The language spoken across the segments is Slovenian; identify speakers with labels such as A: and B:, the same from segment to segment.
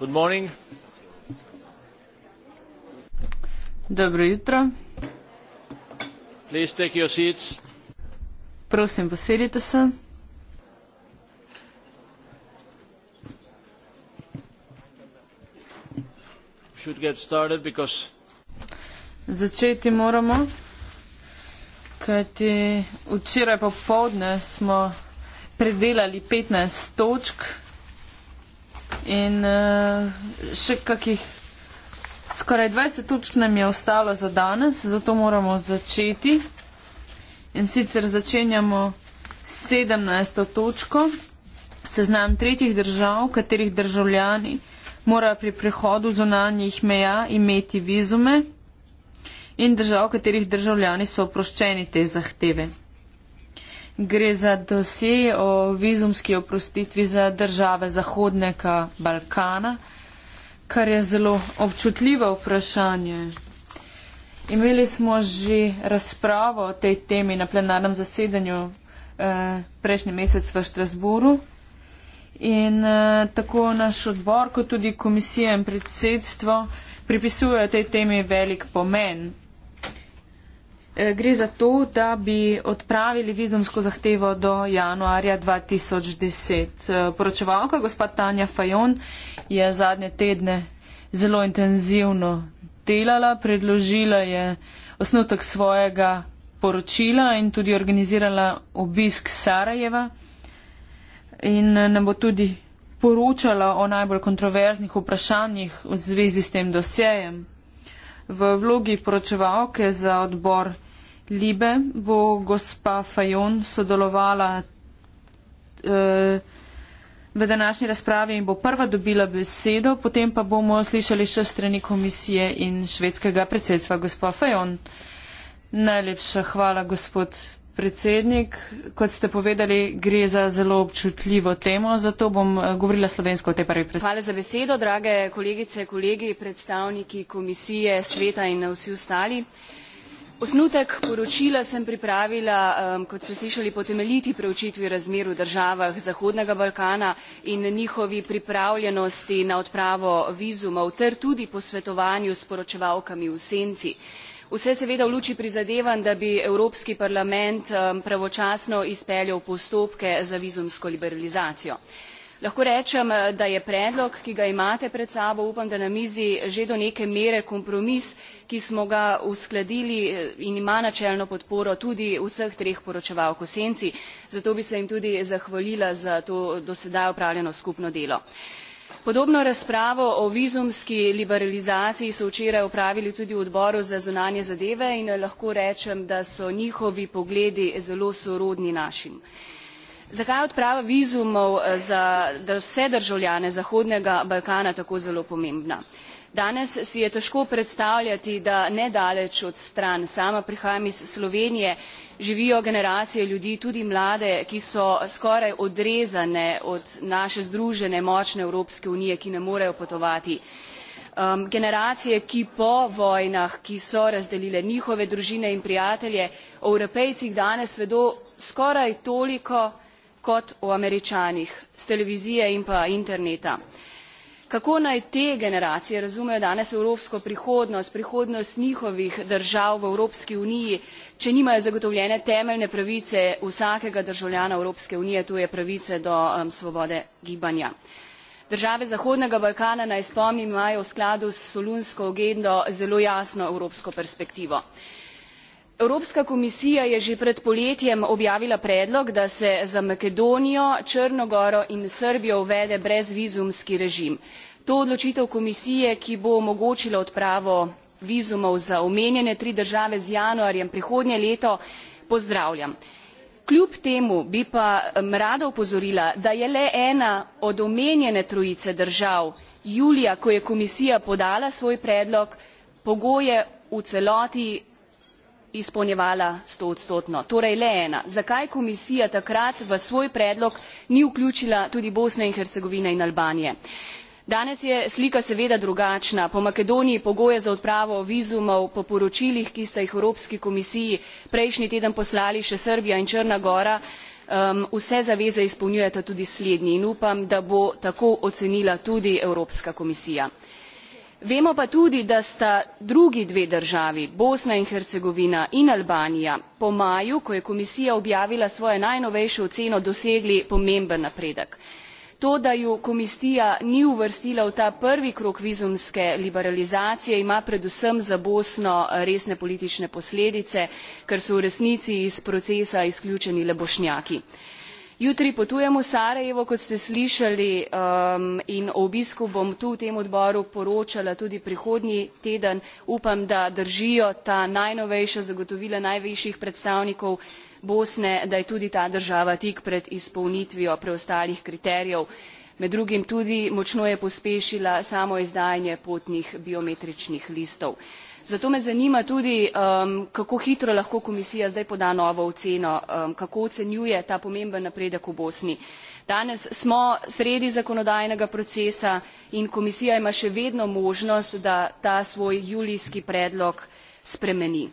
A: Good morning. Dobro jutro. Please take your seats.
B: Prosim, posedite se.
A: Should get started because
B: Začeti moramo, kajti včeraj popovdne smo predelali 15 točk in uh, še kakih skoraj 20 točk nam je ostalo za danes, zato moramo začeti. In sicer začenjamo s 17. točko, seznam tretjih držav, katerih državljani morajo pri prehodu zunanjih meja imeti vizume in držav, katerih državljani so oproščeni te zahteve. Gre za dosje o vizumski oprostitvi za države Zahodnega Balkana, kar je zelo občutljivo vprašanje. Imeli smo že razpravo o tej temi na plenarnem zasedanju eh, prejšnji mesec v Štrasburu in eh, tako naš odbor, kot tudi komisija in predsedstvo pripisujejo tej temi velik pomen. Eh, gre za to, da bi odpravili vizumsko zahtevo do januarja 2010. Eh, poročevalka gospa Tanja Fajon je zadnje tedne zelo intenzivno delala, predložila je osnutek svojega poročila in tudi organizirala obisk Sarajeva in eh, nam bo tudi poročala o najbolj kontroverznih vprašanjih v zvezi s tem dosjejem. V vlogi poročevalke za odbor Libe bo gospa Fajon sodelovala eh, v današnji razpravi in bo prva dobila besedo, potem pa bomo slišali še strani komisije in švedskega predsedstva gospa Fajon. Najlepša hvala, gospod predsednik, kot ste povedali, gre za zelo občutljivo temo, zato bom eh, govorila slovensko o tej prvi predsednici. Hvala
C: za besedo, drage kolegice, kolegi, predstavniki komisije, sveta in vsi ostali. Osnutek poročila sem pripravila, um, kot ste slišali, po temeljiti preučitvi razmer v državah Zahodnega Balkana in njihovi pripravljenosti na odpravo vizumov ter tudi posvetovanju s poročevalkami v senci vse seveda v luči prizadevanj da bi evropski parlament um, pravočasno izpeljal postopke za vizumsko liberalizacijo. lahko rečem uh, da je predlog ki ga imate pred sabo upam da na mizi že do neke mere kompromis ki smo ga uskladili uh, in ima načelno podporo tudi vseh treh poročevalk v senci zato bi se jim tudi zahvalila za to do sedaj opravljeno skupno delo podobno razpravo o vizumski liberalizaciji so včeraj opravili tudi v odboru za zunanje zadeve in lahko rečem da so njihovi pogledi zelo sorodni našim. zakaj je odprava vizumov eh, za vse državljane zahodnega balkana tako zelo pomembna? danes si je težko predstavljati da nedaleč od stran sama prihajam iz slovenije živijo generacije ljudi tudi mlade ki so skoraj odrezane od naše združene močne evropske unije ki ne morejo potovati um, generacije ki po vojnah ki so razdelile njihove družine in prijatelje o evropejcih danes vedo skoraj toliko kot o američanih s televizije in pa interneta kako naj te generacije razumejo danes evropsko prihodnost prihodnost njihovih držav v evropski uniji če nimajo zagotovljene temeljne pravice vsakega državljana evropske unije to je pravice do um, svobode gibanja. države zahodnega balkana naj spomnim imajo v skladu s solunsko agendo zelo jasno evropsko perspektivo evropska komisija je že pred poletjem objavila predlog da se za makedonijo črno goro in srbijo uvede brezvizumski režim. to odločitev komisije ki bo omogočila odpravo vizumov za omenjene tri države z januarjem prihodnje leto pozdravljam. kljub temu bi pa rada opozorila da je le ena od omenjene trojice držav julija ko je komisija podala svoj predlog pogoje v celoti izpolnjevala stoodstotno torej le ena zakaj komisija takrat v svoj predlog ni vključila tudi bosne in hercegovine in albanije? danes je slika seveda drugačna po makedoniji pogoje za odpravo vizumov po poročilih ki sta jih evropski komisiji prejšnji teden poslali še srbija in črna gora um, vse zaveze izpolnjujeta tudi slednji in upam da bo tako ocenila tudi evropska komisija vemo pa tudi da sta drugi dve državi bosna in hercegovina in albanija po maju ko je komisija objavila svojo najnovejšo oceno dosegli pomemben napredek. to da ju komisija ni uvrstila v ta prvi krog vizumske liberalizacije ima predvsem za bosno eh, resne politične posledice ker so v resnici iz procesa izključeni le bošnjaki jutri potujem v sarajevo kot ste slišali um, in o obisku bom tu v tem odboru poročala tudi prihodnji teden upam da držijo ta najnovejša zagotovila najvišjih predstavnikov bosne da je tudi ta država tik pred izpolnitvijo preostalih kriterijev med drugim tudi močno je pospešila samo izdajanje potnih biometričnih listov zato me zanima tudi um, kako hitro lahko komisija zdaj poda novo oceno um, kako ocenjuje ta pomemben napredek v bosni. danes smo sredi zakonodajnega procesa in komisija ima še vedno možnost da ta svoj julijski predlog spremeni.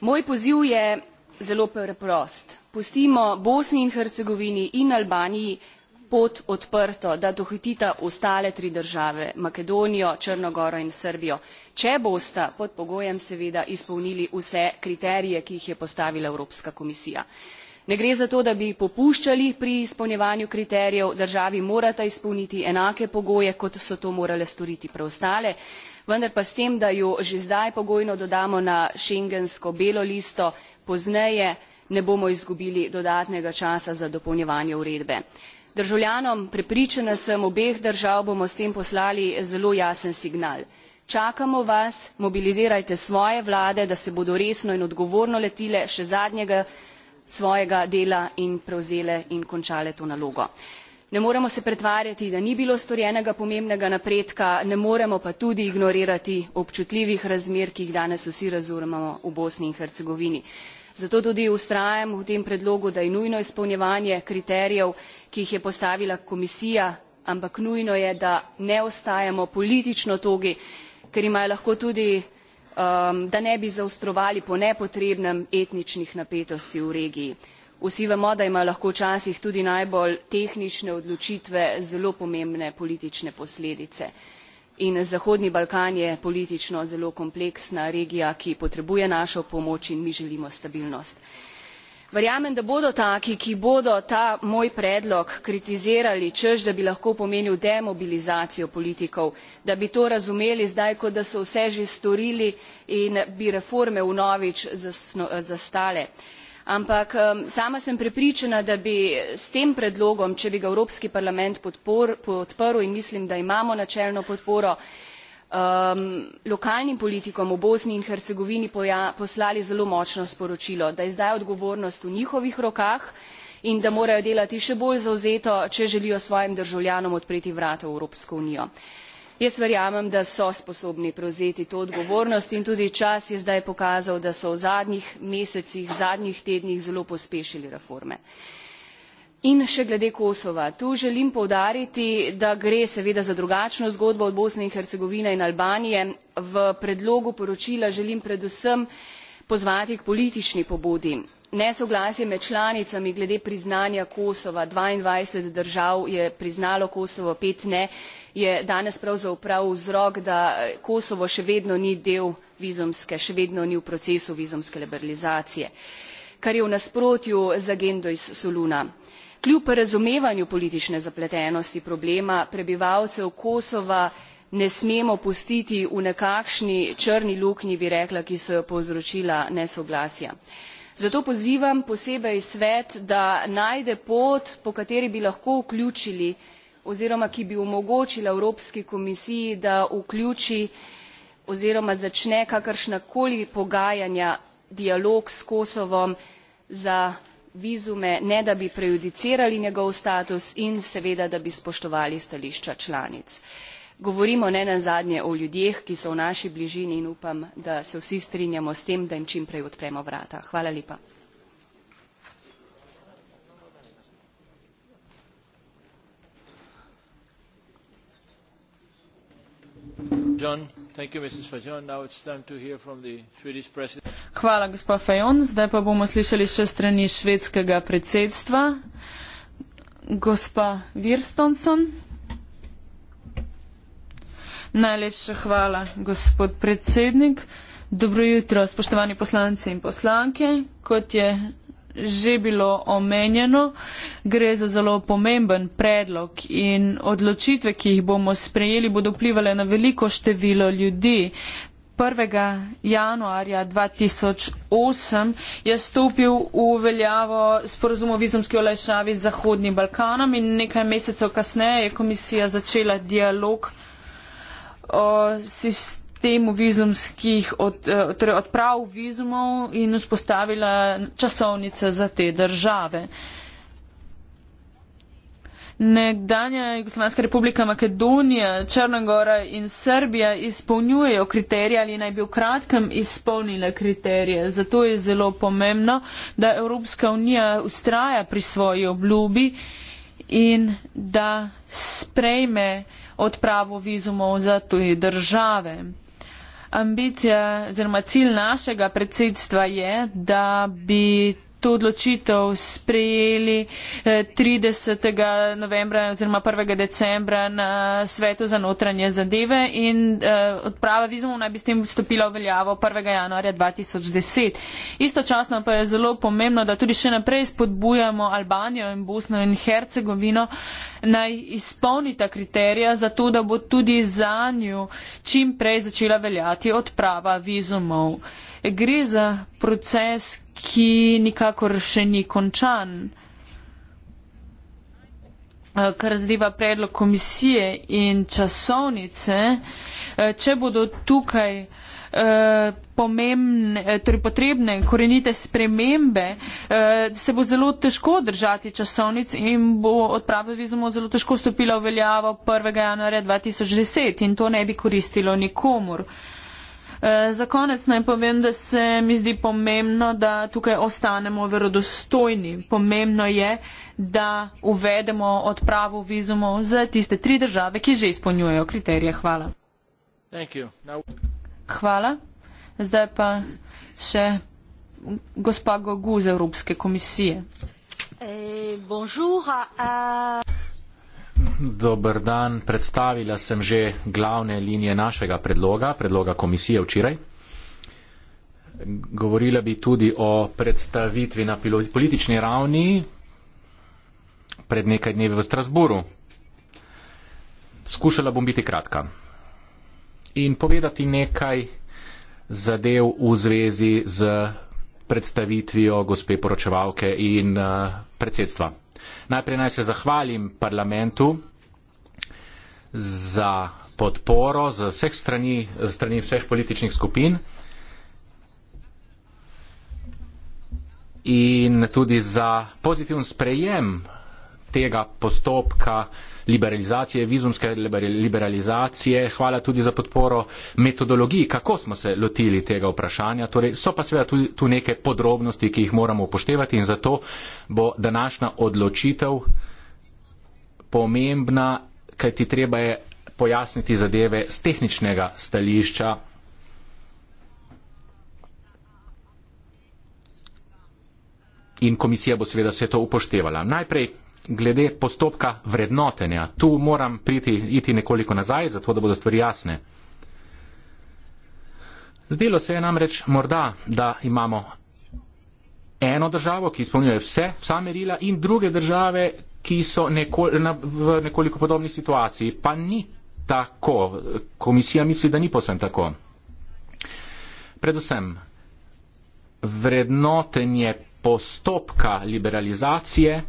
C: moj poziv je zelo preprost pustimo bosni in hercegovini in albaniji pot odprto da dohitita ostale tri države makedonijo črno goro in srbijo če bosta pod pogojem seveda izpolnili vse kriterije, ki jih je postavila Evropska komisija. Ne gre za to, da bi popuščali pri izpolnjevanju kriterijev, državi morata izpolniti enake pogoje, kot so to morale storiti preostale, vendar pa s tem, da jo že zdaj pogojno dodamo na šengensko belo listo, pozneje ne bomo izgubili dodatnega časa za dopolnjevanje uredbe. Državljanom prepričana sem obeh držav bomo s tem poslali zelo jasen signal čakamo vas mobilizirajte svoje vlade da se bodo resno in odgovorno lotile še zadnjega svojega dela in prevzele in končale to nalogo. ne moremo se pretvarjati da ni bilo storjenega pomembnega napredka ne moremo pa tudi ignorirati občutljivih razmer ki jih danes vsi razumemo v bosni in hercegovini. zato tudi vztrajam v tem predlogu da je nujno izpolnjevanje kriterijev ki jih je postavila komisija ampak nujno je da ne ostajamo politično togi ker imajo lahko tudi um, da ne bi zaostrovali po nepotrebnem etničnih napetosti v regiji. vsi vemo da imajo lahko včasih tudi najbolj tehnične odločitve zelo pomembne politične posledice in zahodni balkan je politično zelo kompleksna regija ki potrebuje našo pomoč in mi želimo stabilnost verjamem da bodo taki ki bodo ta moj predlog kritizirali češ da bi lahko pomenil demobilizacijo politikov da bi to razumeli zdaj kot da so vse že storili in bi reforme vnovič zastale ampak sama sem prepričana da bi s tem predlogom če bi ga evropski parlament podprl in mislim da imamo načelno podporo Um, lokalnim politikom v bosni in hercegovini poslali zelo močno sporočilo da je zdaj odgovornost v njihovih rokah in da morajo delati še bolj zavzeto če želijo svojim državljanom odpreti vrata v evropsko unijo. jaz verjamem da so sposobni prevzeti to odgovornost in tudi čas je zdaj pokazal da so v zadnjih mesecih zadnjih tednih zelo pospešili reforme. In še glede Kosova. Tu želim povdariti, da gre seveda za drugačno zgodbo od Bosne in Hercegovine in Albanije. V predlogu poročila želim predvsem pozvati k politični pobudi. Nesoglasje med članicami glede priznanja Kosova, 22 držav je priznalo Kosovo, pet ne, je danes pravzaprav vzrok, da Kosovo še vedno ni del vizumske, še vedno ni v procesu vizumske liberalizacije, kar je v nasprotju z agendo iz Soluna kljub razumevanju politične zapletenosti problema prebivalcev kosova ne smemo pustiti v nekakšni črni luknji bi rekla ki so jo povzročila nesoglasja. zato pozivam posebej svet da najde pot po kateri bi lahko vključili oziroma ki bi omogočila evropski komisiji da vključi oziroma začne kakršnakoli pogajanja dialog s kosovom za vizume ne da bi prejudicirali njegov status in seveda da bi spoštovali stališča članic. govorimo ne nazadnje o ljudeh ki so v naši bližini in upam da se vsi strinjamo s tem da jim čim prej odpremo vrata.
B: Hvala, gospa Fajon. Zdaj pa bomo slišali še strani švedskega predsedstva. Gospa Virstonson. Najlepša hvala, gospod predsednik. Dobro jutro, spoštovani poslanci in poslanke. Kot je že bilo omenjeno, gre za zelo pomemben predlog in odločitve, ki jih bomo sprejeli, bodo vplivali na veliko število ljudi. 1. januarja 2008 je stopil v veljavo sporozum o vizumski olajšavi z Zahodnim Balkanom in nekaj mesecev kasneje je komisija začela dialog o sistemu sistemu vizumskih, od, eh, torej odprav vizumov in vzpostavila časovnice za te države. Nekdanja Jugoslavijska republika Makedonija, Črnagora in Srbija izpolnjujejo kriterije ali naj bi v kratkem izpolnile kriterije. Zato je zelo pomembno, da Evropska unija ustraja pri svoji obljubi in da sprejme odpravo vizumov za tuje države ambicija oziroma cilj našega predsedstva je, da bi to odločitev sprejeli 30. Eh, novembra oziroma 1. decembra na svetu za notranje zadeve in eh, odprava vizumov naj bi s tem vstopila v veljavo 1. januarja 2010. Istočasno pa je zelo pomembno, da tudi še naprej spodbujamo Albanijo in Bosno in Hercegovino naj izpolnita kriterija za to, da bo tudi za njo čim prej začela veljati odprava vizumov. Gre za proces, ki nikakor še ni končan. Eh, kar zadeva predlog komisije in časovnice, eh, če bodo tukaj eh, pomembne, torej potrebne korenite spremembe, se bo zelo težko držati časovnic in bo odprava vizumov zelo težko stopila v veljavo 1. januarja 2010 in to ne bi koristilo nikomor. Eh, za konec naj povem, da se mi zdi pomembno, da tukaj ostanemo verodostojni. Pomembno je, da uvedemo odpravo vizumov za tiste tri države, ki že izpolnjujejo kriterije. Hvala. Hvala. Zdaj pa še gospa Gogu z Evropske komisije.
A: Eh,
D: bonjour, uh
E: dober dan. Predstavila sem že glavne linije našega predloga, predloga komisije včeraj. Govorila bi tudi o predstavitvi na politični ravni pred nekaj dnevi v Strasburu. Skušala bom biti kratka in povedati nekaj zadev v zvezi z predstavitvijo gospe poročevalke in eh, predsedstva. Najprej naj se zahvalim parlamentu za podporo z vseh strani, z strani vseh političnih skupin in tudi za pozitiven sprejem tega postopka liberalizacije, vizumske liberalizacije. Hvala tudi za podporo metodologiji, kako smo se lotili tega vprašanja. Torej, so pa seveda tu, tu neke podrobnosti, ki jih moramo upoštevati in zato bo današnja odločitev pomembna, kaj ti treba je pojasniti zadeve z tehničnega stališča. In komisija bo seveda vse to upoštevala. Najprej glede postopka vrednotenja. Tu moram priti, iti nekoliko nazaj, zato da bodo stvari jasne. Zdelo se je namreč morda, da imamo eno državo, ki izpolnjuje vse, vsa merila in druge države, ki so neko, na, v nekoliko podobni situaciji. Pa ni tako. Komisija misli, da ni posem tako. Predvsem vrednotenje postopka liberalizacije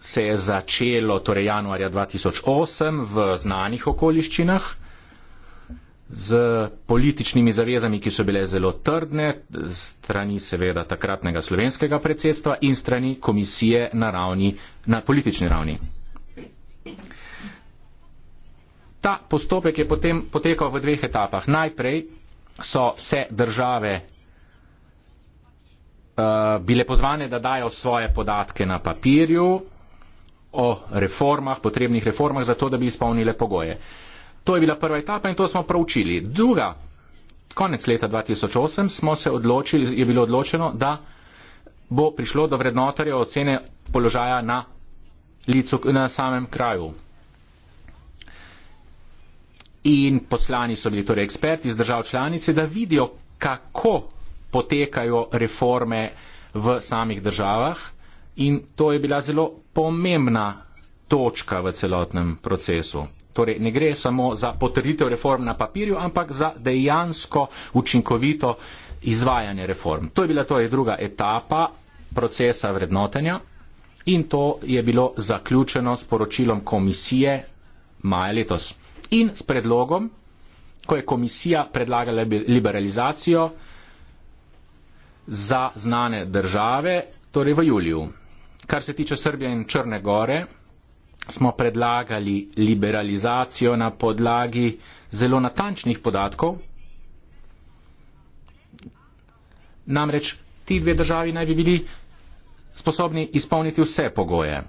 E: se je začelo torej januarja 2008 v znanih okoliščinah z političnimi zavezami, ki so bile zelo trdne, strani seveda takratnega slovenskega predsedstva in strani komisije na, ravni, na politični ravni. Ta postopek je potem potekal v dveh etapah. Najprej so vse države uh, bile pozvane, da dajo svoje podatke na papirju, o reformah, potrebnih reformah, zato da bi izpolnile pogoje. To je bila prva etapa in to smo pravčili. Druga, konec leta 2008 smo se odločili, je bilo odločeno, da bo prišlo do vrednotarja ocene položaja na, licu, na samem kraju. In poslani so bili torej eksperti iz držav članice, da vidijo, kako potekajo reforme v samih državah In to je bila zelo pomembna točka v celotnem procesu. Torej, ne gre samo za potrditev reform na papirju, ampak za dejansko učinkovito izvajanje reform. To je bila torej druga etapa procesa vrednotenja in to je bilo zaključeno s poročilom komisije maja letos in s predlogom, ko je komisija predlagala liberalizacijo za znane države, torej v juliju. Kar se tiče Srbije in Črne gore, smo predlagali liberalizacijo na podlagi zelo natančnih podatkov. Namreč ti dve državi naj bi bili sposobni izpolniti vse pogoje.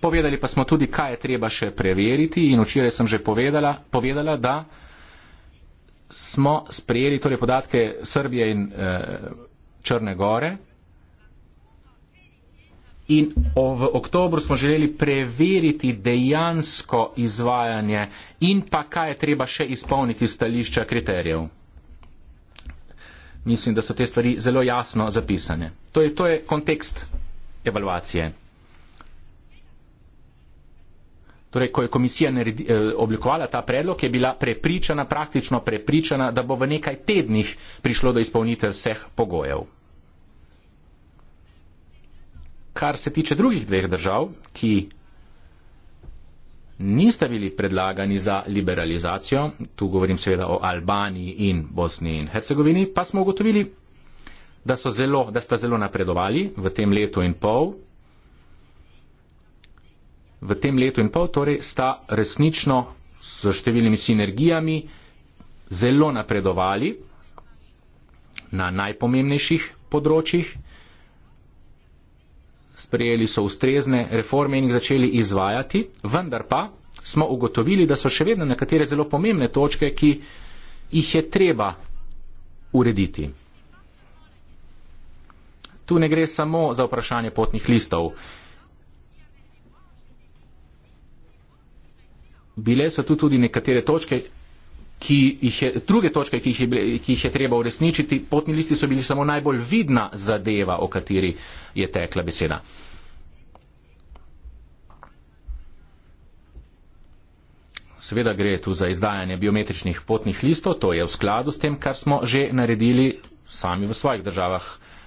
E: Povedali pa smo tudi, kaj je treba še preveriti in včeraj sem že povedala, povedala da smo sprejeli torej podatke Srbije in eh, Črne gore in v oktobru smo želeli preveriti dejansko izvajanje in pa kaj je treba še izpolniti stališča kriterijev. Mislim, da so te stvari zelo jasno zapisane. To je, to je kontekst evaluacije. Torej, ko je komisija naredi, eh, oblikovala ta predlog, je bila prepričana, praktično prepričana, da bo v nekaj tednih prišlo do izpolnitev vseh pogojev. Kar se tiče drugih dveh držav, ki nista bili predlagani za liberalizacijo, tu govorim seveda o Albaniji in Bosni in Hercegovini, pa smo ugotovili, da, zelo, da sta zelo napredovali v tem letu in pol, v tem letu in pol, torej sta resnično s številnimi sinergijami zelo napredovali na najpomembnejših področjih, sprejeli so ustrezne reforme in jih začeli izvajati, vendar pa smo ugotovili, da so še vedno nekatere zelo pomembne točke, ki jih je treba urediti. Tu ne gre samo za vprašanje potnih listov. bile so tu tudi nekatere točke, ki jih je, druge točke, ki jih, je, ki jih je treba uresničiti. Potni listi so bili samo najbolj vidna zadeva, o kateri je tekla beseda. Seveda gre tu za izdajanje biometričnih potnih listov, to je v skladu s tem, kar smo že naredili sami v svojih državah,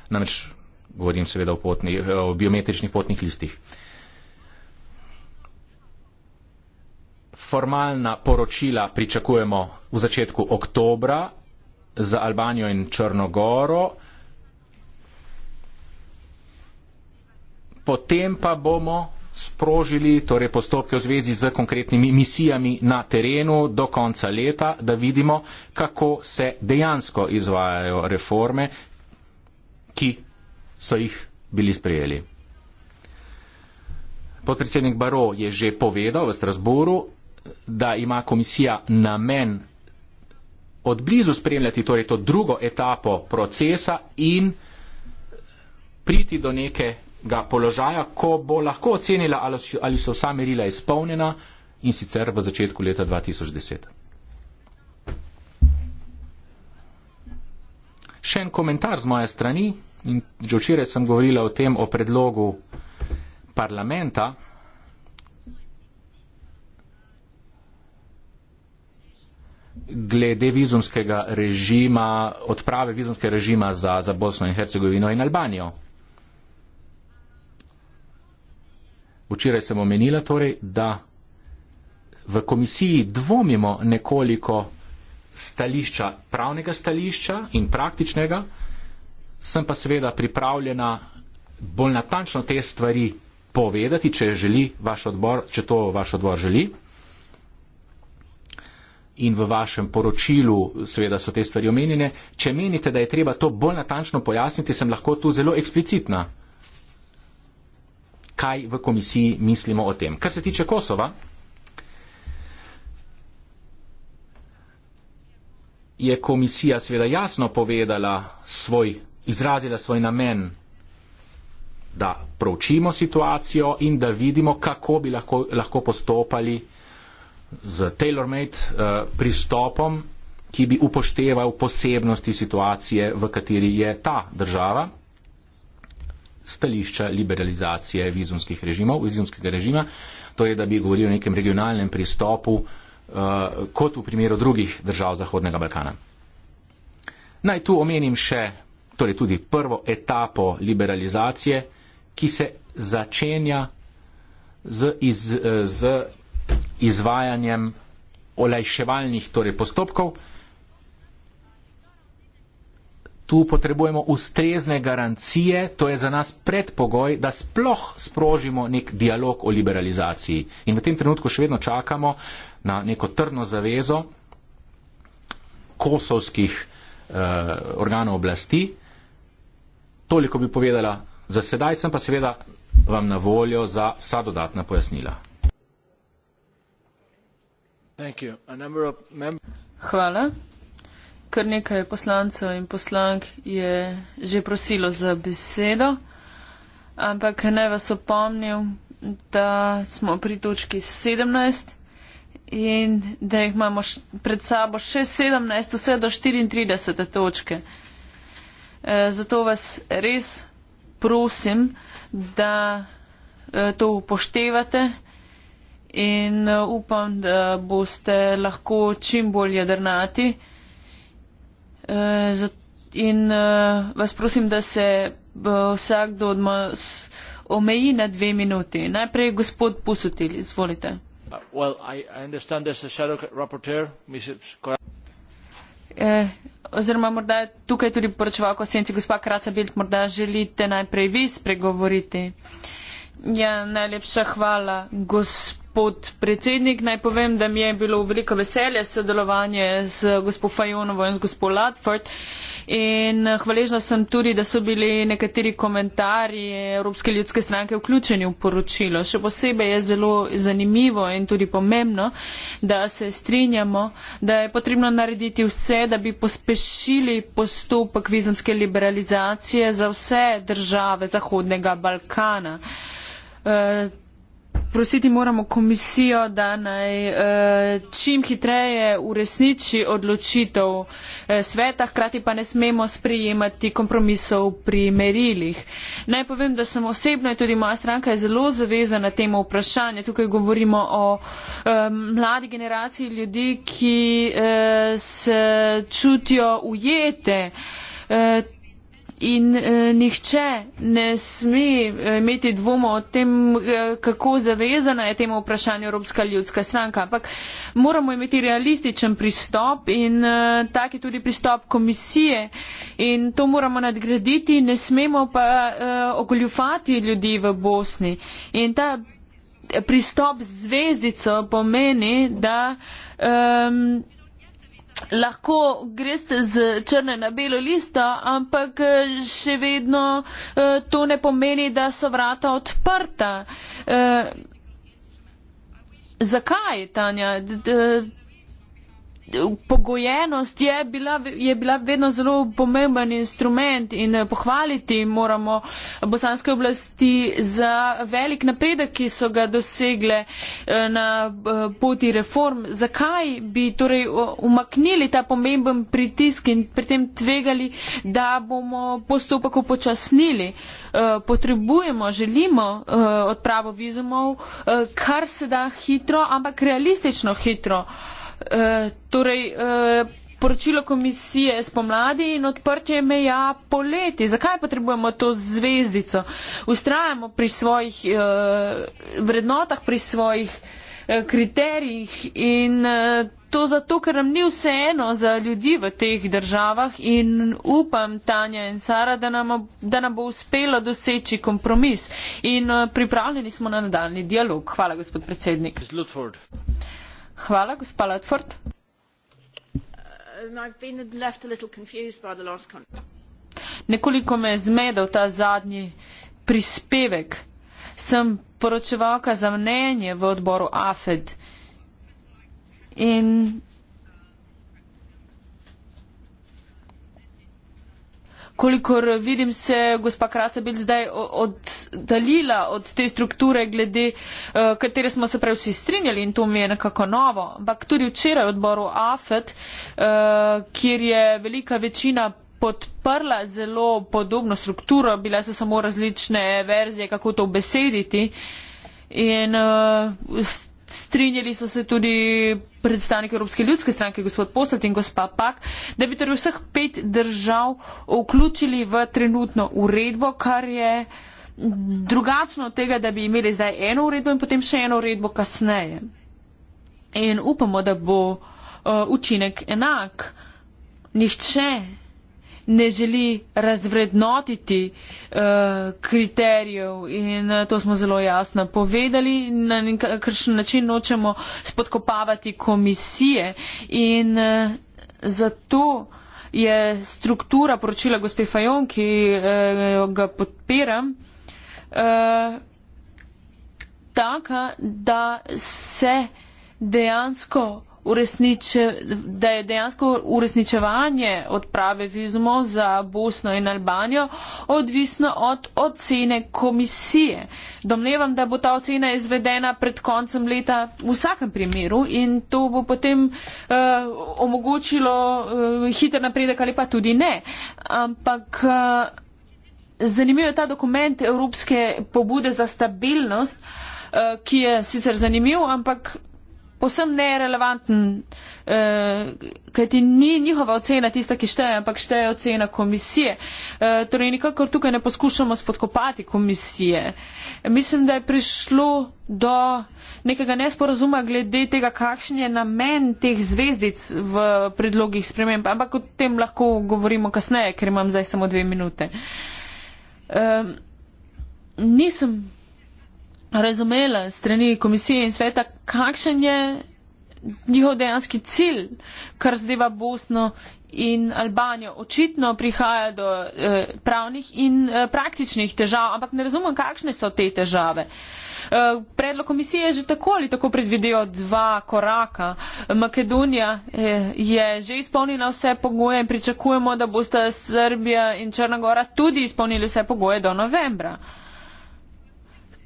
E: namreč govorim seveda o, potni, o biometričnih potnih listih. formalna poročila pričakujemo v začetku oktobra za Albanijo in Črnogoro. Potem pa bomo sprožili torej postopke v zvezi z konkretnimi misijami na terenu do konca leta, da vidimo, kako se dejansko izvajajo reforme, ki so jih bili sprejeli. Podpredsednik Baro je že povedal v Strasburu, da ima komisija namen odblizu spremljati torej to drugo etapo procesa in priti do nekega položaja, ko bo lahko ocenila, ali so vsa merila izpolnjena in sicer v začetku leta 2010. Še en komentar z moje strani in že včeraj sem govorila o tem, o predlogu parlamenta. glede vizumskega režima, odprave vizumskega režima za, za Bosno in Hercegovino in Albanijo. Včeraj sem omenila torej, da v komisiji dvomimo nekoliko stališča, pravnega stališča in praktičnega, sem pa seveda pripravljena bolj natančno te stvari povedati, če želi vaš odbor, če to vaš odbor želi in v vašem poročilu seveda so te stvari omenjene. Če menite, da je treba to bolj natančno pojasniti, sem lahko tu zelo eksplicitna, kaj v komisiji mislimo o tem. Kar se tiče Kosova, je komisija seveda jasno povedala svoj, izrazila svoj namen, da proučimo situacijo in da vidimo, kako bi lahko, lahko postopali z tailor-made uh, pristopom, ki bi upošteval posebnosti situacije, v kateri je ta država stališča liberalizacije vizumskih režimov, vizumskega režima, to je, da bi govoril o nekem regionalnem pristopu, uh, kot v primeru drugih držav Zahodnega Balkana. Naj tu omenim še, torej tudi prvo etapo liberalizacije, ki se začenja z, iz, eh, z izvajanjem olajševalnih torej postopkov. Tu potrebujemo ustrezne garancije, to je za nas predpogoj, da sploh sprožimo nek dialog o liberalizaciji. In v tem trenutku še vedno čakamo na neko trdno zavezo kosovskih eh, organov oblasti. Toliko bi povedala, za sedaj sem pa seveda vam na voljo za vsa dodatna pojasnila.
B: Hvala. Kar nekaj poslancev in poslank je že prosilo za besedo, ampak naj vas opomnim, da smo pri točki 17 in da jih imamo pred sabo še 17, vse do 34. točke. E, zato vas res prosim, da e, to upoštevate in eh, upam, da boste lahko čim bolj jedrnati. Eh, in eh, vas prosim, da se vsakdo od nas omeji na dve minuti. Najprej gospod Pusutil, izvolite.
A: Uh, well, I, I understand there's a shadow rapporteur, Mrs. Korac. Oziroma morda
B: tukaj tudi poročevalko senci, gospa Kraca Bild, morda želite najprej vi spregovoriti. Ja, najlepša hvala, gospod podpredsednik. Naj povem, da mi je bilo veliko veselje sodelovanje z gospo Fajonovo in z gospo Latford. In eh, hvaležna sem tudi, da so bili nekateri komentarji Evropske ljudske stranke vključeni v poročilo. Še posebej je zelo zanimivo in tudi pomembno, da se strinjamo, da je potrebno narediti vse, da bi pospešili postopek vizumske liberalizacije za vse države Zahodnega Balkana. Uh, Prositi moramo komisijo, da naj eh, čim hitreje uresniči odločitev eh, sveta, hkrati pa ne smemo sprijemati kompromisov pri merilih. Naj povem, da sem osebno in tudi moja stranka je zelo zavezana temu vprašanju. Tukaj govorimo o eh, mladi generaciji ljudi, ki se čutijo ujete in eh, nihče ne sme eh, imeti dvoma o tem, eh, kako zavezana je temu vprašanju Evropska ljudska stranka. Ampak moramo imeti realističen pristop in eh, tak je tudi pristop komisije in to moramo nadgraditi, ne smemo pa eh, ogoljufati ljudi v Bosni. In ta pristop zvezdico pomeni, da. Eh, lahko greš z črne na belo listo, ampak še vedno eh, to ne pomeni, da so vrata odprta. Eh, zakaj, Tanja? D pogojenost je bila, je bila vedno zelo pomemben instrument in eh, pohvaliti moramo bosanske oblasti za velik napredek, ki so ga dosegle eh, na eh, poti reform. Zakaj bi torej umaknili ta pomemben pritisk in pri tem tvegali, da bomo postopek upočasnili? Potrebujemo, želimo odpravo vizumov, kar se da hitro, ampak realistično hitro. Eh, torej, eh, poročilo komisije spomladi in odprtje meja poleti. Zakaj potrebujemo to zvezdico? Ustrajamo pri svojih uh, vrednotah, pri svojih kriterijih in to zato, ker nam ni vseeno za ljudi v teh državah in upam, Tanja in Sara, da nam, da nam bo uspelo doseči kompromis in pripravljeni smo na nadaljni dialog. Hvala, gospod predsednik. Ms. Hvala, gospa Ledford. Uh, Nekoliko me je zmedel ta zadnji prispevek. Sem poročevalka za mnenje v odboru AFED in kolikor vidim, se je gospa Kracabel zdaj oddaljila od te strukture, glede eh, katere smo se prav vsi strinjali in to mi je nekako novo. Ampak tudi včeraj odboru AFET, eh, kjer je velika večina podprla zelo podobno strukturo, bile so samo različne verzije, kako to besediti. In uh, strinjali so se tudi predstavniki Evropske ljudske stranke, gospod Poslot in gospa Pak, da bi torej vseh pet držav vključili v trenutno uredbo, kar je drugačno od tega, da bi imeli zdaj eno uredbo in potem še eno uredbo kasneje. In upamo, da bo uh, učinek enak. Nihče ne želi razvrednotiti uh, kriterijev in uh, to smo zelo jasno povedali, na nekakšen način nočemo spodkopavati komisije in uh, zato je struktura poročila gospe Fajon, ki uh, ga podpiram, uh, taka, da se dejansko uresniče, da je dejansko uresničevanje odprave vizumov za Bosno in Albanijo odvisno od ocene komisije. Domnevam, da bo ta ocena izvedena pred koncem leta v vsakem primeru in to bo potem uh, omogočilo uh, hiter napredek ali pa tudi ne. Ampak. Uh, eh, Zanimivo je ta dokument Evropske pobude za stabilnost, ki je sicer zanimiv, ampak posem nerelevanten, eh, kajti ni njihova ocena tista, ki šteje, ampak šteje ocena komisije. Eh, torej, nikakor tukaj ne poskušamo spodkopati komisije. Mislim, da je prišlo do nekega nesporazuma glede tega, kakšen je namen teh zvezdic v predlogih sprememb, ampak o tem lahko govorimo kasneje, ker imam zdaj samo dve minute. Eh, nisem razumele strani komisije in sveta, kakšen je njihov dejanski cilj, kar zadeva Bosno in Albanijo. Očitno prihaja do eh, pravnih in eh, praktičnih težav, ampak ne razumem, kakšne so te težave. Eh, predlog komisije je že tako ali tako predvideo dva koraka. Makedonija eh, je že izpolnila vse pogoje in pričakujemo, da boste Srbija in Črnagora tudi izpolnili vse pogoje do novembra. Eh,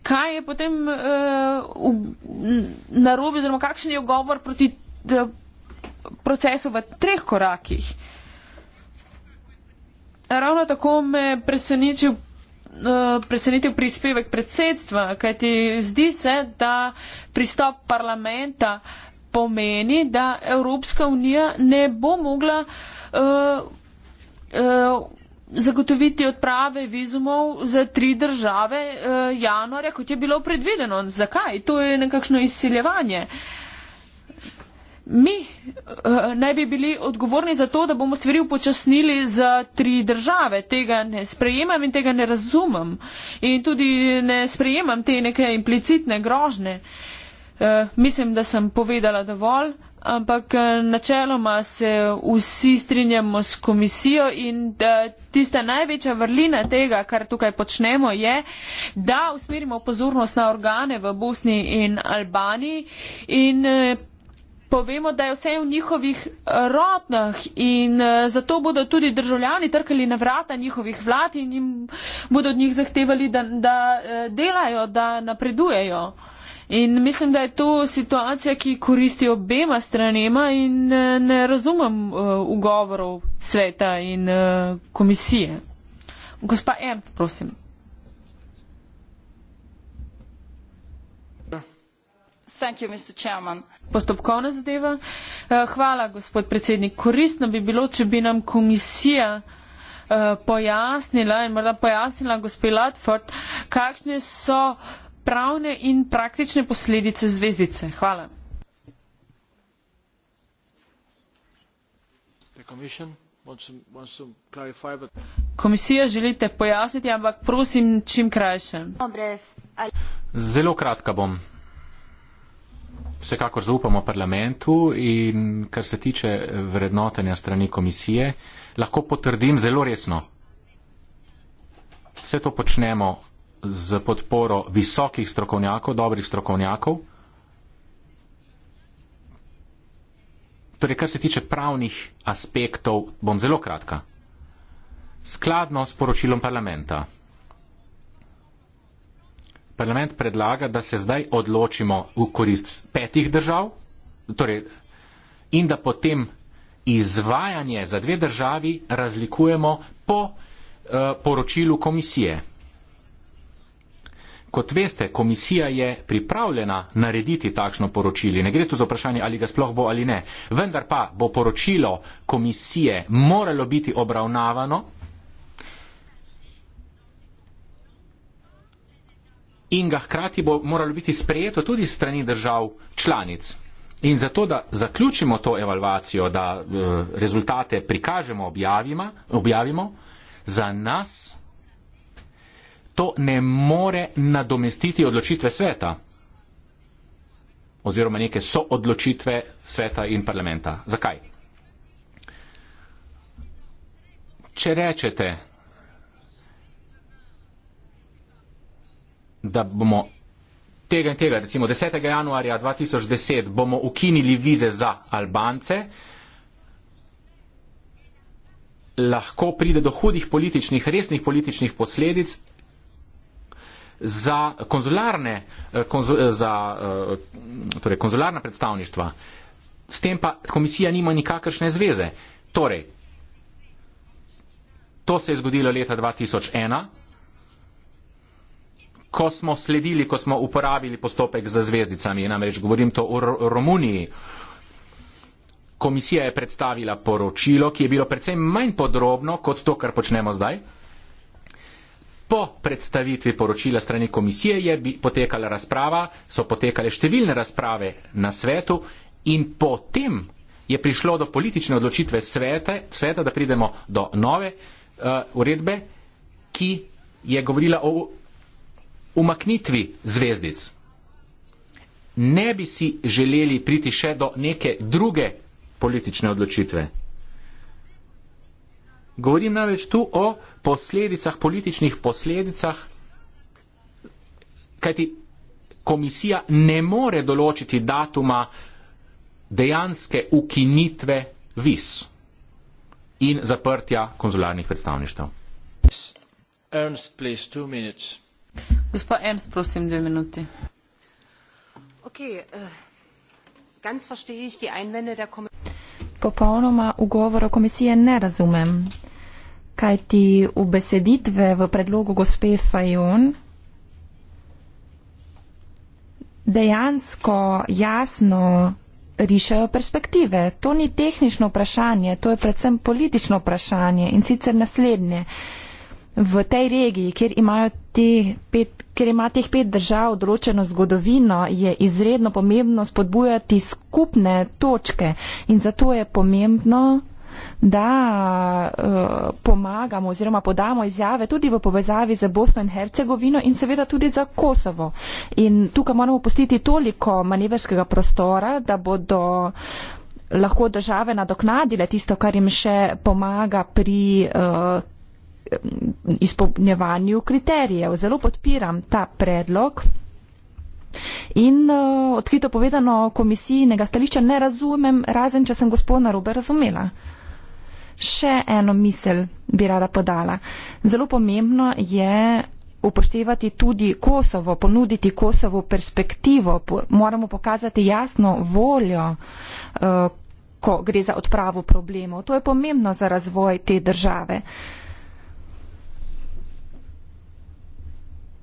B: kaj je potem uh, narobe, oziroma kakšen je ogovor proti da, eh, procesu v treh korakih. Ravno tako me je presenečil, uh, eh, presenečil prispevek predsedstva, kajti zdi se, da pristop parlamenta pomeni, da Evropska unija ne bo mogla uh, uh, zagotoviti odprave vizumov za tri države eh, januarja, kot je bilo predvideno. Zakaj? To je nekakšno izsiljevanje. Mi eh, naj bi bili odgovorni za to, da bomo stvari upočasnili za tri države. Tega ne sprejemam in tega ne razumem. In tudi ne sprejemam te neke implicitne grožne. Eh, mislim, da sem povedala dovolj ampak eh, načeloma se vsi strinjamo s komisijo in da eh, tista največja vrlina tega, kar tukaj počnemo, je, da usmerimo pozornost na organe v Bosni in Albaniji in eh, povemo, da je vse v njihovih rotnah in zato bodo tudi državljani trkali na vrata njihovih vlad in jim bodo od njih zahtevali, da, da delajo, da napredujejo. In mislim, da je to situacija, ki koristi obema stranema in eh, ne razumem uh, ugovorov sveta in uh, komisije. Gospa M, prosim.
F: You,
B: Postopkovna zadeva. Hvala, gospod predsednik. Koristno bi bilo, če bi nam komisija pojasnila in morda pojasnila gospod Latford, kakšne so uh, pravne in praktične posledice zvezdice. Hvala. Komisija želite pojasniti, ampak prosim čim krajše.
E: Zelo kratka bom. Vsekakor zaupamo parlamentu in kar se tiče vrednotenja strani komisije, lahko potrdim zelo resno. Vse to počnemo z podporo visokih strokovnjakov, dobrih strokovnjakov. Torej, kar se tiče pravnih aspektov, bom zelo kratka. Skladno s poročilom parlamenta. Parlament predlaga, da se zdaj odločimo v korist petih držav torej, in da potem izvajanje za dve državi razlikujemo po uh, poročilu komisije kot veste, komisija je pripravljena narediti takšno poročilo. Ne gre tu za vprašanje, ali ga sploh bo ali ne. Vendar pa bo poročilo komisije moralo biti obravnavano in ga hkrati bo moralo biti sprejeto tudi strani držav članic. In zato, da zaključimo to evalvacijo, da uh, rezultate prikažemo, objavima, objavimo, za nas to ne more nadomestiti odločitve sveta oziroma neke so odločitve sveta in parlamenta. Zakaj? Če rečete, da bomo tega in tega, recimo 10. januarja 2010, bomo ukinili vize za Albance, lahko pride do hudih političnih, resnih političnih posledic za konzularne, eh, konzul, eh, za, eh, torej, konzularna predstavništva. S tem pa komisija nima nikakršne zveze. Torej, to se je zgodilo leta 2001, ko smo sledili, ko smo uporabili postopek za zvezdicami, namreč govorim to o Romuniji. Komisija je predstavila poročilo, ki je bilo predvsem manj podrobno kot to, kar počnemo zdaj. Po predstavitvi poročila strani komisije je potekala razprava, so potekale številne razprave na svetu in potem je prišlo do politične odločitve svete, sveta, da pridemo do nove uh, uredbe, ki je govorila o umaknitvi zvezdic. Ne bi si želeli priti še do neke druge politične odločitve. Govorim namreč tu o posledicah, političnih posledicah, kajti komisija ne more določiti datuma dejanske ukinitve viz in zaprtja konzularnih predstavništev.
A: Ernst, please, two minutes. Gospod Ernst, prosim,
B: dve minuti.
F: Okay, uh, ganz verstehe ich die Einwände der Kommission popolnoma ugovora komisije ne razumem. Kaj ti v beseditve v predlogu gospe Fajon dejansko jasno rišajo perspektive. To ni tehnično vprašanje, to je predvsem politično vprašanje in sicer naslednje. Uh, v tej regiji, kjer imajo te pet, ker ima teh pet držav določeno zgodovino, je izredno pomembno spodbujati skupne točke in zato je pomembno, da uh, pomagamo oziroma podamo izjave tudi v povezavi za Bosno in Hercegovino in seveda tudi za Kosovo. In tukaj moramo postiti toliko manevrskega prostora, da bodo lahko države nadoknadile tisto, kar jim še pomaga pri uh, izpolnjevanju kriterijev. Zelo podpiram ta predlog. In uh, odkrito povedano, komisijnega stališča ne razumem, razen če sem gospoda robe razumela. Še eno misel bi rada podala. Zelo pomembno je upoštevati tudi Kosovo, ponuditi Kosovo perspektivo. Moramo pokazati jasno voljo, uh, ko gre za odpravo problemov. To je pomembno za razvoj te države. Uh,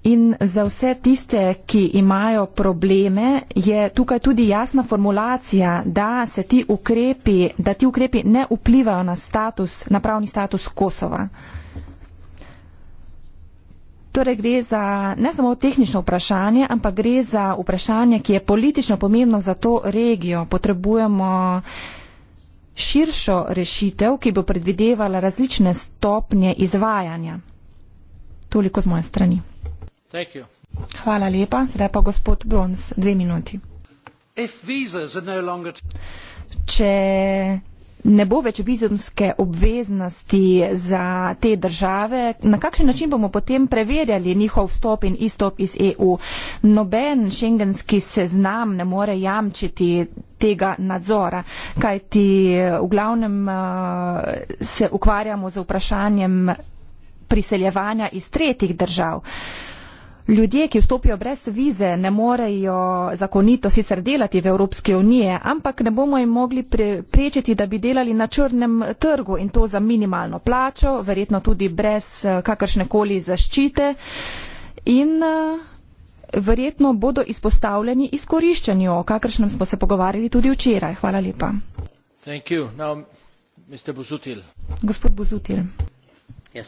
F: In za vse tiste, ki imajo probleme, je tukaj tudi jasna formulacija, da se ti ukrepi, da ti ukrepi ne vplivajo na status, na pravni status Kosova. Torej gre za ne samo tehnično vprašanje, ampak gre za vprašanje, ki je politično pomembno za to regijo. Potrebujemo širšo rešitev, ki bo predvidevala različne stopnje izvajanja. Toliko z moje strani. Hvala lepa. Sedaj pa gospod Brons, dve minuti.
A: No
F: Če ne bo več vizumske obveznosti za te države, na kakšen način bomo potem preverjali njihov vstop in izstop iz EU? Noben šengenski seznam ne more jamčiti tega nadzora, kajti v glavnem eh, se ukvarjamo z vprašanjem priseljevanja iz tretjih držav. Ljudje, ki vstopijo brez vize, ne morejo zakonito sicer delati v Evropski uniji, ampak ne bomo jim mogli prečiti, da bi delali na črnem trgu in to za minimalno plačo, verjetno tudi brez eh, kakršnekoli zaščite in eh, verjetno bodo izpostavljeni izkoriščanju, o kakršnem smo se pogovarjali tudi včeraj. Hvala lepa. Gospod Buzutil. No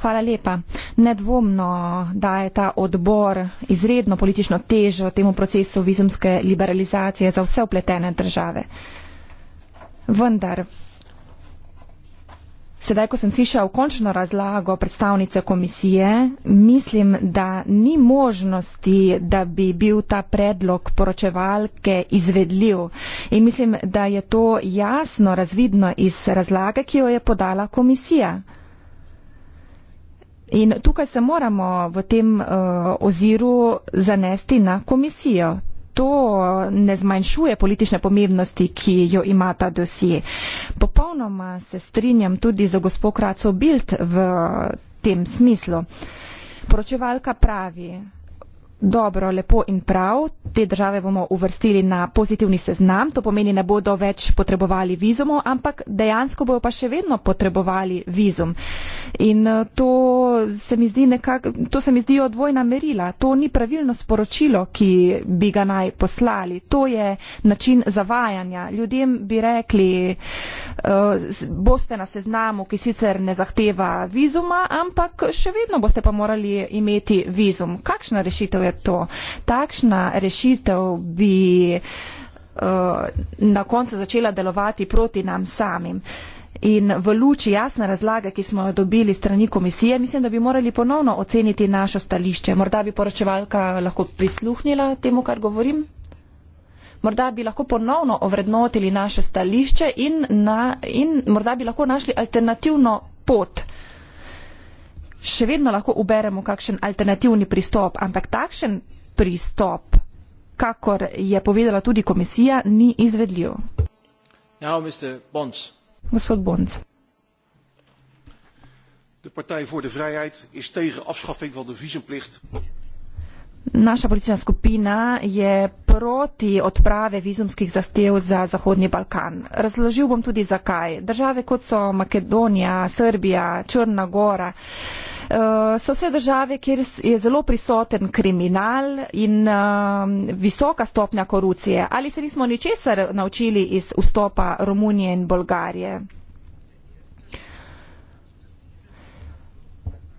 F: Hvala lepa. Nedvomno daje ta odbor izredno politično težo temu procesu vizumske liberalizacije za vse upletene države. Vendar Sedaj, ko sem slišal končno razlago predstavnice komisije, mislim, da ni možnosti, da bi bil ta predlog poročevalke izvedljiv. In mislim, da je to jasno razvidno iz razlage, ki jo je podala komisija. In tukaj se moramo v tem uh, oziru zanesti na komisijo to ne zmanjšuje politične pomembnosti, ki jo ima ta dosje. Popolnoma se strinjam tudi za gospo Kraco Bild v tem smislu. Poročevalka pravi, Dobro, lepo in prav. Te države bomo uvrstili na pozitivni seznam, to pomeni, ne bodo več potrebovali vizumov, ampak dejansko bojo pa še vedno potrebovali vizum. In eh, to se mi zdi nekako, to se mi zdijo dvojna merila. To ni pravilno sporočilo, ki bi ga naj poslali. To je način zavajanja. Ljudem bi rekli, eh, boste na seznamu, ki sicer ne zahteva vizuma, ampak še vedno boste pa morali imeti vizum. Kakšna rešitev je? to. Takšna rešitev bi uh, na koncu začela delovati proti nam samim. In v luči jasne razlage, ki smo jo dobili strani komisije, mislim, da bi morali ponovno oceniti naše stališče. Morda bi poročevalka lahko prisluhnila temu, kar govorim. Morda bi lahko ponovno ovrednotili naše stališče in, na, in morda bi lahko našli alternativno pot še vedno lahko uberemo kakšen alternativni pristop, ampak takšen pristop, kakor je povedala tudi komisija, ni izvedljiv.
A: Now, Bons.
F: Gospod Bonc.
A: De Partij voor de Vrijheid is tegen afschaffing van de visumplicht.
F: Naša politična skupina je proti odprave vizumskih zahtev za Zahodni Balkan. Razložil bom tudi zakaj. Države kot so Makedonija, Srbija, Črna Gora, uh, Eh, so vse države, kjer je zelo prisoten kriminal in ehm, visoka stopnja korupcije. Ali se nismo ničesar naučili iz vstopa Romunije in Bolgarije?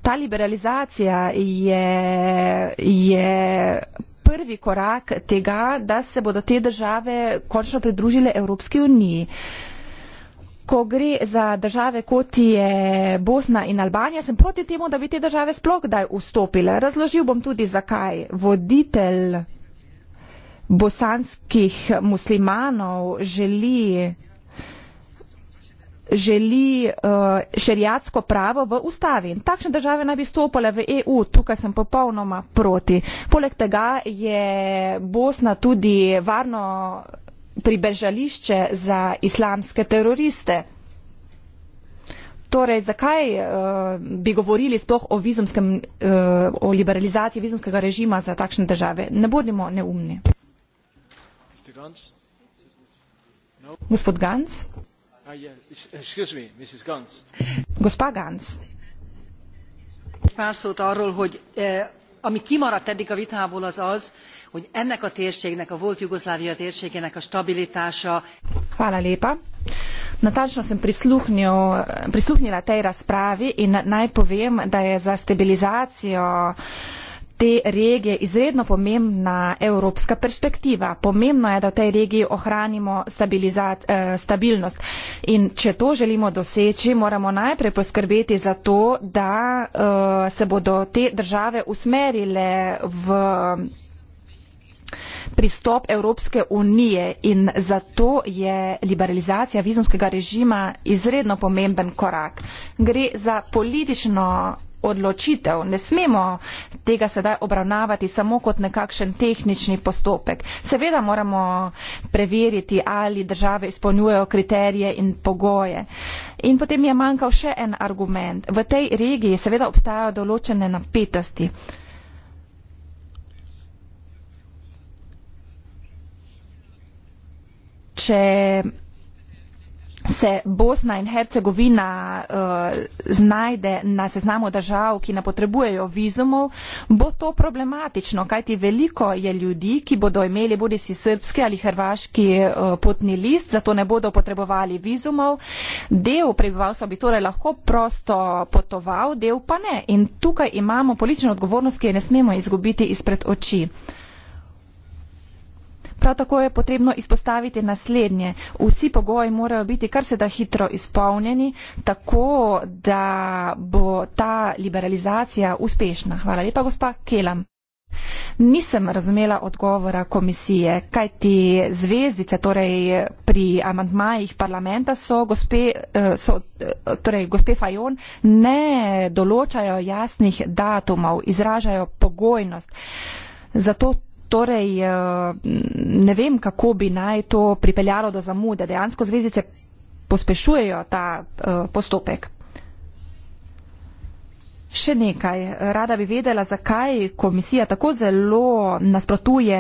F: Ta liberalizacija je, je prvi korak tega, da se bodo te države končno pridružile Evropski uniji. Uh, ko gre za države, kot je Bosna in Albanija, sem proti temu, da bi te države sploh kdaj vstopile. Razložil bom tudi, zakaj voditelj bosanskih muslimanov želi želi uh, eh, šerijatsko pravo v ustavi. In takšne države naj bi stopile v EU, tukaj sem popolnoma proti. Poleg tega je Bosna tudi varno pribežališče za islamske teroriste. Torej, zakaj uh, bi govorili sploh o, vizumskem, uh, o liberalizaciji vizumskega režima za takšne države? Ne bodimo neumni. No. Gospod Gans?
A: Ah, Gospa Gans? Más szót arról, hogy
F: eh, ami kimaradt eddig a vitából az az, hogy ennek a térségnek a volt jugoszlávia térségének a stabilitása Hvala lepa. Natančno sem prisluhnila tej razpravi in naj povem, da je za stabilizacijo te regije izredno pomembna evropska perspektiva. Pomembno je, da v tej regiji ohranimo eh, stabilnost. In če to želimo doseči, moramo najprej poskrbeti za to, da uh, se bodo te države usmerile v pristop Evropske unije in zato je liberalizacija vizumskega režima izredno pomemben korak. Gre za politično odločitev. Ne smemo tega sedaj obravnavati samo kot nekakšen tehnični postopek. Seveda moramo preveriti, ali države izpolnjujejo kriterije in pogoje. In potem je manjkal še en argument. V tej regiji seveda obstajajo določene napetosti. če se Bosna in Hercegovina uh, znajde na seznamu držav, ki ne potrebujejo vizumov, bo to problematično, kajti veliko je ljudi, ki bodo imeli bodi si srpski ali hrvaški uh, potni list, zato ne bodo potrebovali vizumov. Del prebivalstva bi torej lahko prosto potoval, del pa ne. In tukaj imamo politično odgovornost, ki je ne smemo izgubiti izpred oči. Uh, Prav tako je potrebno izpostaviti naslednje. Vsi pogoji morajo biti kar se da hitro izpolnjeni, tako da bo ta liberalizacija uspešna. Hvala lepa, gospa Kelam. Nisem razumela odgovora komisije, kaj ti zvezdice, torej pri amantmajih parlamenta so gospe, eh, so, eh, torej gospe Fajon, ne določajo jasnih datumov, izražajo pogojnost. Zato Torej, eh, ne vem, kako bi naj to pripeljalo do zamude. Dejansko zvezdice pospešujejo ta eh, postopek. Še nekaj. Rada bi vedela, zakaj komisija tako zelo nasprotuje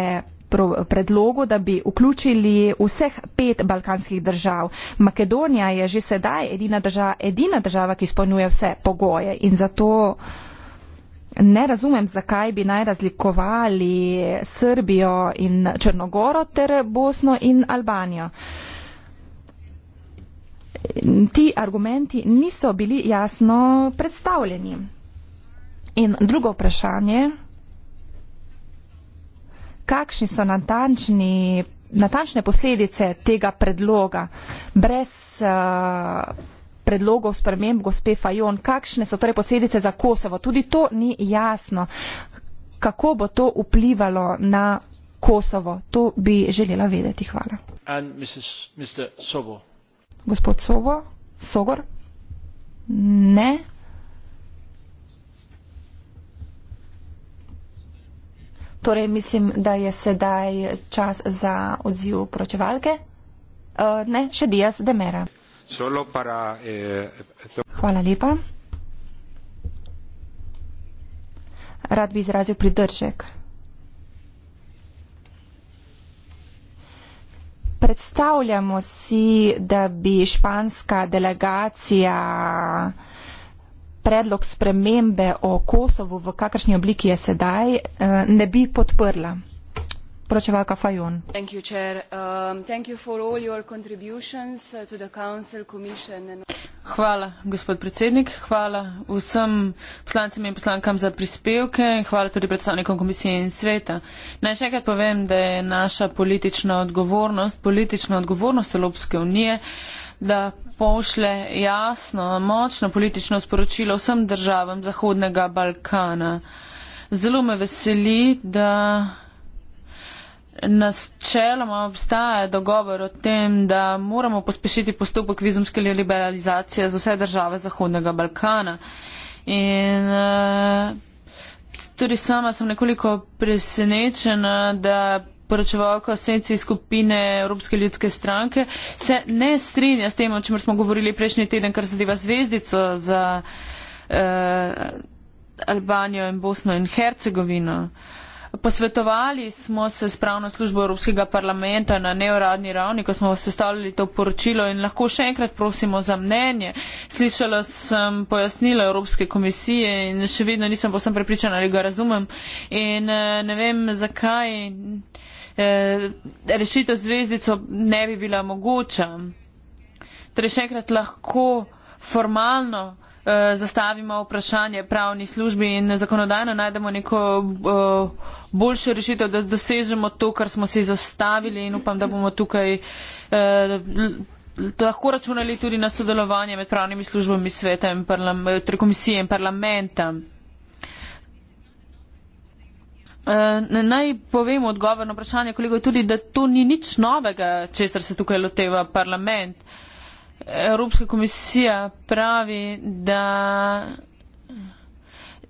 F: predlogu, da bi vključili vseh pet balkanskih držav. Makedonija je že sedaj edina država, edina država ki izpolnjuje vse pogoje in zato ne razumem, zakaj bi naj razlikovali Srbijo in Črnogoro ter Bosno in Albanijo. Ti argumenti niso bili jasno predstavljeni. In drugo vprašanje, kakšni so natančni, natančne posledice tega predloga brez uh, predlogov sprememb gospe Fajon, kakšne so torej posledice za Kosovo. Tudi to ni jasno, kako bo to vplivalo na Kosovo. To bi želela vedeti. Hvala. Gospod Sobo, Sogor? Ne. Torej, mislim, da je sedaj čas za odziv poročevalke. Uh, ne, še Dias Demera.
E: Solo para, eh, to... Hvala
F: lepa. Rad bi izrazil pridržek. Predstavljamo si, da bi španska delegacija predlog spremembe o Kosovu v kakršni obliki je sedaj eh, ne bi podprla poročava ka fajon.
C: Um, uh,
B: hvala, gospod predsednik, hvala vsem poslancem in poslankam za prispevke in hvala tudi predstavnikom komisije in sveta. Naj še enkrat povem, da je naša politična odgovornost, politična odgovornost Evropske unije, da pošle jasno, močno politično sporočilo vsem državam Zahodnega Balkana. Zelo me veseli, da Načeloma obstaja dogovor o tem, da moramo pospešiti postopek vizumske liberalizacije za vse države Zahodnega Balkana. In eh, tudi sama sem nekoliko presenečena, da poročevalka senci skupine Evropske ljudske stranke se ne strinja s tem, o čemer smo govorili prejšnji teden, kar zadeva zvezdico za eh, Albanijo in Bosno in Hercegovino. Eh, Posvetovali smo se s pravno službo Evropskega parlamenta na neuradni ravni, ko smo sestavljali to poročilo in lahko še enkrat prosimo za mnenje. Slišala sem pojasnila Evropske komisije in še vedno nisem posem prepričana, ali ga razumem. In eh, ne vem, zakaj eh, rešitev zvezdico ne bi bila mogoča. Torej še enkrat lahko formalno Eh, zastavimo vprašanje pravni službi in zakonodajno najdemo neko eh, boljšo rešitev, da dosežemo to, kar smo si zastavili in upam, da bomo tukaj eh, lahko računali tudi na sodelovanje med pravnimi službami sveta in torej komisije in parlamenta. Naj povem odgovor na vprašanje kolego tudi, da to ni nič novega, česar se tukaj loteva parlament. Evropska komisija pravi, da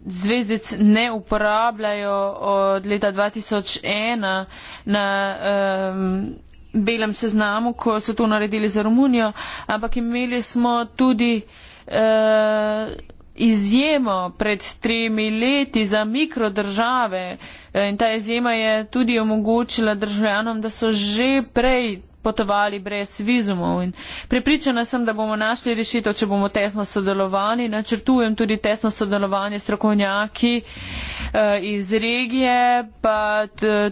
B: zvezdec ne uporabljajo od leta 2001 na um, belem seznamu, ko so to naredili za Romunijo, ampak imeli smo tudi uh, izjemo pred tremi leti za mikrodržave eh, in ta izjema je tudi omogočila državljanom, da so že prej potovali brez vizumov. In pripričana sem, da bomo našli rešitev, če bomo tesno sodelovali. Načrtujem tudi tesno sodelovanje s strokovnjaki eh, iz regije, pa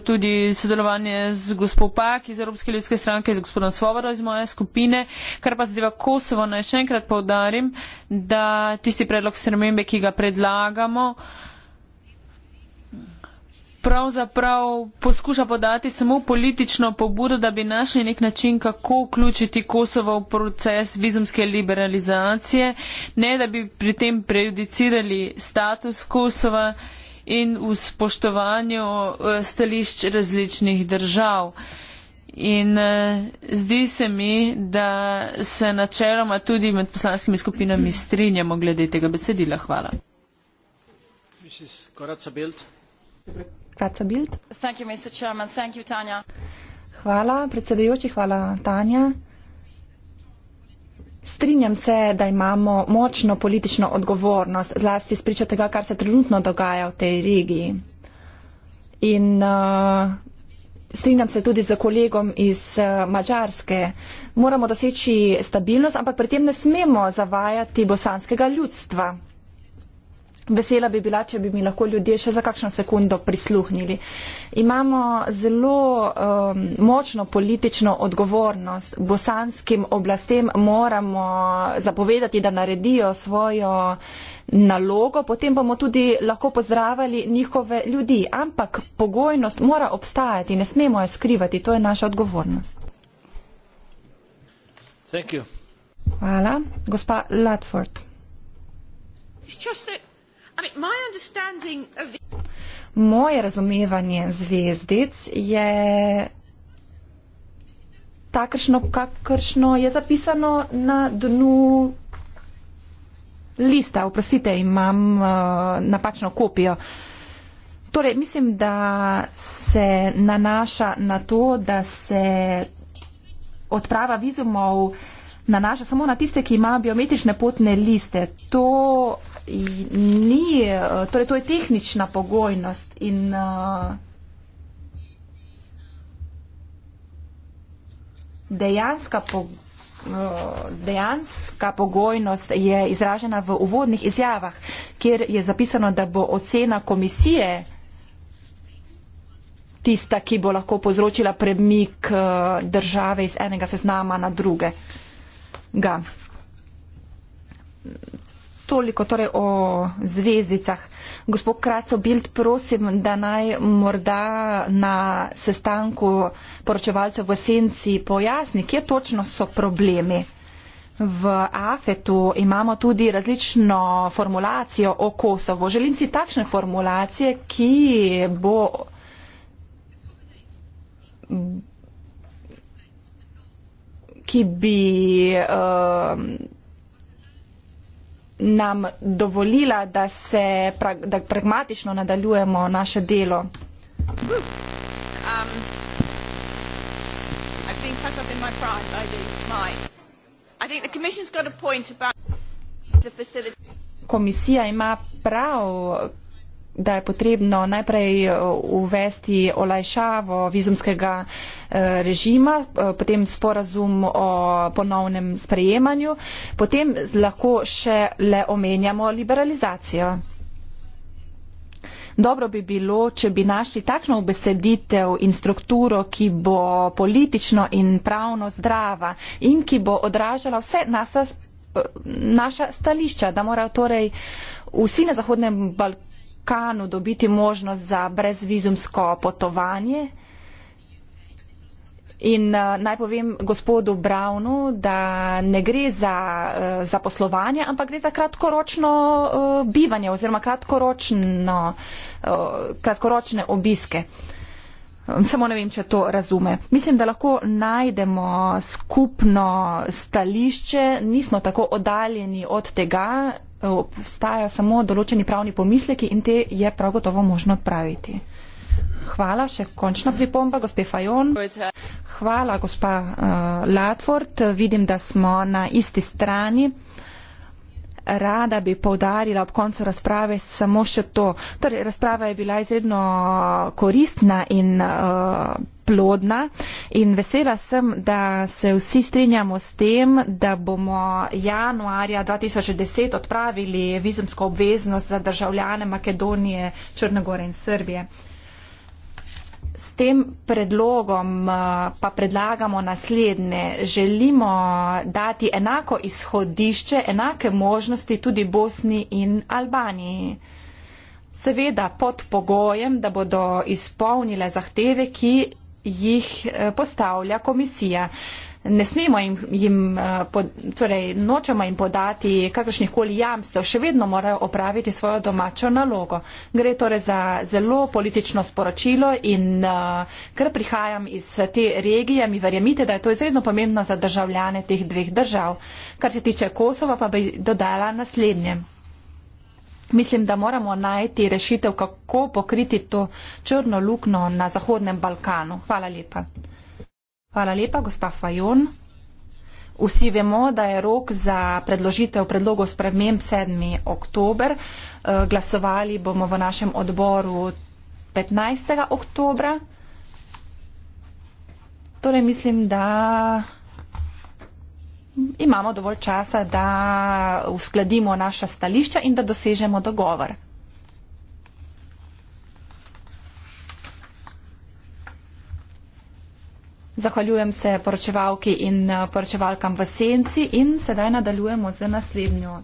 B: tudi sodelovanje z gospod Pak iz Evropske ljudske stranke, z gospodom Svobodo iz moje skupine. Kar pa zdaj v Kosovo naj še enkrat povdarim, da tisti predlog spremembe, ki ga predlagamo, pravzaprav poskuša podati samo politično pobudo, da bi našli nek način, kako vključiti Kosovo v proces vizumske liberalizacije, ne da bi pri tem prejudicirali status Kosova in v spoštovanju eh, stališč različnih držav. In eh, zdi se mi, da se načeloma tudi med poslanskimi skupinami strinjamo glede tega besedila. Hvala.
A: Mrs. Koraca Bild. Dobre.
B: Spratza Bild. Hvala,
F: predsedajoči, hvala, Tanja. Strinjam se, da imamo močno politično odgovornost, zlasti spričo tega, kar se trenutno dogaja v tej regiji. In uh, strinjam se tudi z kolegom iz uh, Mačarske. Moramo doseči stabilnost, ampak pri tem ne smemo zavajati bosanskega ljudstva. Vesela bi bila, če bi mi lahko ljudje še za kakšno sekundo prisluhnili. Imamo zelo um, močno politično odgovornost. Bosanskim oblastem moramo zapovedati, da naredijo svojo nalogo, potem bomo tudi lahko pozdravili njihove ljudi. Ampak pogojnost mora obstajati, ne smemo jo skrivati, to je naša odgovornost. Hvala. Gospa Latford. Moje razumevanje zvezdic je takšno, kakršno je zapisano na dnu lista. Oprostite, imam uh, napačno kopijo. Torej, mislim, da se nanaša na to, da se odprava vizumov nanaša samo na tiste, ki imajo biometrične potne liste. To ni, torej to je tehnična pogojnost in eh, dejanska, po, eh, dejanska pogojnost je izražena v uvodnih izjavah, kjer je zapisano, da bo ocena komisije tista, ki bo lahko povzročila premik eh, države iz enega seznama na drugega toliko torej o zvezdicah. Gospod Kraco Bild, prosim, da naj morda na sestanku poročevalcev v Senci pojasni, kje točno so problemi. V AFET-u imamo tudi različno formulacijo o Kosovo. Želim si takšne formulacije, ki bo ki bi uh, nam dovolila, da, se, pra, da pragmatično nadaljujemo naše delo. Um, pride, Komisija ima prav, da je potrebno najprej eh, uvesti olajšavo vizumskega eh, režima, eh, potem sporazum o ponovnem sprejemanju, potem lahko še le omenjamo liberalizacijo. Dobro bi bilo, če bi našli takšno obeseditev in strukturo, ki bo politično in pravno zdrava in ki bo odražala vse nasa, naša stališča, da morajo torej vsi na Zahodnem Balkanu Vatikanu dobiti možnost za brezvizumsko potovanje. In uh, naj povem gospodu Brownu, da ne gre za uh, eh, zaposlovanje, ampak gre za kratkoročno uh, bivanje oziroma uh, kratkoročne obiske. Samo ne vem, če to razume. Mislim, da lahko najdemo skupno stališče, nismo tako oddaljeni od tega, obstajajo samo določeni pravni pomisleki in te je prav gotovo možno odpraviti. Hvala, še končna pripomba, gospe Fajon. Hvala, gospa uh, Latford. Vidim, da smo na isti strani. Uh, rada bi povdarila ob koncu razprave samo še to. Torej, razprava je bila izredno uh, koristna in uh, plodna in vesela sem, da se vsi strinjamo s tem, da bomo januarja 2010 odpravili vizumsko obveznost za državljane Makedonije, Črnegore in Srbije s tem predlogom eh, pa predlagamo naslednje. Želimo dati enako izhodišče, enake možnosti tudi Bosni in Albaniji. Seveda pod pogojem, da bodo izpolnile zahteve, ki jih eh, postavlja komisija ne smemo jim, jim eh, pod, torej nočemo jim podati kakršnihkoli jamstev, še vedno morajo opraviti svojo domačo nalogo. Gre torej za zelo politično sporočilo in uh, ker prihajam iz te regije, mi verjemite, da je to izredno pomembno za državljane teh dveh držav. Kar se tiče Kosova, pa bi dodala naslednje. Mislim, da moramo najti rešitev, kako pokriti to črno lukno na Zahodnem Balkanu. Hvala lepa. Hvala lepa, gospa Fajon. Vsi vemo, da je rok za predložitev predlogov sprememb 7. oktober. Eh, glasovali bomo v našem odboru 15. oktobra. Torej mislim, da imamo dovolj časa, da uskladimo naša stališča in da dosežemo dogovor. Zahvaljujem se poročevalki in eh, poročevalkam v senci in sedaj nadaljujemo z naslednjo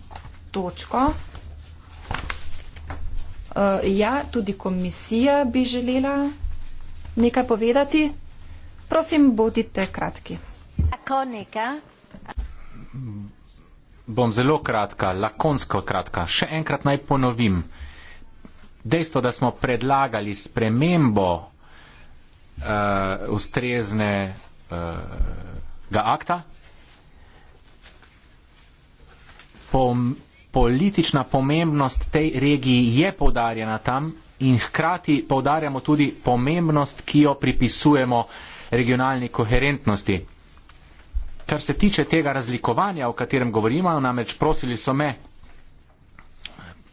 F: točko. Eh, ja, tudi komisija bi želela nekaj povedati. Prosim, bodite kratki.
D: Lakonika.
E: Bom zelo kratka, lakonsko kratka. Še enkrat naj ponovim. Dejstvo, da smo predlagali spremembo uh, eh, ustreznega eh, uh, akta. Pom politična pomembnost tej regiji je podarjena tam in hkrati podarjamo tudi pomembnost, ki jo pripisujemo regionalni koherentnosti. Kar se tiče tega razlikovanja, o katerem govorimo, namreč prosili so me,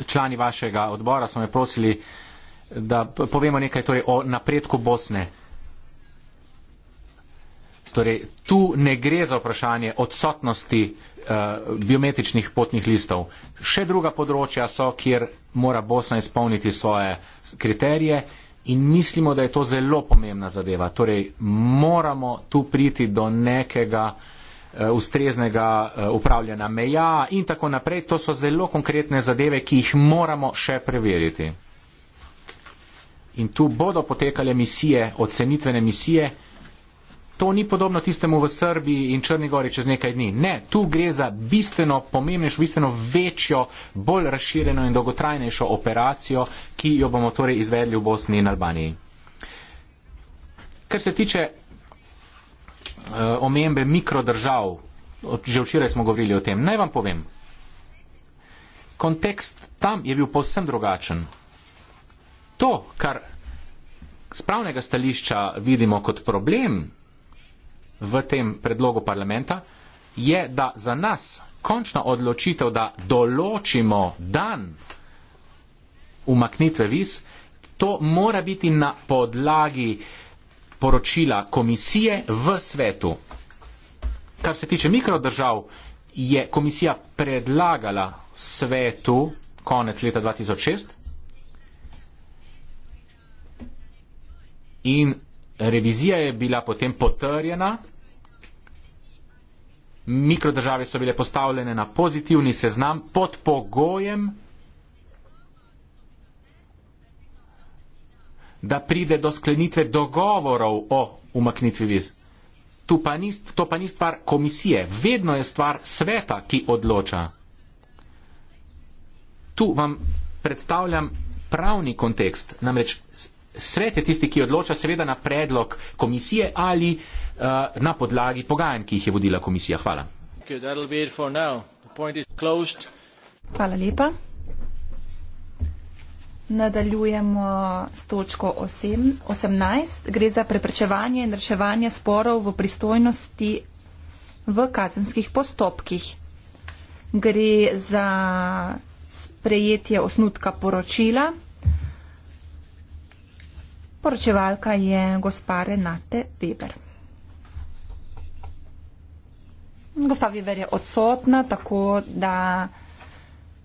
E: člani vašega odbora so me prosili, da povemo nekaj torej, o napredku Bosne. Uh, Torej, tu ne gre za vprašanje odsotnosti eh, biometričnih potnih listov. Še druga področja so, kjer mora Bosna izpolniti svoje kriterije in mislimo, da je to zelo pomembna zadeva. Torej, moramo tu priti do nekega eh, ustreznega eh, upravljanja meja in tako naprej. To so zelo konkretne zadeve, ki jih moramo še preveriti. In tu bodo potekale misije, ocenitvene misije, to ni podobno tistemu v Srbiji in Črnigori čez nekaj dni. Ne, tu gre za bistveno pomembnejšo, bistveno večjo, bolj razširjeno in dolgotrajnejšo operacijo, ki jo bomo torej izvedli v Bosni in Albaniji. Kar se tiče uh, omembe mikrodržav, že včeraj smo govorili o tem, naj vam povem. Kontekst tam je bil povsem drugačen. To, kar z pravnega stališča vidimo kot problem v tem predlogu parlamenta, je, da za nas končna odločitev, da določimo dan umaknitve viz, to mora biti na podlagi poročila komisije v svetu. Kar se tiče mikrodržav, je komisija predlagala svetu konec leta 2006 in revizija je bila potem potrjena mikrodržave so bile postavljene na pozitivni seznam pod pogojem, da pride do sklenitve dogovorov o umaknitvi viz. Tu pa ni, to pa ni stvar komisije, vedno je stvar sveta, ki odloča. Tu vam predstavljam pravni kontekst, namreč svet je tisti, ki odloča seveda na predlog komisije ali uh, na podlagi pogajanj, ki jih je vodila komisija. Hvala.
F: Hvala lepa. Nadaljujemo s točko 18. Gre za preprečevanje in reševanje sporov v pristojnosti v kazenskih postopkih. Gre za sprejetje osnutka poročila Poročevalka je gospa Renate Weber. Gospa Weber je odsotna, tako da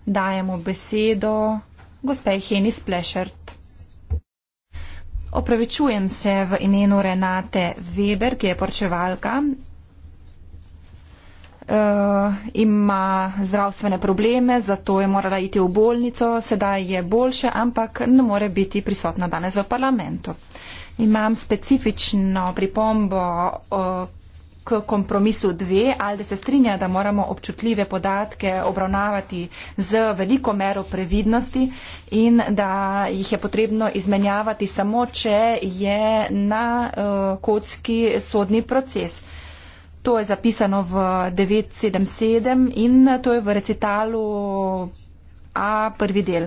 F: dajemo besedo gospe Heni Splešert. Opravičujem se v imenu Renate Weber, ki je poročevalka uh, ima zdravstvene probleme, zato je morala iti v bolnico, sedaj je boljše, ampak ne more biti prisotna danes v parlamentu. Imam specifično pripombo uh, k kompromisu dve, ali da se strinja, da moramo občutljive podatke obravnavati z veliko mero previdnosti in da jih je potrebno izmenjavati samo, če je na uh, kocki sodni proces. To je zapisano v 977 in to je v recitalu A prvi del.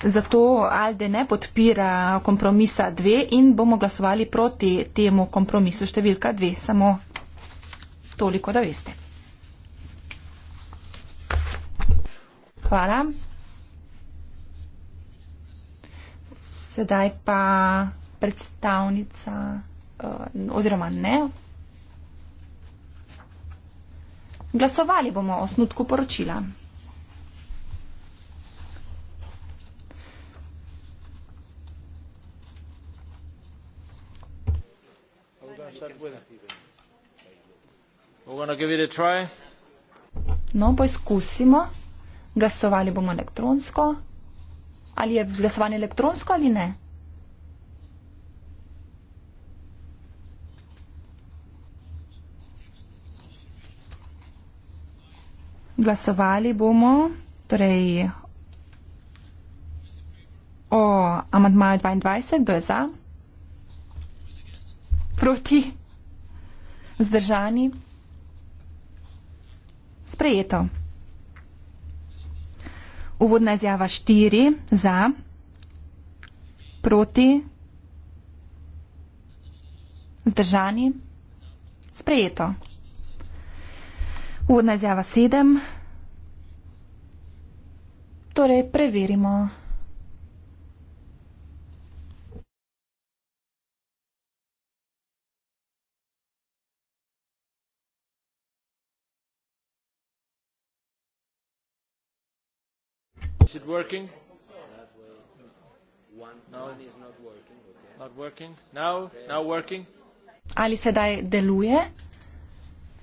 F: Zato Alde ne podpira kompromisa 2 in bomo glasovali proti temu kompromisu številka 2. Samo toliko, da veste. Hvala. Sedaj pa predstavnica eh, oziroma ne, Glasovali bomo o snutku poročila. No, poizkusimo. Glasovali bomo elektronsko. Ali je glasovanje elektronsko ali ne? glasovali bomo torej o amadmaju 22, kdo je za? Proti? Zdržani? Sprejeto. Uvodna izjava štiri za, proti, zdržani, sprejeto. Urna izjava sedem. Torej, preverimo.
A: Is it working? That way. One, no. one is not working. Okay. Not working? Now? Okay. Now working? Ali
F: sedaj deluje?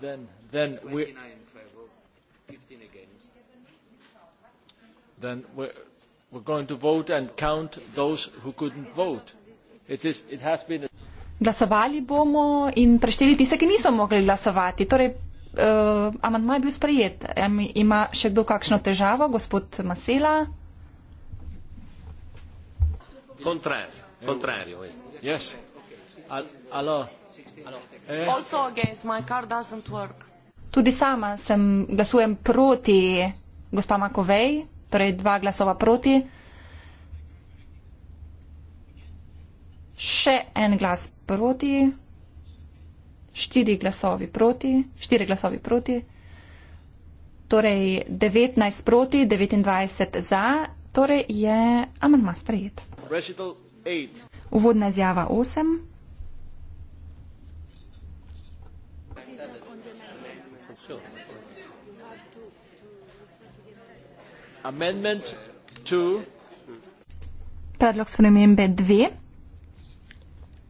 A: then then we 29 favor 15 against then we we're, we're going to vote and count those who couldn't vote it is it has been a...
F: glasovali bomo in prešteli tiste ki niso mogli glasovati torej uh, amandma je bil sprejet ima še kdo kakšno težavo gospod Masela
A: contrario contrario eh. yes okay. allora
F: Eh. Tudi sama sem glasujem proti gospa Makovej, torej dva glasova proti. Še en glas proti, štiri glasovi proti, štiri glasovi proti, torej 19 proti, 29 za, torej je amandma sprejet. Uvodna izjava 8. Predlog spremembe dve.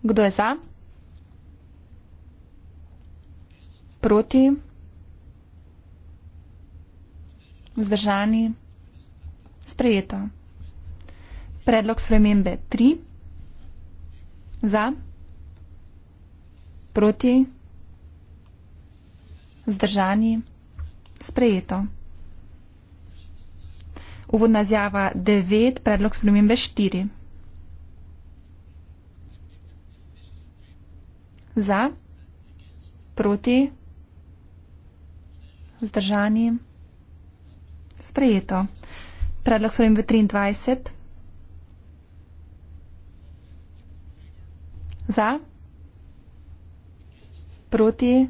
F: Kdo je za? Proti? Vzdržani? Sprejeto. Predlog spremembe tri. Za? Proti? Vzdržani? Sprejeto. Uvodna zjava 9, predlog spremembe 4. Za, proti, vzdržani, sprejeto. Predlog spremembe 23. Za, proti,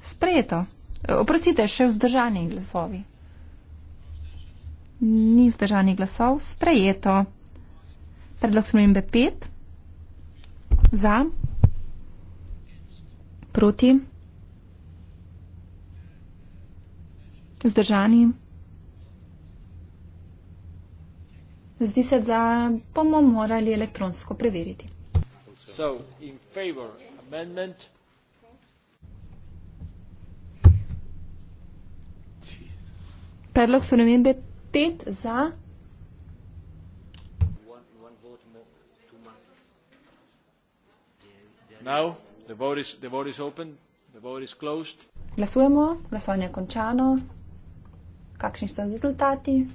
F: sprejeto. Eh, oprostite, še vzdržani glasovi. Ni vzdržani glasov, sprejeto. Predlog smembe 5. Za. Proti. Zdržani. Zdi se, da bomo morali elektronsko preveriti.
A: So, in favor amendment. Yes.
F: predlog spremembe pet za.
A: Now, the vote is, the vote is open, the vote is
F: Glasujemo, glasovanje je končano. Kakšni so rezultati?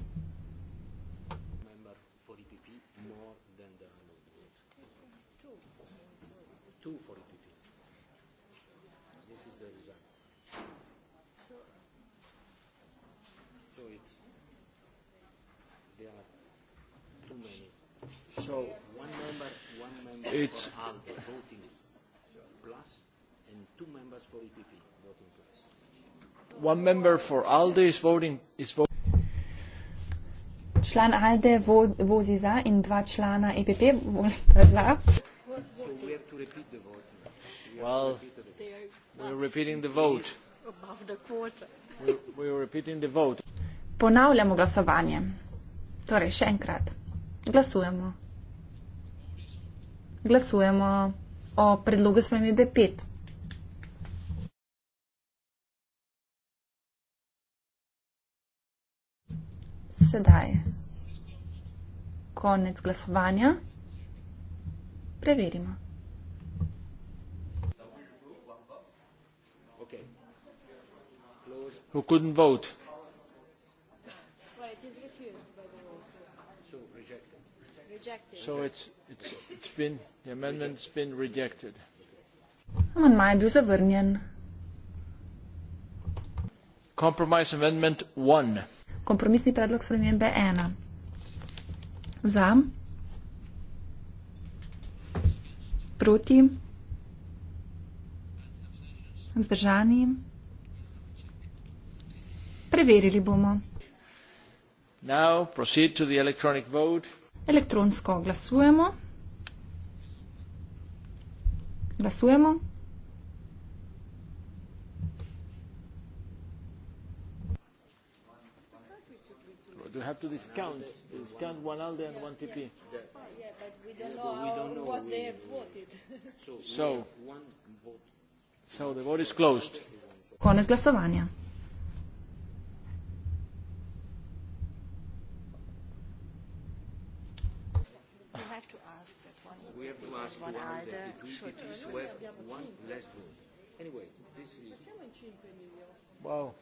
D: it's
A: one member for ALDE is voting is voting.
F: Član ALDE vo, vozi za in dva člana EPP volita za.
A: So we have to repeat the vote. Well, we are repeating the vote. Above the quarter. We are repeating the vote.
F: Ponavljamo glasovanje. Torej, še enkrat. Glasujemo glasujemo o predlogu spremi B5. Sedaj konec glasovanja. Preverimo.
A: Who couldn't vote?
D: Well, it is refused by the law.
A: So rejected. Rejected. So rejected. it's. Amandma
F: je bil zavrnjen.
A: Compromise amendment one.
F: Kompromisni predlog spremembe ena. Za. Proti. Zdržani. Preverili bomo.
A: Now proceed to the electronic vote
F: elektronsko glasujemo. Glasujemo.
A: You have to discount, discount one alde and one pp. Yeah, but we don't know, yeah, we don't know what they have voted. So, so, one vote. so the vote is closed. Konec
F: glasovanja.
D: have to ask one there. It will, it is swept one less vote. Anyway, this is...
A: Well,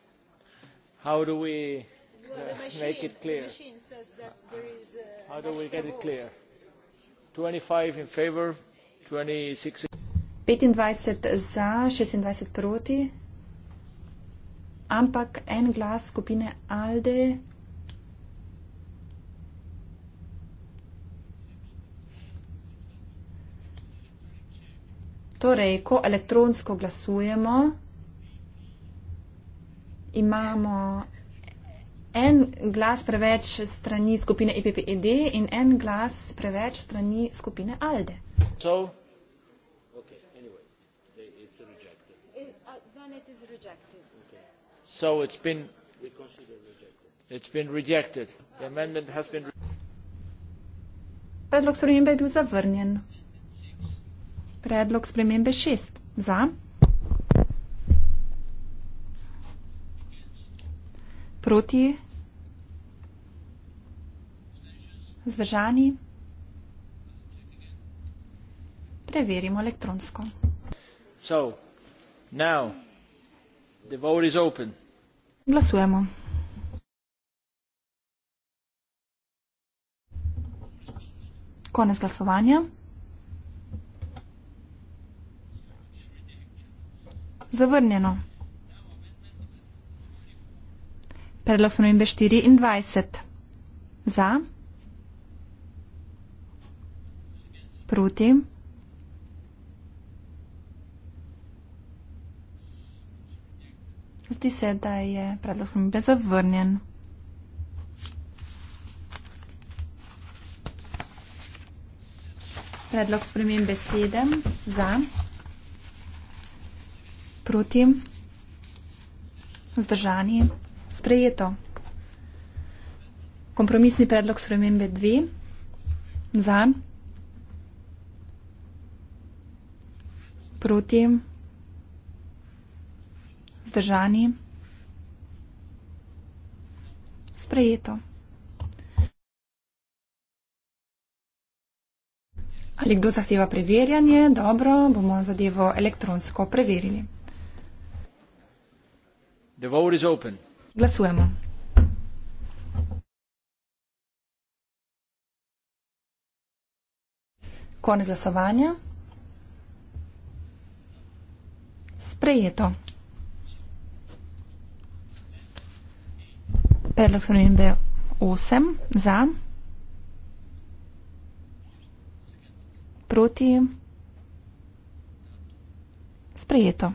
A: how do we uh, well, machine, make it clear? The machine says that there is... Uh, how do we get it clear? 25 in favor, 26...
F: 25 za, 26 proti, ampak en glas skupine ALDE Torej, ko elektronsko glasujemo, imamo en glas preveč strani skupine EPPED in en glas preveč strani skupine ALDE.
A: So, okay, anyway, it's it, uh, it's
D: okay.
A: So it's been, it's been rejected. The amendment has been rejected.
F: Predlog sprememb je bil zavrnjen predlog spremembe šest. Za. Proti. Vzdržani. Preverimo elektronsko.
A: So, now, the vote is open.
F: Glasujemo. Konec glasovanja. zavrnjeno. Predlog spremembe 24. Za. Proti. Zdi se, da je predlog spremembe zavrnjen. Predlog spremembe 7. Za proti? Zdržani? Sprejeto. Kompromisni predlog spremembe dve. Za? Proti? Zdržani? Sprejeto. Ali kdo zahteva preverjanje? Dobro, bomo zadevo elektronsko preverili glasujemo. konec glasovanja sprejeto predlog spremembe osem za proti sprejeto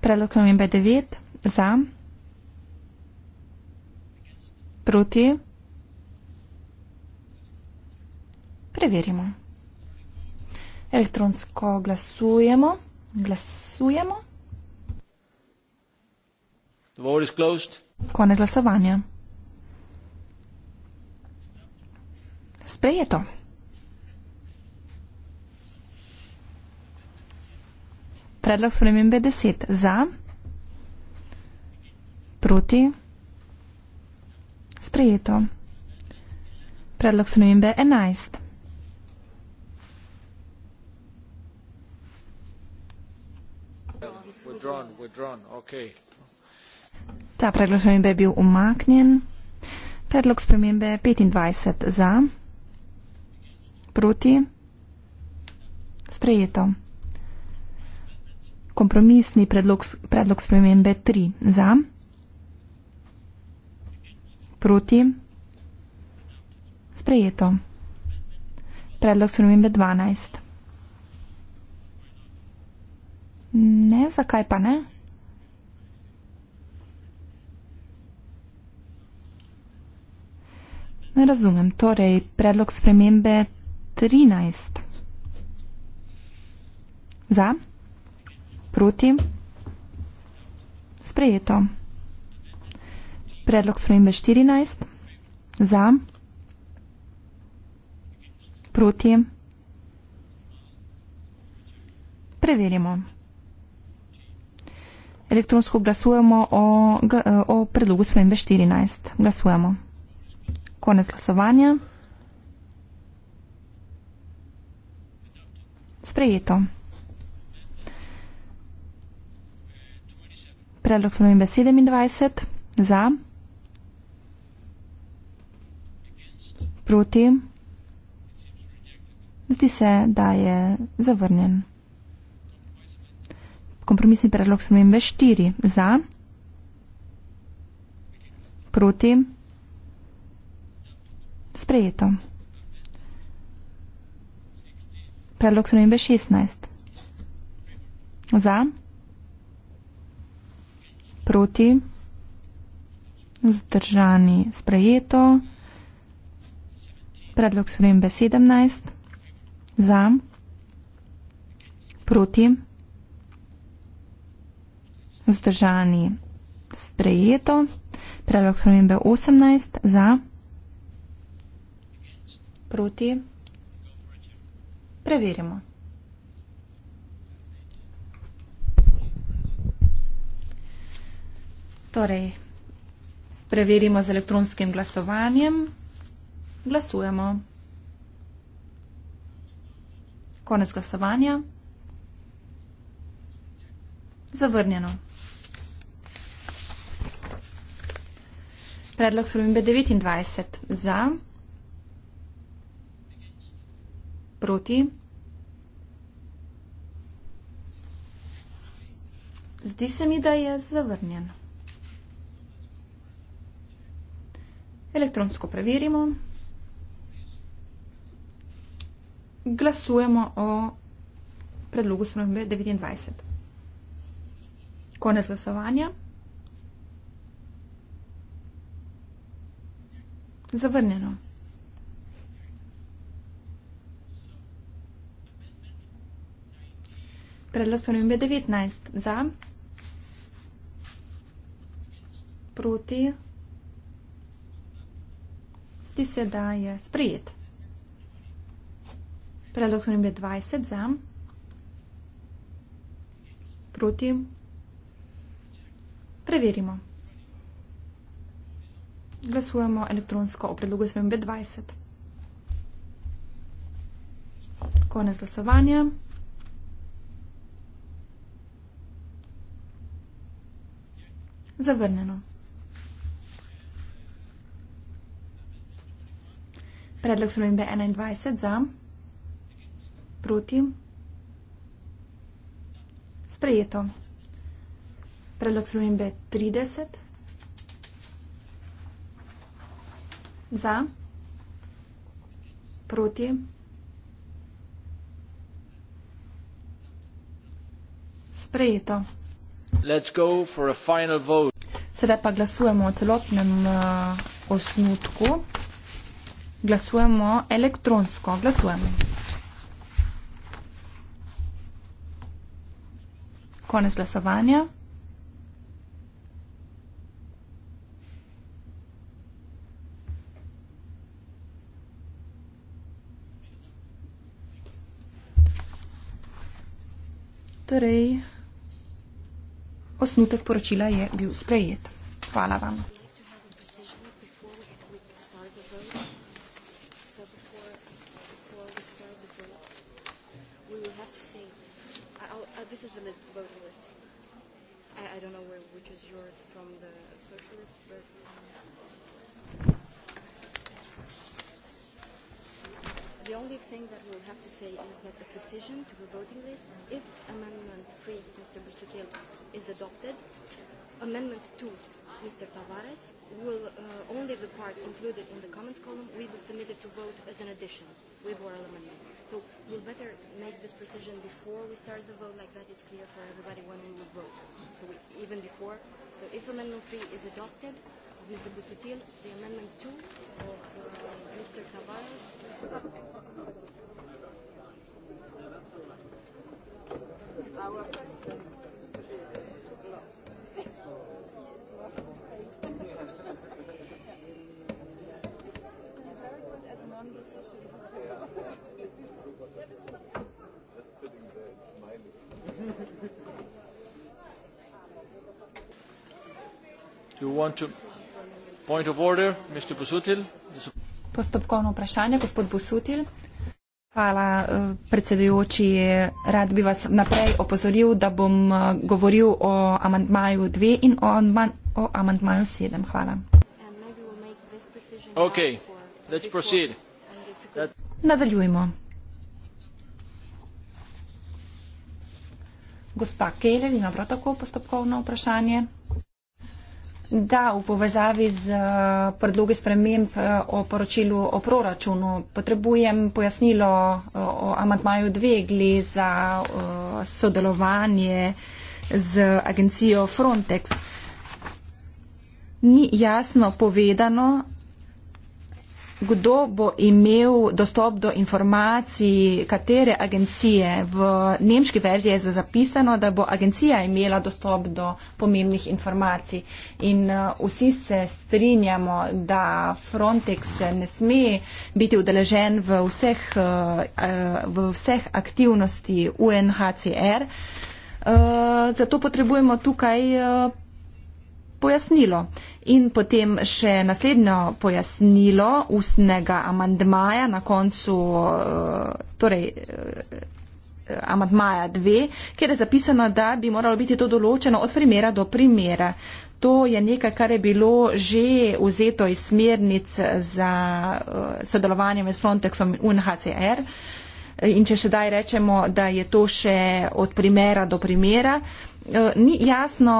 F: predlog spremembe devet za, proti. Preverimo. Elektronsko glasujemo. Glasujemo. Konec glasovanja. Sprejeto. Predlog spremembe 10 za, Proti? Sprejeto. Predlog spremembe 11.
A: Withdrawn, withdrawn. Okay.
F: Ta predlog spremembe je bil umaknjen. Predlog spremembe 25 za. Proti? Sprejeto. Kompromisni predlog, predlog spremembe 3 za. Proti? Sprejeto. Predlog spremembe 12. Ne, zakaj pa ne? Ne razumem. Torej, predlog spremembe 13. Za? Proti? Sprejeto predlog spremembe štirinajst, za, proti. Preverimo. Elektronsko glasujemo o, eh, o predlogu spremembe štirinajst. Glasujemo. Konec glasovanja. Sprejeto. Predlog spremembe sedemindvajset, za. proti. Zdi se, da je zavrnjen. Kompromisni predlog spremembe 4 za, proti, sprejeto. Predlog spremembe 16 za, proti, vzdržani, sprejeto. Predlog spremembe 17. Za. Proti. Vzdržani. Sprejeto. Predlog spremembe 18. Za. Proti. Preverimo. Torej, preverimo z elektronskim glasovanjem. Glasujemo. Konec glasovanja. Zavrnjeno. Predlog spremembe 29 za, proti, zdi se mi, da je zavrnjen. Elektronsko preverimo. glasujemo o predlogu spremembe 29. Konec glasovanja. Zavrnjeno. Predlog spremembe 19. Za. Proti. Zdi se, da je sprejet. Predlog sprememb je 20 za, proti. Preverimo. Glasujemo elektronsko o predlogu sprememb 20. Konec glasovanja. Zavrnjeno. Predlog sprememb 21 za. Proti? Sprejeto. Predlog spremembe trideset. Za? Proti? Sprejeto.
A: Let's go for a final vote.
F: Sedaj pa glasujemo o celotnem uh, osnutku. Glasujemo elektronsko. Glasujemo. konec glasovanja. Torej, osnutek poročila je bil sprejet. Hvala vam.
D: the list, voting list. I, I don't know where, which is yours from the socialist, but. Um, the only thing that we'll have to say is that the precision to the voting list, if Amendment 3, Mr. Bustutil, is adopted, Amendment 2 Mr. Tavares, will uh, only the part included in the comments column, we will submit it to vote as an additional with oral amendment. So we'll better make this precision before we start the vote, like that it's clear for everybody when we will vote. So we, even before, so if amendment three is adopted, Mr. Busutil, the amendment two of uh, Mr. Tavares.
F: Postopkovno vprašanje, gospod Busutil. Hvala, eh, predsedujoči. Rad bi vas naprej opozoril, da bom eh, govoril o amantmaju 2 in o, o amantmaju 7. Hvala. Okay. Nadaljujmo. Gospa Keller ima prav tako postopkovno vprašanje. Da, v povezavi z eh, predloge sprememb eh, o poročilu o proračunu potrebujem pojasnilo eh, o amantmaju dvegli za sodelovanje z agencijo Frontex. Ni jasno povedano, kdo bo imel dostop do informacij, katere agencije. V nemški verziji je zapisano, da bo agencija imela dostop do pomembnih informacij. In eh, vsi se strinjamo, da Frontex ne sme biti udeležen v vseh, eh, v vseh aktivnosti UNHCR. Eh, zato potrebujemo tukaj pojasnilo. In potem še naslednjo pojasnilo ustnega amandmaja na koncu, eh, torej eh, amandmaja 2, kjer je zapisano, da bi moralo biti to določeno od primera do primera. To je nekaj, kar je bilo že vzeto iz smernic za eh, sodelovanje med Frontexom in UNHCR. In če še daj rečemo, da je to še od primera do primera, ni jasno,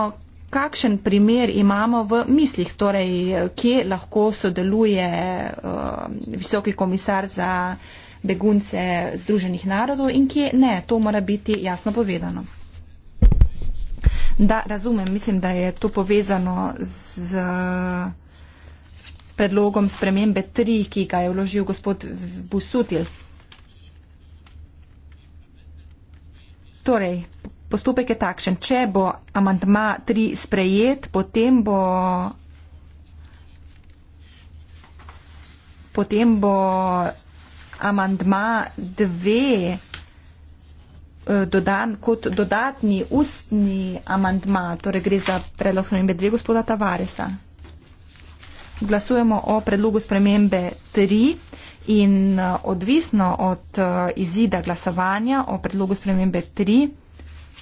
F: kakšen primer imamo v mislih, torej kje lahko sodeluje uh, visoki komisar za begunce Združenih narodov in kje ne. To mora biti jasno povedano. Da, razumem, mislim, da je to povezano z predlogom spremembe 3, ki ga je vložil gospod Busutil. Torej, Postopek je takšen. Če bo amantma 3 sprejet, potem bo, potem bo amantma 2 eh, dodan kot dodatni ustni amantma. Torej gre za predlog spremembe 2 gospoda Tavaresa. Glasujemo o predlogu spremembe 3 in eh, odvisno od eh, izida glasovanja o predlogu spremembe 3.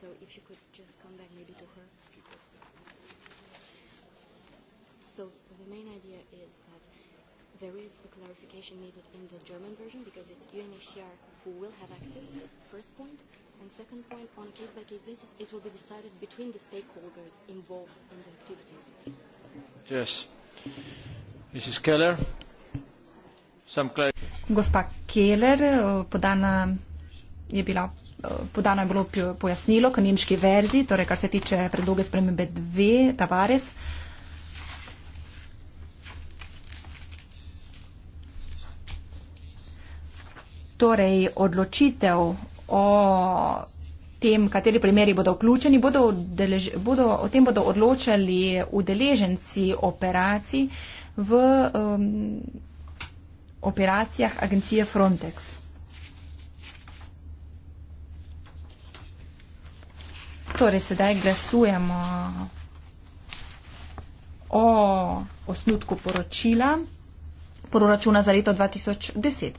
D: So if you could just come back maybe to her. So the main idea is that there is a clarification needed in the German version because it's UNHCR who will have access, first point. And second point, on a case-by-case basis, it will be decided between the stakeholders involved in the activities.
A: Yes. Mrs. Keller. Some clarification.
F: Gospa Keller, eh, podana je bila podano je bilo pojasnilo k nemški verzi, torej kar se tiče predloge spremembe 2, Tavares. Torej, odločitev o tem, kateri primeri bodo vključeni, bodo odelež, bodo, o tem bodo odločali udeleženci operacij v um, operacijah agencije Frontex. Torej, sedaj glasujemo o osnutku poročila proračuna za leto 2010.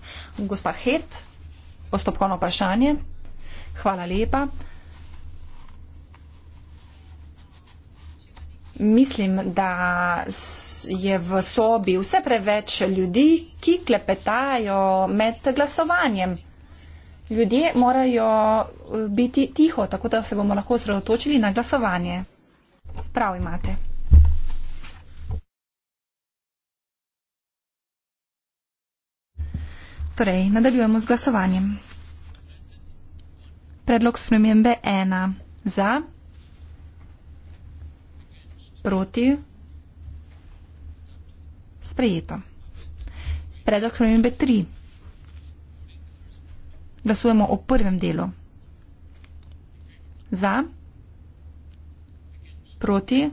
F: Gospa Het, postopkovno vprašanje. Hvala lepa. Mislim, da je v sobi vse preveč ljudi, ki klepetajo med glasovanjem. Ljudje morajo eh, biti tiho, tako da se bomo lahko osredotočili na glasovanje. Prav imate. Torej, nadaljujemo z glasovanjem. Predlog spremembe ena za, proti, sprejeto. Predlog spremembe tri. Glasujemo o prvem delu. Za, proti,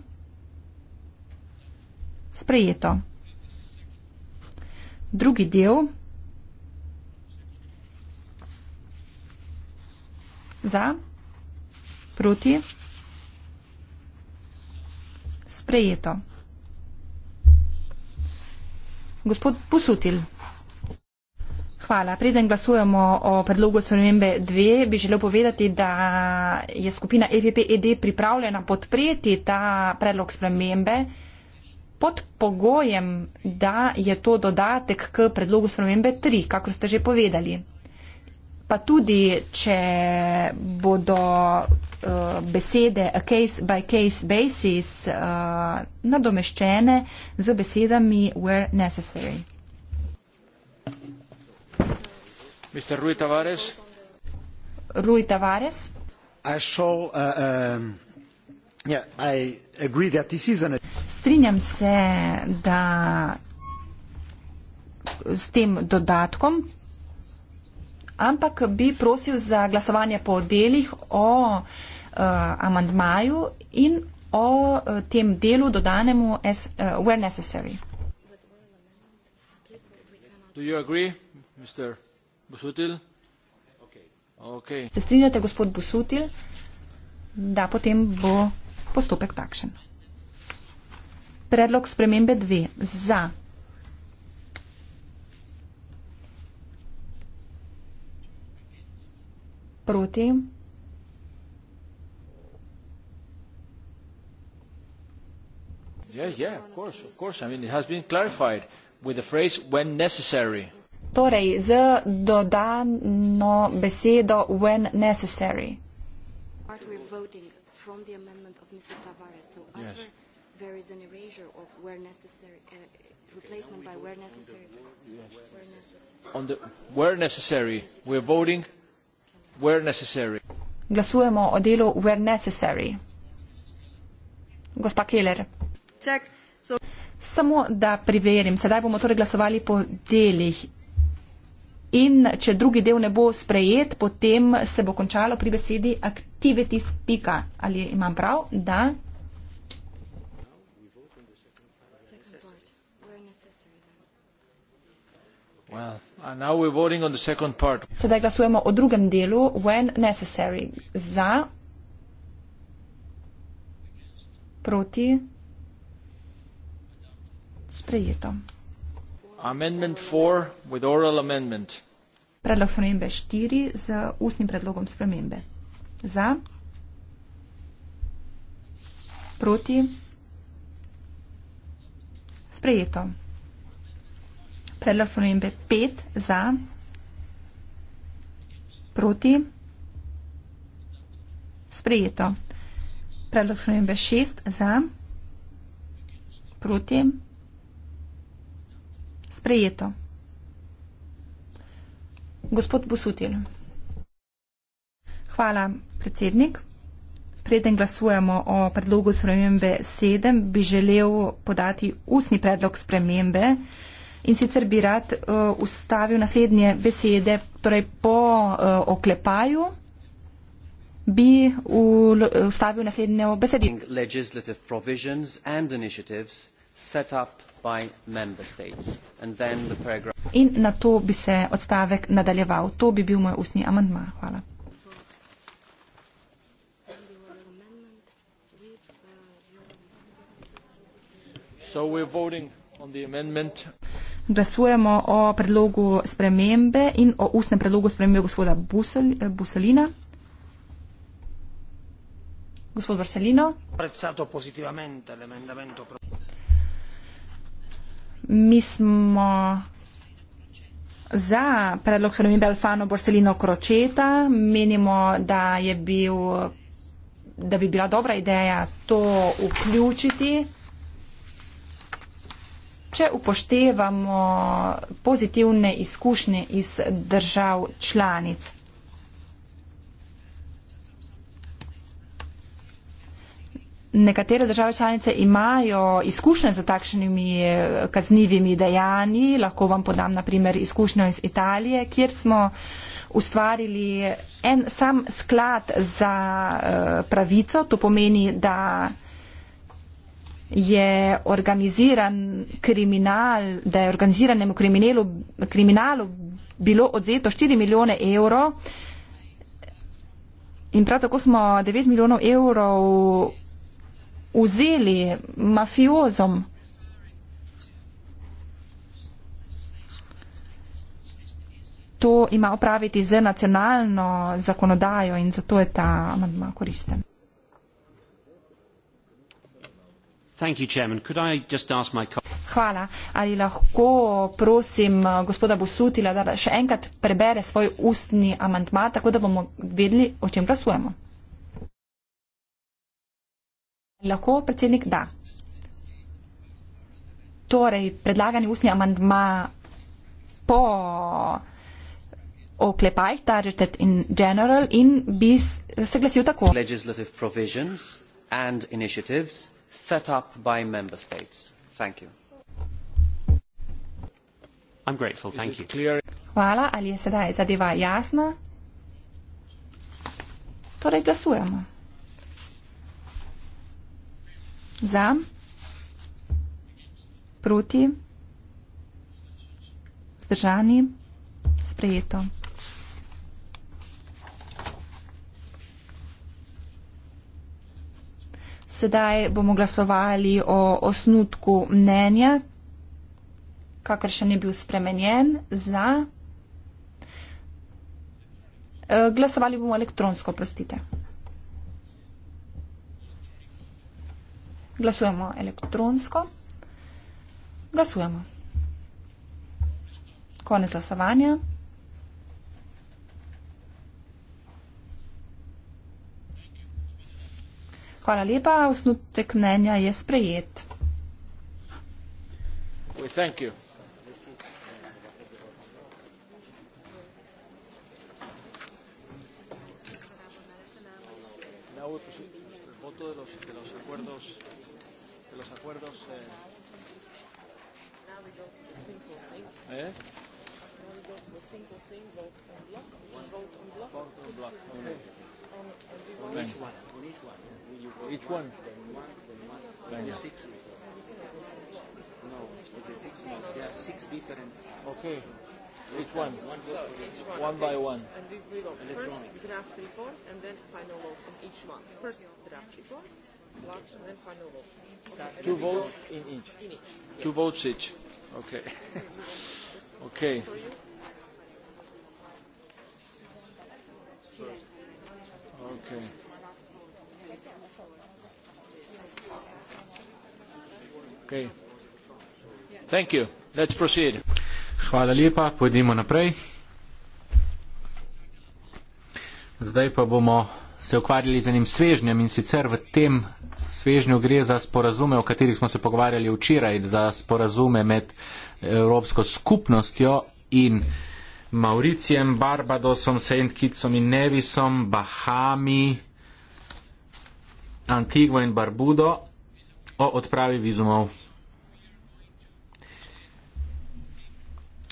F: sprejeto. Drugi del. Za, proti, sprejeto. Gospod Posutil. Hvala. Preden glasujemo o predlogu spremembe 2, bi želel povedati, da je skupina EPPED pripravljena podpreti ta predlog spremembe pod pogojem, da je to dodatek k predlogu spremembe 3, kakor ste že povedali. Pa tudi, če bodo uh, besede a case by case basis uh, nadomeščene z besedami where necessary
A: mr rui tavares
F: rui tavares i
A: shall uh, um, yeah i agree that this is an
F: strinjam se da s tem dodatkom ampak bi prosil za glasovanje po delih o uh, amandmaju in o uh, tem delu dodanemu as, uh, where necessary
A: do you agree Se
F: strinjate, gospod Busutil, da potem bo postopek takšen. Predlog spremembe dve za. Proti.
A: Yeah, yeah, of course, of course. I mean, it has been clarified with the phrase when necessary.
F: Torej, z dodano besedo when uh, necessary.
A: Glasujemo
F: o delu where necessary. Gospa Keller. Samo da preverim, sedaj bomo torej glasovali po delih in če drugi del ne bo sprejet, potem se bo končalo pri besedi activities. Pika. Ali imam prav? Da. Sedaj glasujemo o drugem delu, when necessary. Za, proti, sprejeto. Predlog spremembe štiri z ustnim predlogom spremembe. Za. Proti. Sprejeto. Predlog spremembe pet za. Proti. Sprejeto. Predlog spremembe šest za. Proti. Sprejeto. Gospod Busutil. Hvala, predsednik. Preden glasujemo o predlogu spremembe 7, bi želel podati ustni predlog spremembe in sicer bi rad uh, ustavil naslednje besede, torej po uh, oklepaju bi ustavil naslednje besede.
D: Set up
F: In na to bi se odstavek nadaljeval. To bi bil moj ustni amantma. Hvala. Glasujemo o predlogu spremembe in o ustnem predlogu spremembe gospoda Busolina. Gospod Vrselino mi smo za predlog spremembe Alfano Borsellino Kročeta. Menimo, da, je bil, da bi bila dobra ideja to vključiti, če upoštevamo pozitivne izkušnje iz držav članic. Nekatere države članice imajo izkušnje z takšnimi eh, kaznivimi dejanji. Lahko vam podam naprimer izkušnjo iz Italije, kjer smo ustvarili en sam sklad za eh, pravico. To pomeni, da je organiziran kriminal, da je organiziranemu kriminalu, kriminalu bilo odzeto 4 milijone evrov in prav tako smo 9 milijonov evrov vzeli mafiozom. To ima opraviti z nacionalno zakonodajo in zato je ta amandma koristen. Hvala. Ali lahko prosim uh, gospoda Busutila, da še enkrat prebere svoj ustni amandma, tako da bomo vedeli, o čem glasujemo. Lahko predsednik da. Torej, predlagani ustni amandma po oklepajih Targeted in General in bi se glasil tako.
D: Legislative provisions and initiatives set up by member states. Thank you. I'm grateful, thank you.
F: Hvala, ali je sedaj zadeva jasna? Torej, glasujemo. Za. Proti. Vzdržani. Sprejeto. Sedaj bomo glasovali o osnutku mnenja, kakršen je bil spremenjen za. Eh, glasovali bomo elektronsko, prostite. Glasujemo elektronsko. Glasujemo. Konec glasovanja. Hvala lepa. Osnutek mnenja je sprejet.
A: Well, thank you acuerdos. Eh. ¿Eh?
D: Each one. Each one. Six. No, there are six different. Okay. Each one. One, so each one. one by one. And we will first
B: draft report and then final vote on each one. First draft report, last and then final vote.
D: Okay. Two votes vote in each. In each. Yes. Two votes
A: each. Okay. okay. Okay. Okay. Thank you. Let's proceed.
E: Hvala lepa, pojdimo naprej. Zdaj pa bomo se ukvarjali z enim svežnjem in sicer v tem svežnju gre za sporazume, o katerih smo se pogovarjali včeraj, za sporazume med Evropsko skupnostjo in Mauricijem, Barbadosom, St. Kitsom in Nevisom, Bahami, Antigua in Barbudo o odpravi vizumov.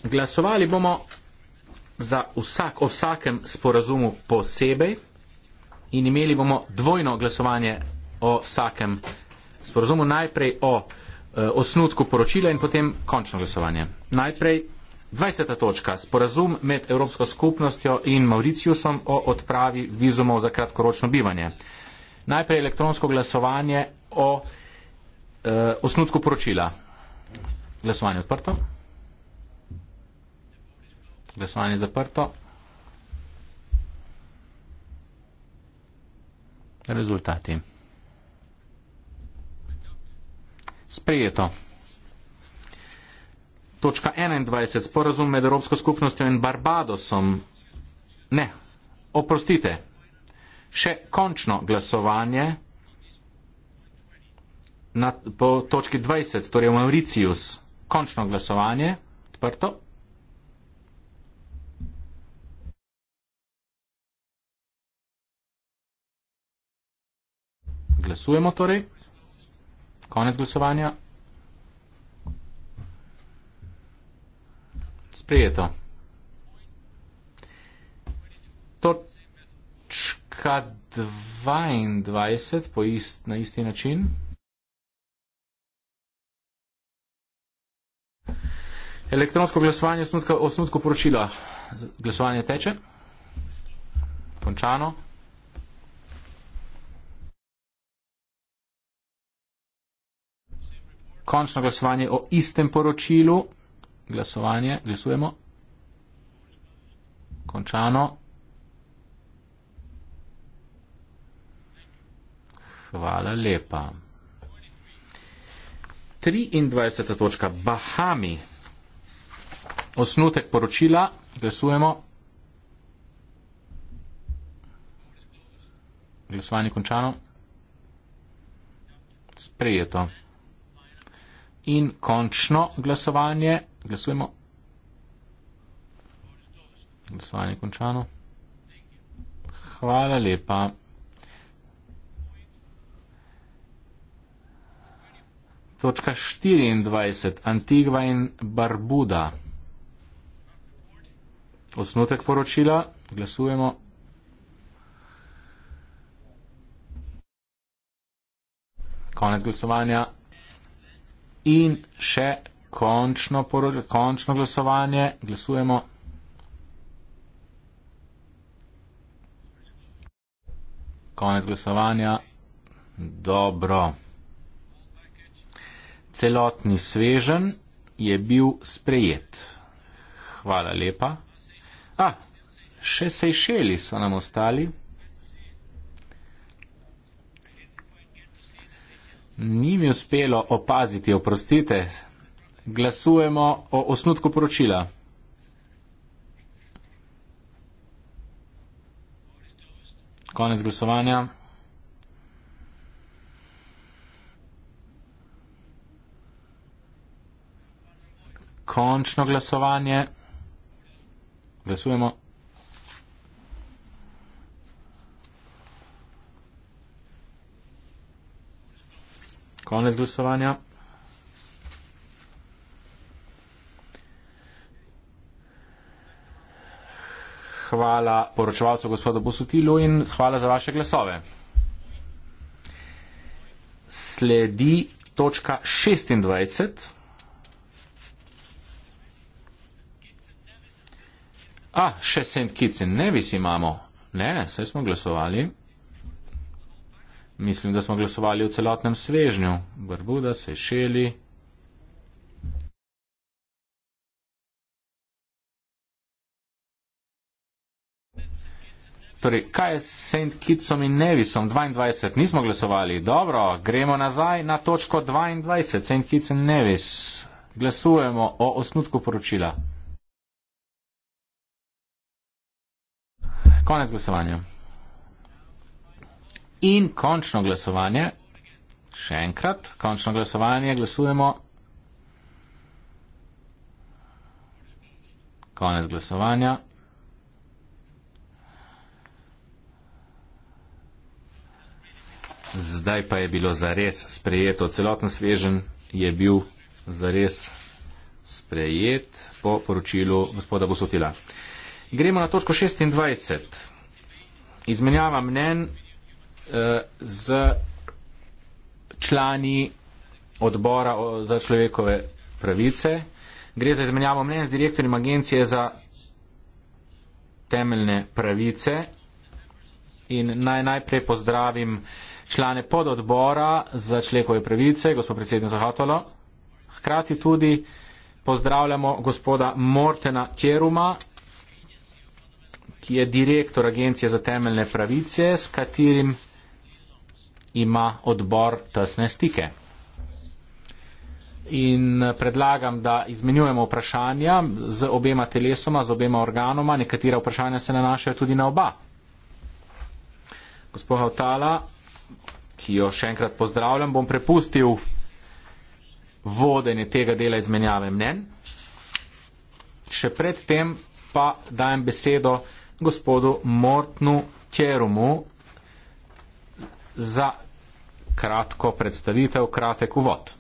E: Glasovali bomo za vsak, o vsakem sporazumu posebej in imeli bomo dvojno glasovanje o vsakem sporozumu, najprej o eh, osnutku poročila in potem končno glasovanje. Najprej 20. točka. Sporazum med Evropsko skupnostjo in Mauriciusom o odpravi vizumov za kratkoročno bivanje. Najprej elektronsko glasovanje o eh, osnutku poročila. Glasovanje odprto. Glasovanje zaprto. Rezultati. Sprejeto. Točka 21. Sporazum med Evropsko skupnostjo in Barbadosom. Ne, oprostite. Še končno glasovanje na, po točki 20, torej v Mauricius. Končno glasovanje. Odprto. Glasujemo torej. Konec glasovanja. Sprejeto. Točka 22 ist, na isti način. Elektronsko glasovanje osnutka, osnutko poročila. Glasovanje teče. Končano. končno glasovanje o istem poročilu. Glasovanje, glasujemo. Končano. Hvala lepa. 23. točka Bahami. Osnutek poročila. Glasujemo. Glasovanje končano. Sprejeto in končno glasovanje. Glasujemo. Glasovanje končano. Hvala lepa. Točka 24. Antigva in Barbuda. Osnutek poročila. Glasujemo. Konec glasovanja. In še končno, končno glasovanje. Glasujemo. Konec glasovanja. Dobro. Celotni svežen je bil sprejet. Hvala lepa. A, še sejšeli so nam ostali. ni mi uspelo opaziti, oprostite, glasujemo o osnutku poročila. Konec glasovanja. Končno glasovanje. Glasujemo. konec glasovanja. Hvala poročevalcu gospodu Bosutilu in hvala za vaše glasove. Sledi točka 26. A, ah, še St. Kitts in Nevis imamo. Ne, saj smo glasovali. Mislim, da smo glasovali v celotnem svežnju. Barbuda se šeli. Torej, kaj je s St. Kittsom in Nevisom? 22 nismo glasovali. Dobro, gremo nazaj na točko 22. St. Kitts in Nevis. Glasujemo o osnutku poročila. Konec glasovanja. In končno glasovanje, še enkrat, končno glasovanje, glasujemo. Konec glasovanja. Zdaj pa je bilo zares sprejeto, celoten svežen je bil zares sprejet po poročilu gospoda Bosotila. Gremo na točko 26. Izmenjava mnen Eh, z člani odbora za človekove pravice. Gre za izmenjavo mnen z direktorjem agencije za temeljne pravice in naj najprej pozdravim člane pododbora za človekove pravice, gospod predsednik Zahatolo. Hkrati tudi pozdravljamo gospoda Mortena Keruma, ki je direktor agencije za temeljne pravice, s katerim ima odbor tesne stike. In predlagam, da izmenjujemo vprašanja z obema telesoma, z obema organoma. Nekatera vprašanja se nanašajo tudi na oba. Gospod Hautala, ki jo še enkrat pozdravljam, bom prepustil vodenje tega dela izmenjave mnen. Še predtem pa dajem besedo gospodu Mortnu Kjerumu za kratko predstavitev, kratek uvod.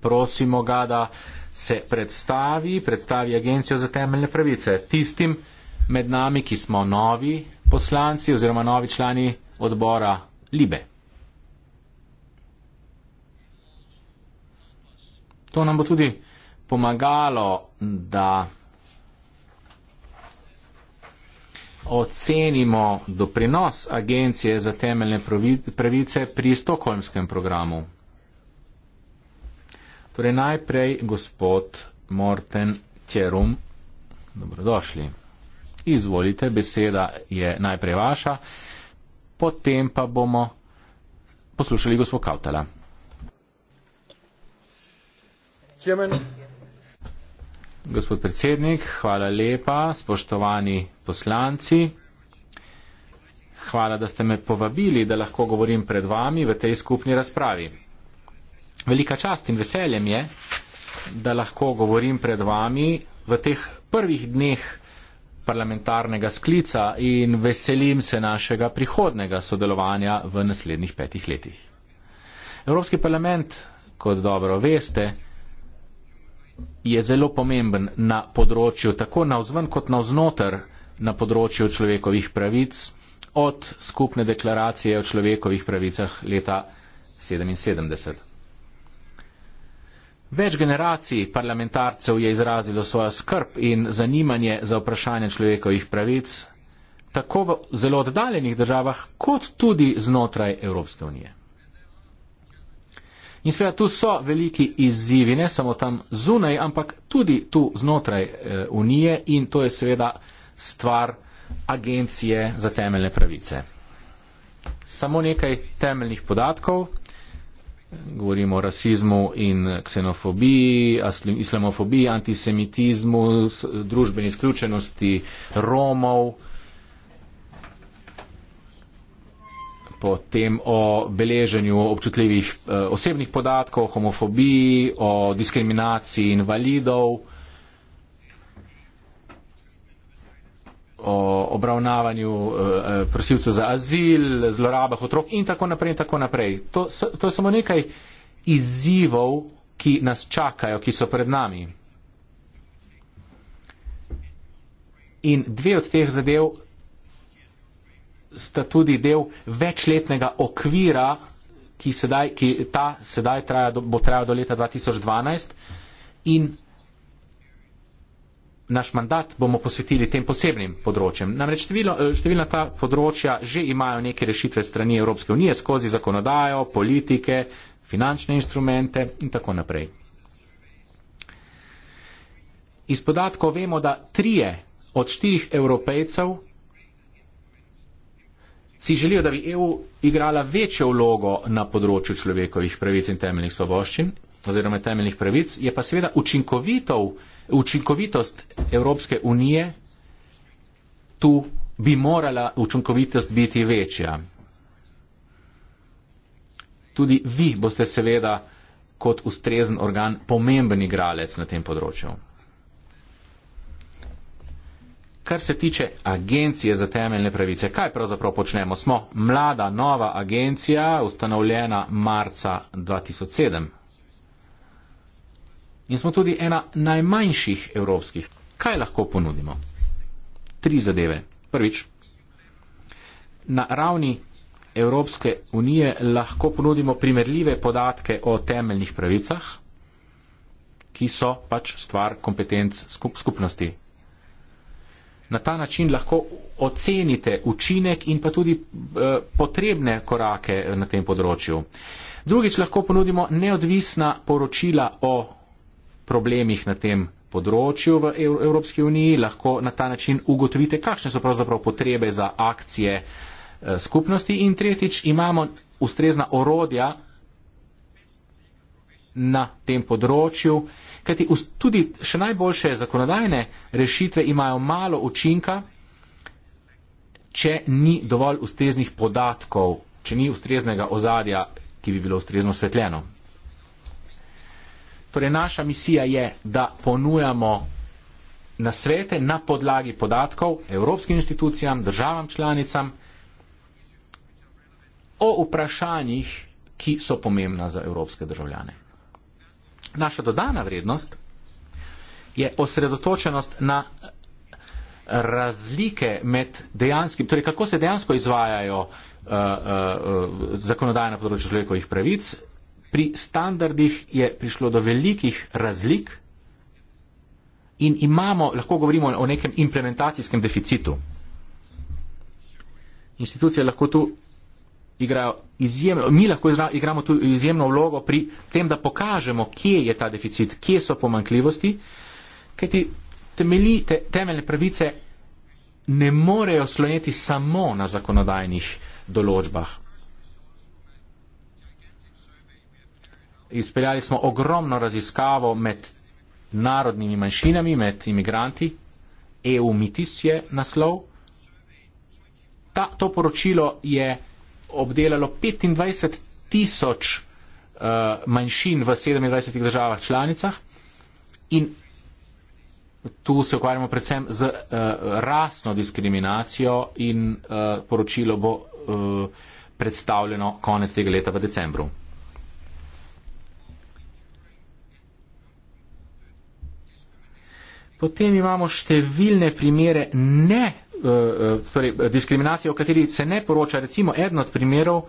E: Prosimo ga, da se predstavi, predstavi Agencijo za temeljne pravice tistim med nami, ki smo novi poslanci oziroma novi člani odbora Libe. To nam bo tudi pomagalo, da ocenimo doprinos Agencije za temeljne pravice pri stokholmskem programu? Torej najprej gospod Morten Tjerum, dobrodošli. Izvolite, beseda je najprej vaša, potem pa bomo poslušali gospod Kautela. Chairman, Gospod predsednik, hvala lepa, spoštovani poslanci. Hvala, da ste me povabili, da lahko govorim pred vami v tej skupni razpravi. Velika čast in veseljem je, da lahko govorim pred vami v teh prvih dneh parlamentarnega sklica in veselim se našega prihodnega sodelovanja v naslednjih petih letih. Evropski parlament, kot dobro veste, je zelo pomemben na področju tako navzven kot navznoter na področju človekovih pravic od skupne deklaracije o človekovih pravicah leta 1977. Več generacij parlamentarcev je izrazilo svojo skrb in zanimanje za vprašanje človekovih pravic tako v zelo oddaljenih državah kot tudi znotraj Evropske unije. In seveda tu so veliki izzivi, ne samo tam zunaj, ampak tudi tu znotraj eh, Unije in to je seveda stvar agencije za temeljne pravice. Samo nekaj temeljnih podatkov, govorimo o rasizmu in ksenofobiji, islamofobiji, antisemitizmu, družbeni izključenosti Romov, potem o beleženju občutljivih eh, osebnih podatkov, homofobiji, o diskriminaciji invalidov, o obravnavanju eh, prosilcev za azil, zlorabah otrok in tako naprej in tako naprej. To, to je samo nekaj izzivov, ki nas čakajo, ki so pred nami. In dve od teh zadev sta tudi del večletnega okvira, ki, sedaj, ki ta sedaj traja, bo trajal do leta 2012 in naš mandat bomo posvetili tem posebnim področjem. Namreč število, eh, številna ta področja že imajo neke rešitve strani Evropske unije skozi zakonodajo, politike, finančne instrumente in tako naprej. Iz podatkov vemo, da trije od štirih evropejcev si želijo, da bi EU igrala večjo vlogo na področju človekovih pravic in temeljnih svoboščin oziroma temeljnih pravic, je pa seveda učinkovitost Evropske unije tu bi morala učinkovitost biti večja. Tudi vi boste seveda kot ustrezen organ pomemben igralec na tem področju kar se tiče agencije za temeljne pravice, kaj pravzaprav počnemo? Smo mlada nova agencija, ustanovljena marca 2007. In smo tudi ena najmanjših evropskih. Kaj lahko ponudimo? Tri zadeve. Prvič, na ravni Evropske unije lahko ponudimo primerljive podatke o temeljnih pravicah, ki so pač stvar kompetenc skupnosti na ta način lahko ocenite učinek in pa tudi eh, potrebne korake eh, na tem področju. Drugič lahko ponudimo neodvisna poročila o problemih na tem področju v Evropski uniji, lahko na ta način ugotovite, kakšne so pravzaprav potrebe za akcije eh, skupnosti in tretjič imamo ustrezna orodja na tem področju, kajti tudi še najboljše zakonodajne rešitve imajo malo učinka, če ni dovolj ustreznih podatkov, če ni ustreznega ozadja, ki bi bilo ustrezno osvetljeno. Torej, naša misija je, da ponujamo na svete na podlagi podatkov evropskim institucijam, državam članicam o vprašanjih, ki so pomembna za evropske državljane. Naša dodana vrednost je osredotočenost na eh, razlike med dejanskim, torej kako se dejansko izvajajo uh, eh, uh, eh, zakonodajna področja človekovih pravic. Pri standardih je prišlo do velikih razlik in imamo, lahko govorimo o nekem implementacijskem deficitu. Institucije lahko tu igrajo izjemno, mi lahko izra, igramo tu izjemno vlogo pri tem, da pokažemo, kje je ta deficit, kje so pomankljivosti, kajti temelji, te, temeljne pravice ne morejo sloneti samo na zakonodajnih določbah. Izpeljali smo ogromno raziskavo med narodnimi manjšinami, med imigranti, EU-mitis je naslov. Ta, to poročilo je obdelalo 25 tisoč eh, manjšin v 27 državah članicah in tu se ukvarjamo predvsem z eh, rasno diskriminacijo in eh, poročilo bo predstavljeno konec tega leta v decembru. Potem imamo številne primere ne Eh, eh, torej, eh, diskriminacije, o kateri se ne poroča. Recimo, eden od primerov,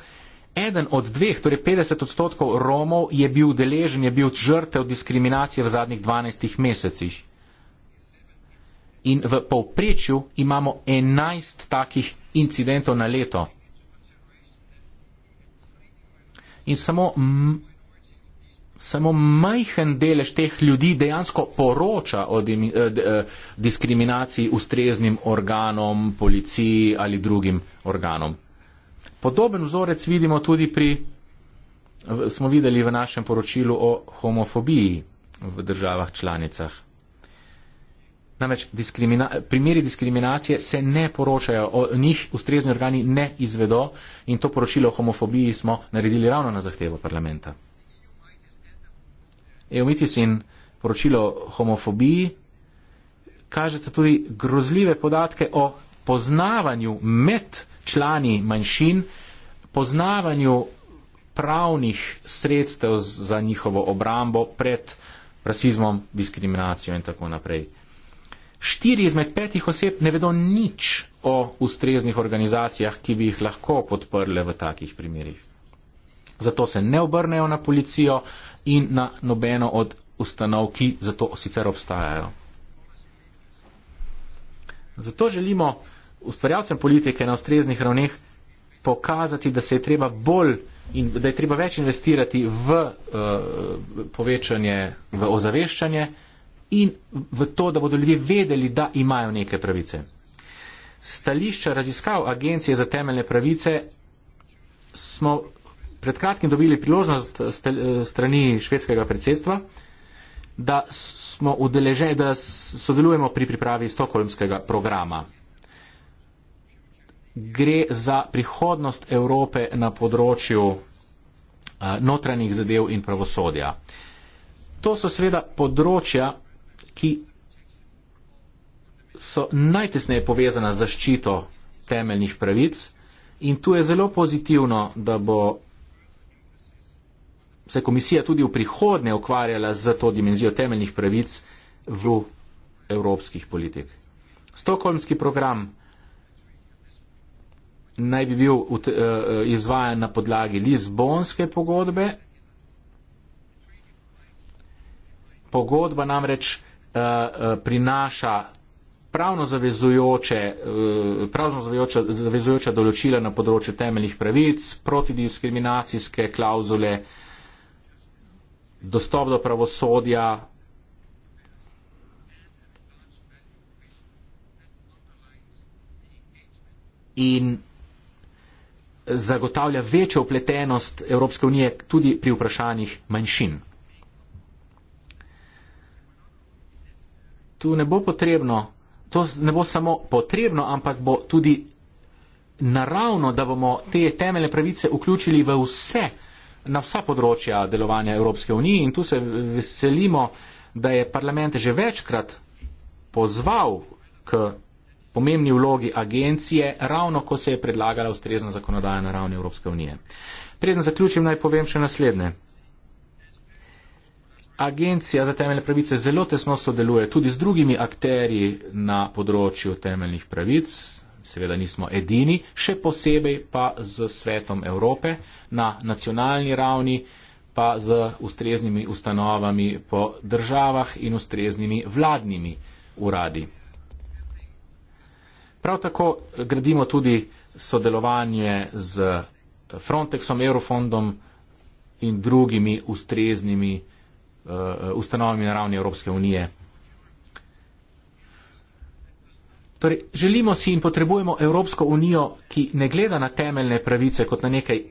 E: eden od dveh, torej 50 odstotkov Romov je bil deležen, je bil žrtev diskriminacije v zadnjih 12 mesecih. In v povprečju imamo 11 takih incidentov na leto. In samo samo majhen delež teh ljudi dejansko poroča o eh, eh, diskriminaciji ustreznim organom, policiji ali drugim organom. Podoben vzorec vidimo tudi pri, smo videli v našem poročilu o homofobiji v državah članicah. Namreč diskrimina, primeri diskriminacije se ne poročajo, o njih ustrezni organi ne izvedo in to poročilo o homofobiji smo naredili ravno na zahtevo parlamenta. Eumitis in poročilo o homofobiji kažete tudi grozljive podatke o poznavanju med člani manjšin, poznavanju pravnih sredstev za njihovo obrambo pred rasizmom, diskriminacijo in tako naprej. Štiri izmed petih oseb ne vedo nič o ustreznih organizacijah, ki bi jih lahko podprle v takih primerih. Zato se ne obrnejo na policijo, in na nobeno od ustanov, ki za to sicer obstajajo. Zato želimo ustvarjalcem politike na ustreznih ravneh pokazati, da se je treba bolj in da je treba več investirati v uh, povečanje, v ozaveščanje in v to, da bodo ljudje vedeli, da imajo neke pravice. Stališča raziskav Agencije za temeljne pravice smo pred kratkim dobili priložnost eh, eh, strani švedskega predsedstva, da, smo udeleže, da sodelujemo pri pripravi stokholmskega programa. Gre za prihodnost Evrope na področju eh, notranjih zadev in pravosodja. To so seveda področja, ki so najtesneje povezana z zaščito temeljnih pravic in tu je zelo pozitivno, da bo se komisija tudi v prihodnje ukvarjala z to dimenzijo temeljnih pravic v evropskih politik. Stokholmski program naj bi bil eh, eh, izvajan na podlagi Lizbonske pogodbe. Pogodba namreč eh, prinaša pravno zavezujoče, pravno zavezujoče določila na področju temeljnih pravic, protidiskriminacijske klauzule, dostop do pravosodja. In zagotavlja večjo upletenost Evropske unije tudi pri vprašanjih manjšin. Tu ne bo potrebno, to ne bo samo potrebno, ampak bo tudi naravno, da bomo te temeljne pravice vključili v vse uh, na vsa področja delovanja Evropske unije in tu se veselimo, da je parlament že večkrat pozval k pomembni vlogi agencije, ravno ko se je predlagala ustrezna zakonodaja na ravni Evropske unije. Preden zaključim, naj povem še naslednje. Agencija za temeljne pravice zelo tesno sodeluje tudi z drugimi akterji na področju temeljnih pravic, seveda nismo edini, še posebej pa z svetom Evrope na nacionalni ravni, pa z ustreznimi ustanovami po državah in ustreznimi vladnimi uradi. Prav tako gradimo tudi sodelovanje z Frontexom, Eurofondom in drugimi ustreznimi uh, ustanovami na ravni Evropske unije. Torej, želimo si in potrebujemo Evropsko unijo, ki ne gleda na temeljne pravice kot na nekaj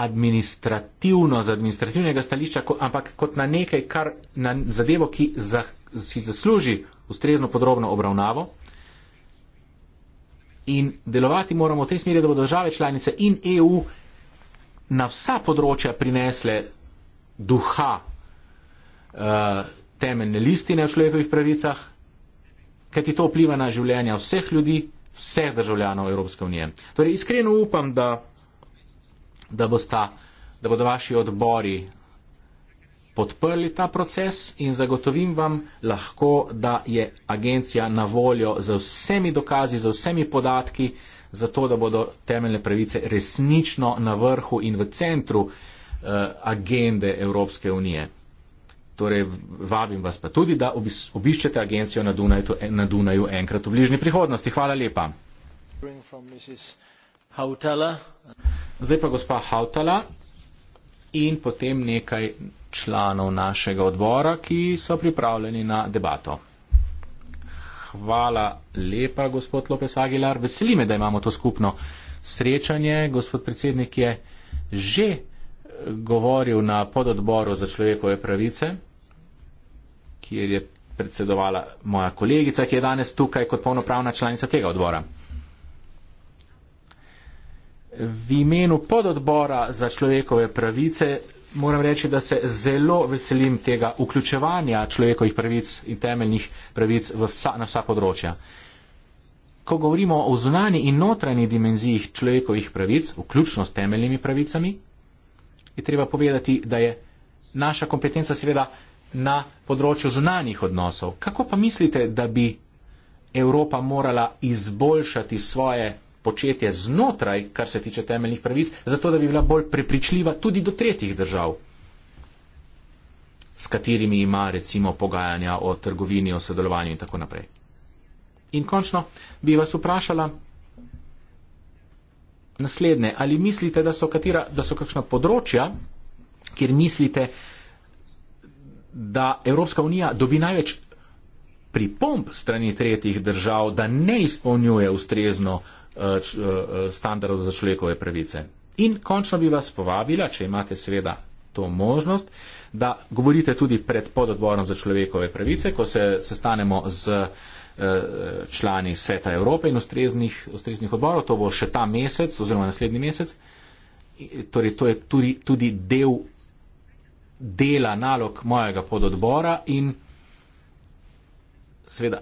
E: administrativno, z administrativnega stališča, ampak kot na nekaj, kar na zadevo, ki si zasluži ustrezno podrobno obravnavo. In delovati moramo v tej smeri, da bodo države članice in EU na vsa področja prinesle duha uh, temeljne listine o človekovih pravicah, ker ti to vpliva na življenja vseh ljudi, vseh državljanov Evropske unije. Torej, iskreno upam, da, da, bosta, da bodo vaši odbori podprli ta proces in zagotovim vam lahko, da je agencija na voljo z vsemi dokazi, z vsemi podatki, zato da bodo temeljne pravice resnično na vrhu in v centru uh, agende Evropske unije. Torej, vabim vas pa tudi, da obiščete agencijo na Dunaju, na Dunaju enkrat v bližnji prihodnosti. Hvala lepa. Zdaj pa gospa Hautala in potem nekaj članov našega odbora, ki so pripravljeni na debato. Hvala lepa, gospod Lopes Aguilar. Veseli me, da imamo to skupno srečanje. Gospod predsednik je že eh, govoril na pododboru za človekove pravice kjer je predsedovala moja kolegica, ki je danes tukaj kot polnopravna članica tega odbora. V imenu pododbora za človekove pravice moram reči, da se zelo veselim tega vključevanja človekovih pravic in temeljnih pravic vsa, na vsa področja. Ko govorimo o zunani in notranji dimenziji človekovih pravic, vključno s temeljnimi pravicami, je treba povedati, da je naša kompetenca seveda na področju zunanjih odnosov. Kako pa mislite, da bi Evropa morala izboljšati svoje početje znotraj, kar se tiče temeljnih pravic, zato da bi bila bolj prepričljiva tudi do tretjih držav, s katerimi ima recimo pogajanja o trgovini, o sodelovanju in tako naprej. In končno bi vas vprašala naslednje, ali mislite, da so, katera, da so kakšna področja, kjer mislite, da Evropska unija dobi največ pripomp strani tretjih držav, da ne izpolnjuje ustrezno eh, eh, eh, standardov za človekove pravice. In končno bi vas povabila, če imate seveda to možnost, da govorite tudi pred pododborom za človekove pravice, ko se sestanemo z člani Sveta Evrope in ustreznih, ustreznih odborov, to bo še ta mesec oziroma naslednji mesec. Torej, to je tudi, tudi del dela nalog mojega pododbora in seveda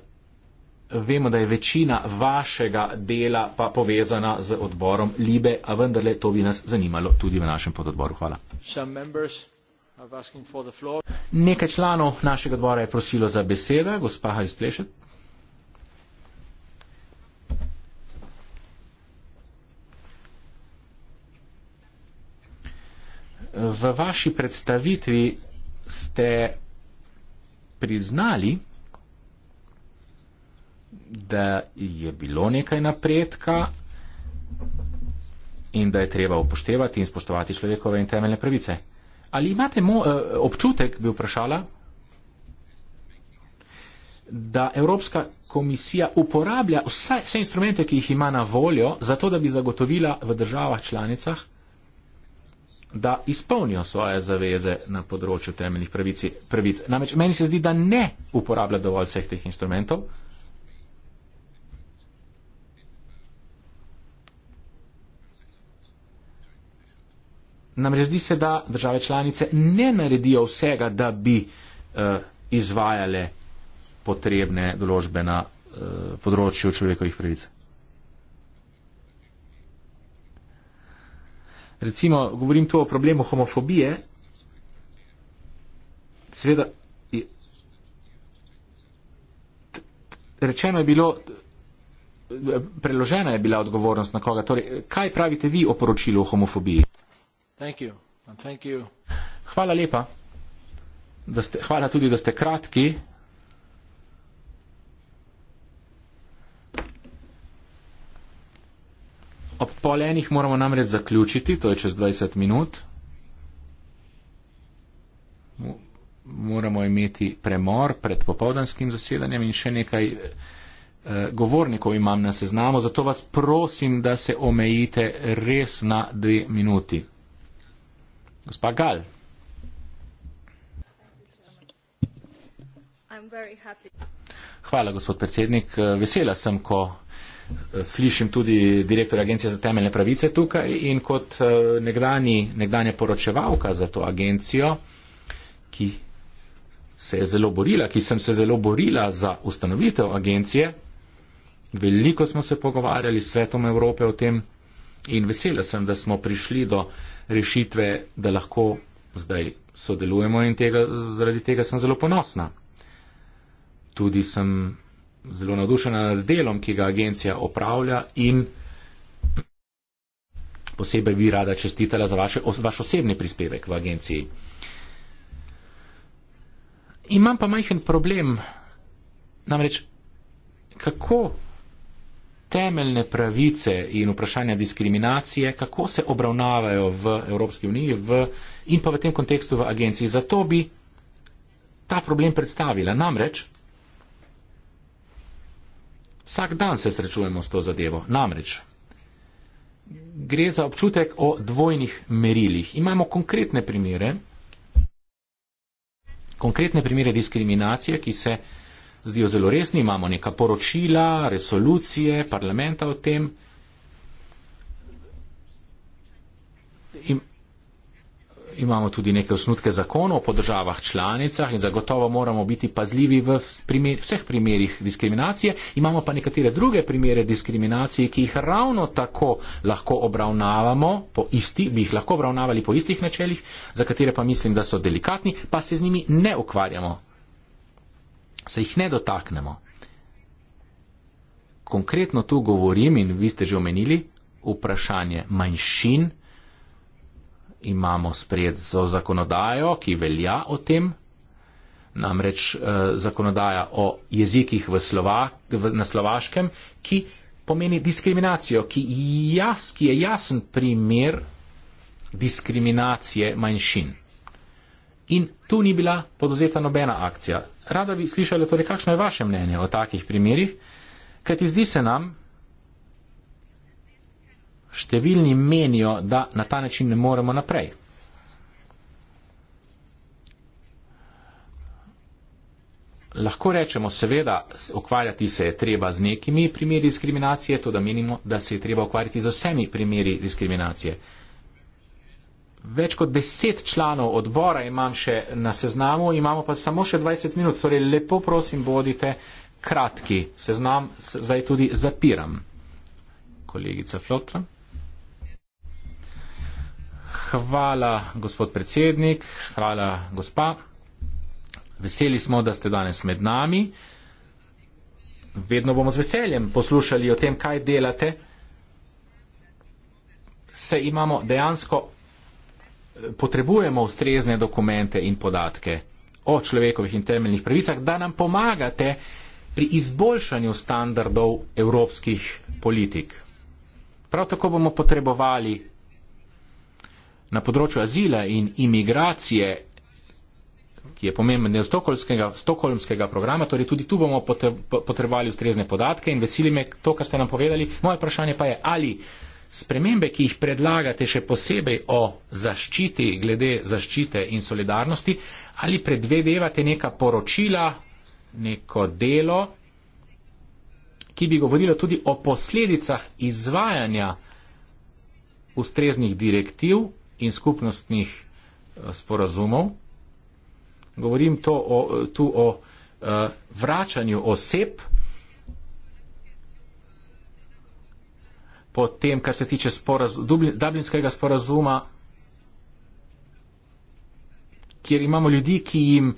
E: vemo, da je večina vašega dela pa povezana z odborom Libe, a vendarle to bi nas zanimalo tudi v našem pododboru. Hvala. Nekaj članov našega odbora je prosilo za besedo, gospa Hajs Plešet. v vaši predstavitvi ste priznali, da je bilo nekaj napredka in da je treba upoštevati in spoštovati človekove in temeljne pravice. Ali imate mo, eh, občutek, bi vprašala, da Evropska komisija uporablja vse, vse instrumente, ki jih ima na voljo, zato da bi zagotovila v državah članicah da izpolnijo svoje zaveze na področju temeljnih pravici, pravic. Namreč meni se zdi, da ne uporablja dovolj vseh teh instrumentov. Namreč zdi se, da države članice ne naredijo vsega, da bi uh, izvajale potrebne določbe na uh, področju človekovih pravic. recimo, govorim tu o problemu homofobije, seveda, rečeno je bilo, preložena je bila odgovornost na koga. Torej, kaj pravite vi o poročilu o homofobiji?
A: Thank you. Thank you.
E: Hvala lepa, da ste, hvala tudi, da ste kratki. Ob pol enih moramo namreč zaključiti, to je čez 20 minut. Moramo imeti premor pred popovdanskim zasedanjem in še nekaj eh, govornikov imam na seznamu, zato vas prosim, da se omejite res na dve minuti. Gospa Gal. Hvala, gospod predsednik. Vesela sem, ko slišim tudi direktor Agencije za temeljne pravice tukaj in kot eh, nekdani, nekdanja poročevalka za to agencijo, ki se je zelo borila, ki sem se zelo borila za ustanovitev agencije, veliko smo se pogovarjali s svetom Evrope o tem in vesela sem, da smo prišli do rešitve, da lahko zdaj sodelujemo in tega, zaradi tega sem zelo ponosna. Tudi sem zelo navdušena nad delom, ki ga agencija opravlja in posebej vi rada čestitala za vaše, vaš osebni prispevek v agenciji. Imam pa majhen problem, namreč kako temeljne pravice in vprašanja diskriminacije, kako se obravnavajo v Evropski uniji v, in pa v tem kontekstu v agenciji. Zato bi ta problem predstavila. Namreč Vsak dan se srečujemo s to zadevo. Namreč gre za občutek o dvojnih merilih. Imamo konkretne primere, konkretne primere diskriminacije, ki se zdijo zelo resni. Imamo neka poročila, resolucije, parlamenta o tem. In imamo tudi neke osnutke zakonov po državah članicah in zagotovo moramo biti pazljivi v vseh primerjih diskriminacije. Imamo pa nekatere druge primere diskriminacije, ki jih ravno tako lahko obravnavamo po isti, bi jih lahko obravnavali po istih načelih, za katere pa mislim, da so delikatni, pa se z njimi ne ukvarjamo, se jih ne dotaknemo. Konkretno tu govorim in vi ste že omenili vprašanje manjšin imamo sprejeto zakonodajo, ki velja o tem. Namreč eh, zakonodaja o jezikih v Slova, v, na slovaškem, ki pomeni diskriminacijo, ki, jas, ki je jasen primer diskriminacije manjšin. In tu ni bila podozeta nobena akcija. Rada bi slišala, torej, kakšno je vaše mnenje o takih primerih, kajti zdi se nam, številni menijo, da na ta način ne moremo naprej. Lahko rečemo, seveda, ukvarjati se je treba z nekimi primeri diskriminacije, to da menimo, da se je treba ukvarjati z vsemi primeri diskriminacije. Več kot deset članov odbora imam še na seznamu, imamo pa samo še 20 minut, torej lepo prosim, bodite kratki. Seznam zdaj tudi zapiram. Kolegica Flotra hvala, gospod predsednik, hvala, gospa. Veseli smo, da ste danes med nami. Vedno bomo z veseljem poslušali o tem, kaj delate. Se imamo dejansko, eh, potrebujemo ustrezne dokumente in podatke o človekovih in temeljnih pravicah, da nam pomagate pri izboljšanju standardov evropskih politik. Prav tako bomo potrebovali na področju azila in imigracije, ki je pomemben del stokholmskega, stokholmskega programa, torej tudi tu bomo potrebovali ustrezne podatke in veseli me to, kar ste nam povedali. Moje vprašanje pa je, ali spremembe, ki jih predlagate še posebej o zaščiti, glede zaščite in solidarnosti, ali predvedevate neka poročila, neko delo, ki bi govorilo tudi o posledicah izvajanja ustreznih direktiv in skupnostnih eh, sporazumov. Govorim o, eh, tu o eh, vračanju oseb po tem, kar se tiče sporaz, Dublinskega sporazuma, kjer imamo ljudi, ki jim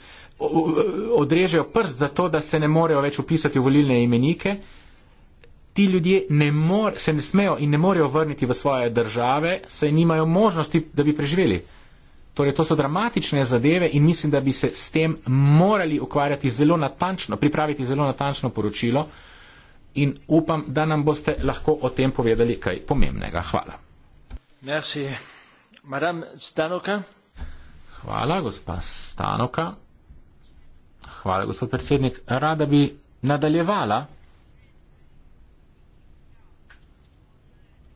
E: odrežejo prst za to, da se ne morejo več upisati v volilne imenike ti ljudje ne mor, se ne smejo in ne morejo vrniti v svoje države, saj nimajo možnosti, da bi preživeli. Torej, to so dramatične zadeve in mislim, da bi se s tem morali ukvarjati zelo natančno, pripraviti zelo natančno poročilo in upam, da nam boste lahko o tem povedali kaj pomembnega. Hvala.
A: Merci. Hvala,
E: gospa Stanoka. Hvala, gospod predsednik. Rada bi nadaljevala.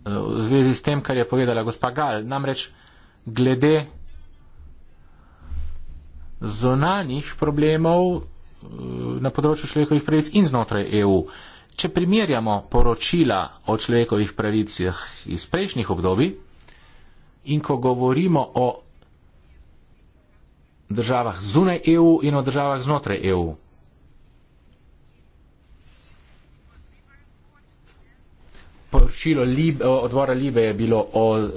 E: v zvezi s tem, kar je povedala gospa Gal. Namreč glede zonanih problemov eh, na področju človekovih pravic in znotraj EU. Če primerjamo poročila o človekovih pravicah iz prejšnjih obdobij in ko govorimo o državah zunaj EU in o državah znotraj EU, poročilo Lib odbora Libe je bilo o uh,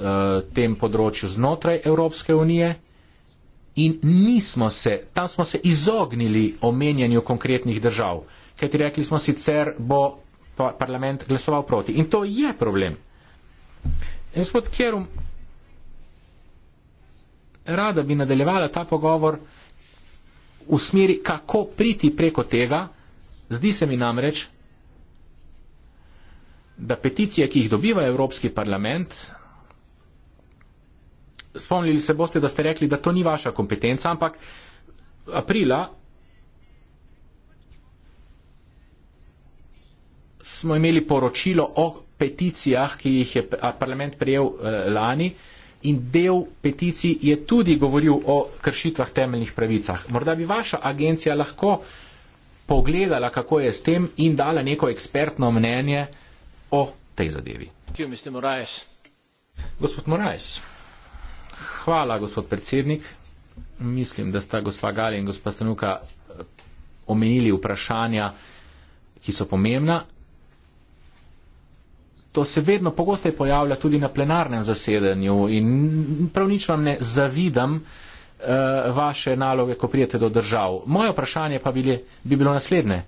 E: tem področju znotraj Evropske unije in nismo se, tam smo se izognili omenjanju konkretnih držav, kajti rekli smo sicer bo parlament glasoval proti. In to je problem. Gospod Kjerum, rada bi nadaljevala ta pogovor v smeri, kako priti preko tega. Zdi se mi namreč, da peticije, ki jih dobiva Evropski parlament, spomnili se boste, da ste rekli, da to ni vaša kompetenca, ampak aprila smo imeli poročilo o peticijah, ki jih je parlament prijel eh, lani in del peticij je tudi govoril o kršitvah temeljnih pravicah. Morda bi vaša agencija lahko pogledala, kako je s tem in dala neko ekspertno mnenje, o tej zadevi. Gospod Morajes, hvala, gospod predsednik. Mislim, da sta gospa Gali in gospa Stanuka eh, omenili vprašanja, ki so pomembna. To se vedno pogosteje pojavlja tudi na plenarnem zasedanju in prav nič vam ne zavidam uh, vaše naloge, ko prijete do držav. Moje vprašanje pa bi, bi bilo naslednje.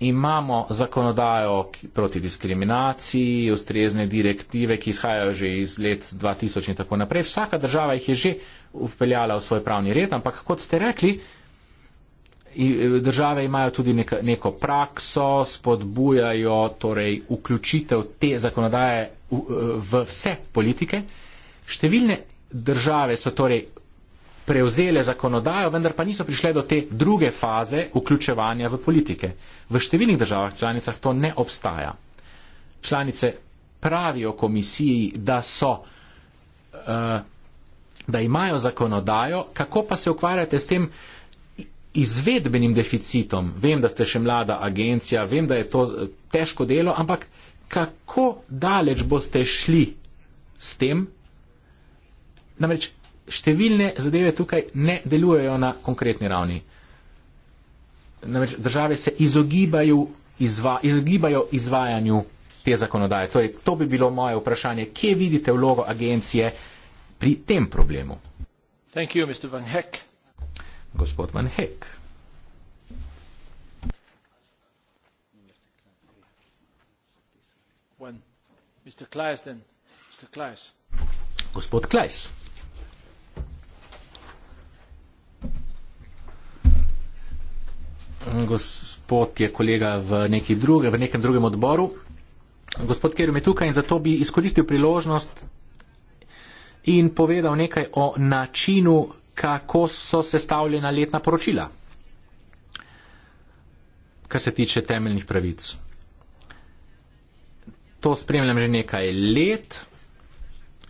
E: imamo zakonodajo proti diskriminaciji, ustrezne direktive, ki izhajajo že iz let 2000 in tako naprej. Vsaka država jih je že upeljala v svoj pravni red, ampak kot ste rekli, države imajo tudi neko, neko prakso, spodbujajo torej vključitev te zakonodaje v, v vse politike. Številne države so torej prevzele zakonodajo, vendar pa niso prišle do te druge faze vključevanja v politike. V številnih državah članicah to ne obstaja. Članice pravijo komisiji, da so. Uh, da imajo zakonodajo, kako pa se ukvarjate s tem izvedbenim deficitom. Vem, da ste še mlada agencija, vem, da je to eh, težko delo, ampak kako daleč boste šli s tem? Namreč številne zadeve tukaj ne delujejo na konkretni ravni. Namreč države se izogibajo, izva, izogibajo izvajanju te zakonodaje. Torej, to bi bilo moje vprašanje, kje vidite vlogo agencije pri tem problemu?
A: You, Van
E: Gospod Van Heck.
A: When, Mr. Klaes, then. Mr. Klaes.
E: Gospod Klajs. gospod je kolega v, druge, v nekem drugem odboru. Gospod Kerum je tukaj in zato bi izkoristil priložnost in povedal nekaj o načinu, kako so sestavljena letna poročila, kar se tiče temeljnih pravic. To spremljam že nekaj let.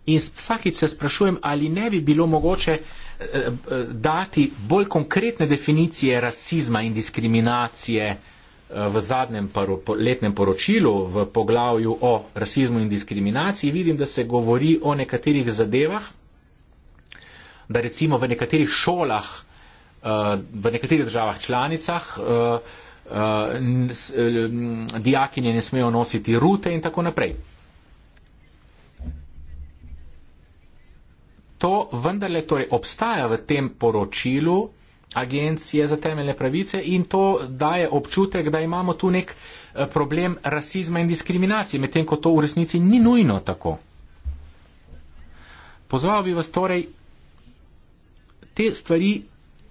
E: In vsakič se sprašujem, ali ne bi bilo mogoče eh, eh, dati bolj konkretne definicije rasizma in diskriminacije eh, v zadnjem paro, letnem poročilu v poglavju o rasizmu in diskriminaciji. Vidim, da se govori o nekaterih zadevah, da recimo v nekaterih šolah, v nekaterih državah članicah dijakinje ne smejo nositi rute in tako naprej. to vendarle torej obstaja v tem poročilu Agencije za temeljne pravice in to daje občutek, da imamo tu nek eh, problem rasizma in diskriminacije, medtem ko to v resnici ni nujno tako. Pozval bi vas torej, te stvari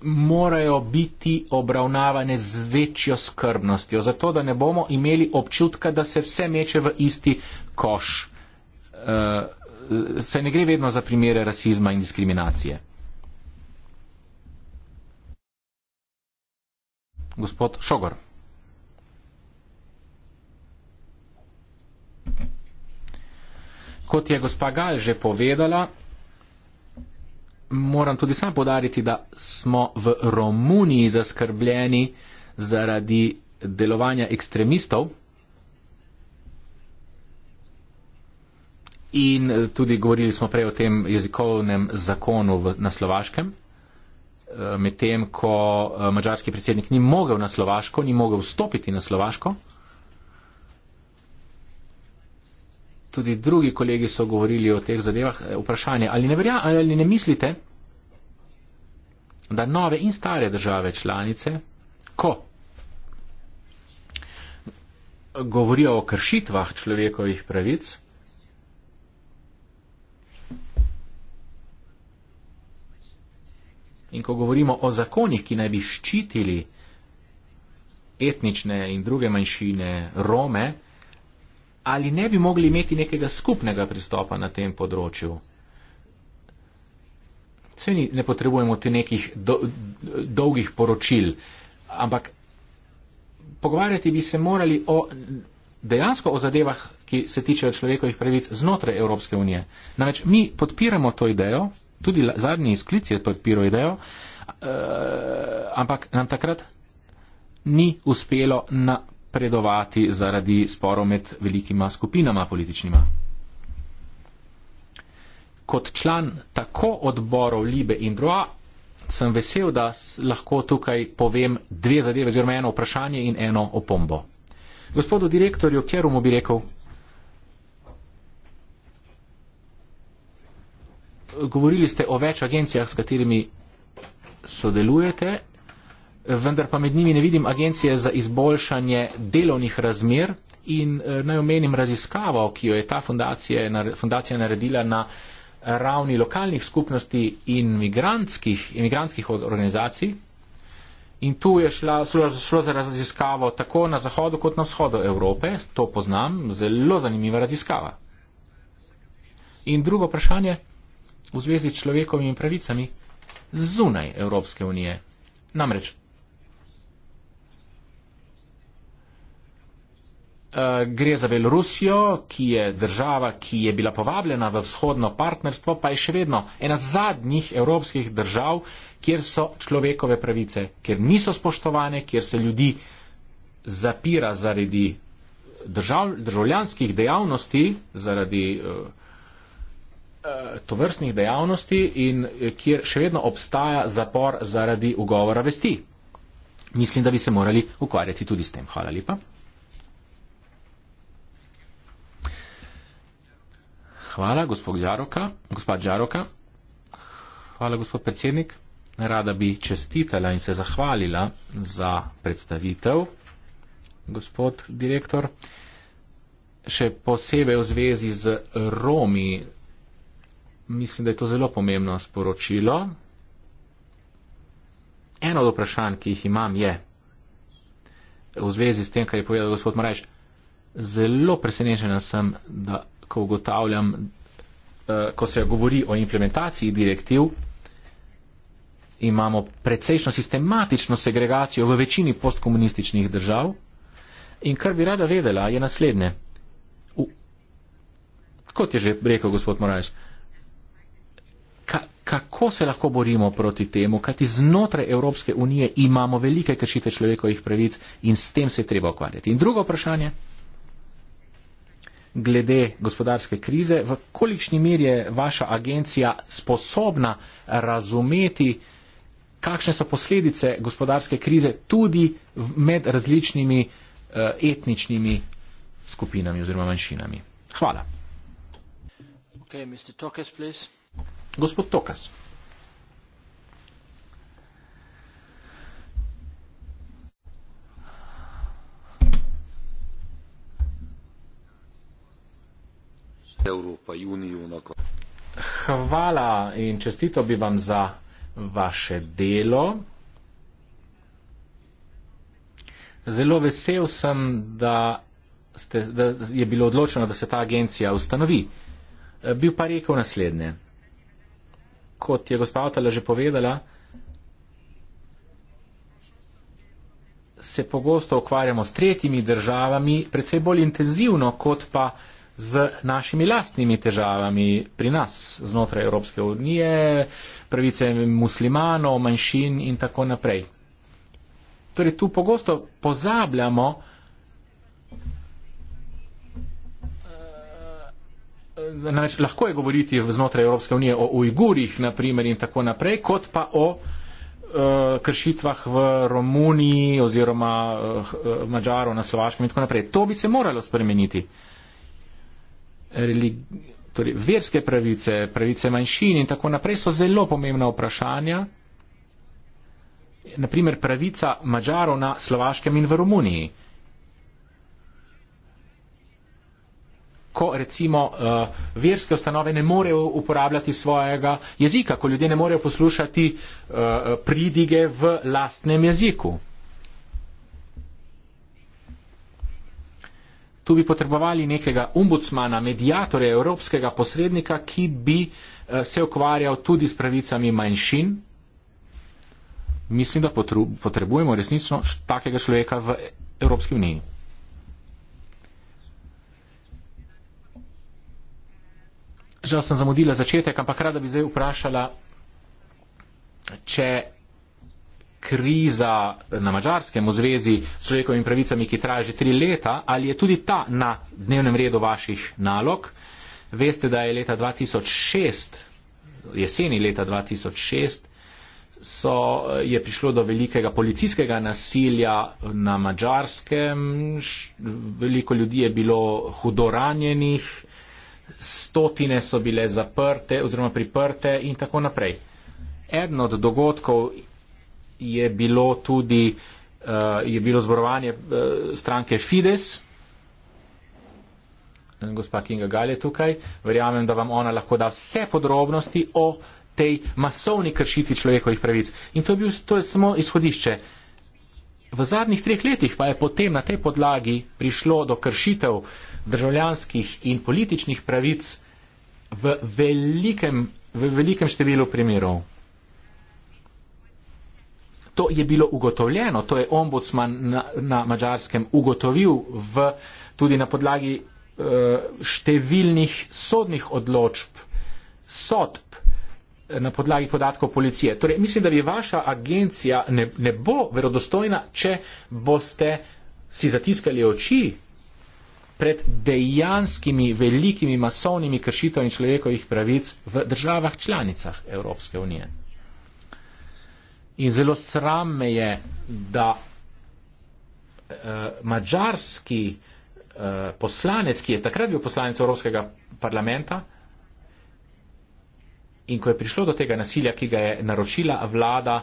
E: morajo biti obravnavane z večjo skrbnostjo, zato da ne bomo imeli občutka, da se vse meče v isti koš. Uh, se ne gre vedno za primere rasizma in diskriminacije. Gospod Šogor. Kot je gospa Gal že povedala, moram tudi sam podariti, da smo v Romuniji zaskrbljeni zaradi delovanja ekstremistov, In eh, tudi govorili smo prej o tem jezikovnem zakonu v, na slovaškem, eh, medtem ko eh, mađarski predsednik ni mogel na slovaško, ni mogel vstopiti na slovaško. Tudi drugi kolegi so govorili o teh zadevah. Vprašanje, ali ne, verja, ali ne mislite, da nove in stare države članice, ko govorijo o kršitvah človekovih pravic, In ko govorimo o zakonih, ki naj bi ščitili etnične in druge manjšine Rome, ali ne bi mogli imeti nekega skupnega pristopa na tem področju? Ceni ne potrebujemo te nekih do, dolgih poročil, ampak pogovarjati bi se morali o, dejansko o zadevah, ki se tičejo človekovih pravic znotraj Evropske unije. Namreč mi podpiramo to idejo, tudi zadnji izklic je podpiral idejo, uh, ampak nam takrat ni uspelo napredovati zaradi sporov med velikima skupinama političnima. Kot član tako odborov Libe in Droa sem vesel, da lahko tukaj povem dve zadeve, oziroma eno vprašanje in eno opombo. Gospodu direktorju Kerumu bi rekel, govorili ste o več agencijah, s katerimi sodelujete, vendar pa med njimi ne vidim agencije za izboljšanje delovnih razmer in eh, naj omenim raziskavo, ki jo je ta fundacija, fundacija naredila na ravni lokalnih skupnosti in imigrantskih, imigrantskih organizacij. In tu je šla, šlo, šlo za raziskavo tako na zahodu kot na vzhodu Evrope. To poznam, zelo zanimiva raziskava. In drugo vprašanje v zvezi s človekovimi pravicami zunaj Evropske unije. Namreč, eh, gre za Belorusijo, ki je država, ki je bila povabljena v vzhodno partnerstvo, pa je še vedno ena zadnjih evropskih držav, kjer so človekove pravice, kjer niso spoštovane, kjer se ljudi zapira zaradi držav, državljanskih dejavnosti, zaradi eh, Eh, to vrstnih dejavnosti in eh, kjer še vedno obstaja zapor zaradi ugovora vesti. Mislim, da bi se morali ukvarjati tudi s tem. Hvala lepa. Hvala, gospod Žaroka. Gospod Žaroka. Hvala, gospod predsednik. Rada bi čestitela in se zahvalila za predstavitev, gospod direktor. Še posebej v zvezi z Romi mislim, da je to zelo pomembno sporočilo. Eno od vprašanj, ki jih imam, je v zvezi s tem, kar je povedal gospod Moraš. Zelo presenečena sem, da ko ugotavljam, uh, ko se govori o implementaciji direktiv, imamo precejšno sistematično segregacijo v večini postkomunističnih držav. In kar bi rada vedela, je naslednje. U, kot je že rekel gospod Moraš, uh, kako se lahko borimo proti temu, kajti znotraj Evropske unije imamo velike kršitve človekovih pravic in s tem se je treba ukvarjati. In drugo vprašanje, glede gospodarske krize, v kolikšni meri je vaša agencija sposobna razumeti, kakšne so posledice gospodarske krize tudi med različnimi eh, etničnimi skupinami oziroma manjšinami. Hvala.
A: Okay, Mr. Tokes, please.
E: Gospod Tokas. Evropa, Hvala in čestito bi vam za vaše delo. Zelo vesel sem, da, ste, da je bilo odločeno, da se ta agencija ustanovi. Bil pa rekel naslednje kot je gospa Otala že povedala, se pogosto ukvarjamo s tretjimi državami, predvsej bolj intenzivno, kot pa z našimi lastnimi težavami pri nas znotraj Evropske unije, pravice muslimanov, manjšin in tako naprej. Torej tu pogosto pozabljamo, nač, lahko je govoriti znotraj Evropske unije o Ujgurih, naprimer, in tako naprej, kot pa o uh, kršitvah v Romuniji oziroma uh, eh, Mačaru na Slovaškem in tako naprej. To bi se moralo spremeniti. Relig... Torej, verske pravice, pravice manjšin in tako naprej so zelo pomembna vprašanja. Naprimer, pravica Mačarov na Slovaškem in v Romuniji. ko recimo uh, verske ustanove ne morejo uporabljati svojega jezika, ko ljudje ne morejo poslušati uh, pridige v lastnem jeziku. Tu bi potrebovali nekega ombudsmana, medijatorja, evropskega posrednika, ki bi uh, se ukvarjal tudi s pravicami manjšin. Mislim, da potrebujemo resnično takega človeka v Evropski uniji. žal sem zamudila začetek, ampak rada bi zdaj vprašala, če kriza na mačarskem v zvezi s človekovimi pravicami, ki traja že tri leta, ali je tudi ta na dnevnem redu vaših nalog. Veste, da je leta 2006, jeseni leta 2006, so, je prišlo do velikega policijskega nasilja na mačarskem, veliko ljudi je bilo hudo ranjenih, stotine so bile zaprte oziroma priprte in tako naprej. Eden od dogodkov je bilo tudi uh, je bilo zborovanje uh, stranke Fides. Gospa Kinga Gal je tukaj. Verjamem, da vam ona lahko da vse podrobnosti o tej masovni kršitvi človekovih pravic. In to, bil, to je samo izhodišče. Uh, V zadnjih treh letih pa je potem na tej podlagi prišlo do kršitev državljanskih in političnih pravic v velikem, v velikem številu primerov. To je bilo ugotovljeno, to je ombudsman na, na mačarskem ugotovil v, tudi na podlagi eh, številnih sodnih odločb, sodb na podlagi podatkov policije. Torej, mislim, da bi vaša agencija ne, ne bo verodostojna, če boste si zatiskali oči pred dejanskimi velikimi masovnimi kršitvami človekovih pravic v državah članicah Evropske unije. In zelo srame je, da uh, eh, mađarski uh, eh, poslanec, ki je takrat bil poslanec Evropskega parlamenta, in ko je prišlo do tega nasilja, ki ga je naročila vlada,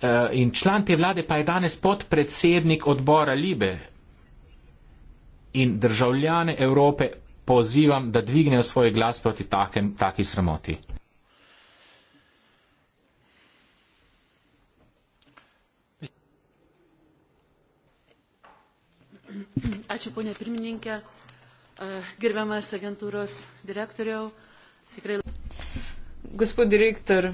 E: eh, in član te vlade pa je danes podpredsednik odbora Libe. In državljane Evrope pozivam, da dvignejo svoj glas proti takem, taki sramoti.
B: Ačiū, ponė pirmininkė, eh, gerbiamas agentūros direktoriau. Tikrai... Gospod direktor,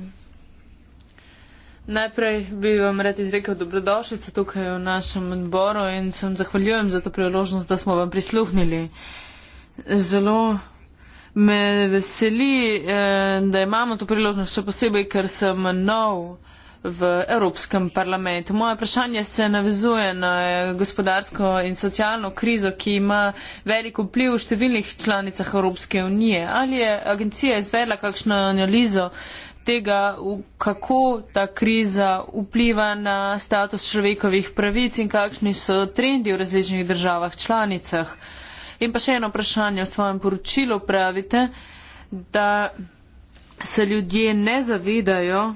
B: najprej bi vam rad izrekel dobrodošljico tukaj v našem odboru in se vam zahvaljujem za to priložnost, da smo vam prisluhnili. Zelo me veseli, eh, da imamo to priložnost, še posebej, ker sem nov v Evropskem parlamentu. Moje vprašanje se navezuje na gospodarsko in socialno krizo, ki ima veliko vpliv v številnih članicah Evropske unije. Ali je agencija izvedla kakšno analizo tega, kako ta kriza vpliva na status človekovih pravic in kakšni so trendi v različnih državah članicah? In pa še eno vprašanje v svojem poročilu pravite, da se ljudje ne zavedajo,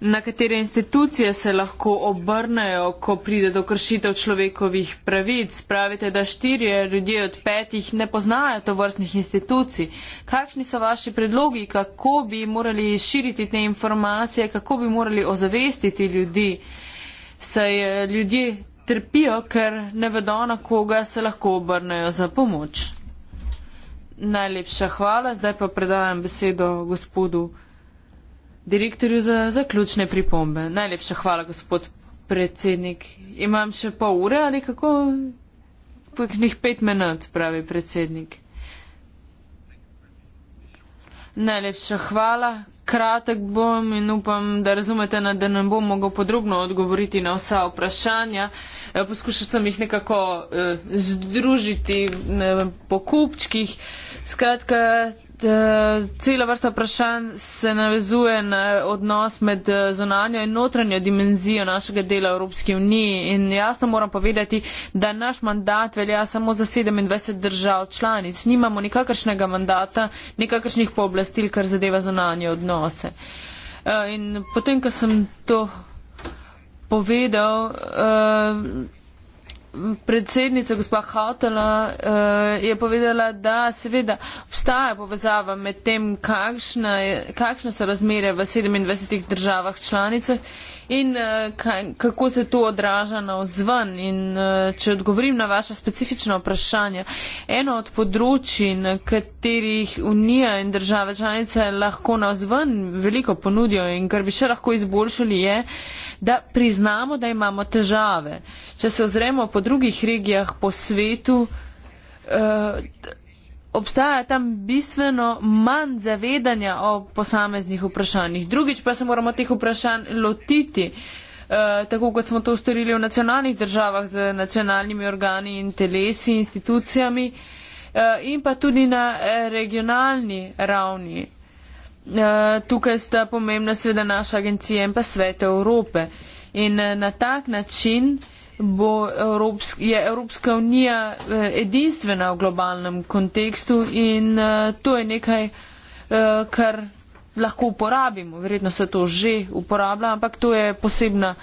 B: na katere institucije se lahko obrnejo, ko pride do kršitev človekovih pravic. Pravite, da štirje ljudje od petih ne poznajo to vrstnih institucij. Kakšni so vaši predlogi, kako bi morali širiti te informacije, kako bi morali ozavestiti ljudi? Saj eh, ljudje trpijo, ker ne vedo, na koga se lahko obrnejo za pomoč. Najlepša hvala. Zdaj pa predajam besedo gospodu direktorju za zaključne pripombe. Najlepša hvala, gospod predsednik. Imam še pol ure ali kako? Pekšnih pet minut, pravi predsednik. Najlepša hvala. Kratek bom in upam, da razumete, da ne bom mogel podrobno odgovoriti na vsa vprašanja. E, poskušal sem jih nekako eh, združiti ne, po kupčkih. Skratka, Eh, cela vrsta vprašanj se navezuje na odnos med eh, zonanjo in notranjo dimenzijo našega dela v Evropski uniji. In jasno moram povedati, da naš mandat velja samo za 27 držav članic. Nimamo nikakršnega mandata, nikakršnih pooblastil, kar zadeva zonanje odnose. Eh, in potem, ko sem to povedal, predsednica gospa Hautala uh, je povedala, da seveda obstaja povezava med tem, kakšna, kakšna so razmere v 27 državah članicah In eh, kako se to odraža na vzven? In eh, če odgovorim na vaše specifično vprašanje, eno od področji, na katerih Unija in države članice lahko na vzven veliko ponudijo in kar bi še lahko izboljšali, je, da priznamo, da imamo težave. Če se ozremo po drugih regijah po svetu, eh, obstaja tam bistveno manj zavedanja o posameznih vprašanjih. Drugič pa se moramo teh vprašanj lotiti, eh, tako kot smo to ustorili v nacionalnih državah z nacionalnimi organi in telesi, institucijami eh, in pa tudi na eh, regionalni ravni. Tukaj sta pomembna sveda naša agencija in pa svet Evrope. In na tak način uh, bo Evropsk, je Evropska unija eh, edinstvena v globalnem kontekstu in eh, to je nekaj, eh, kar lahko uporabimo. Verjetno se to že uporablja, ampak to je posebna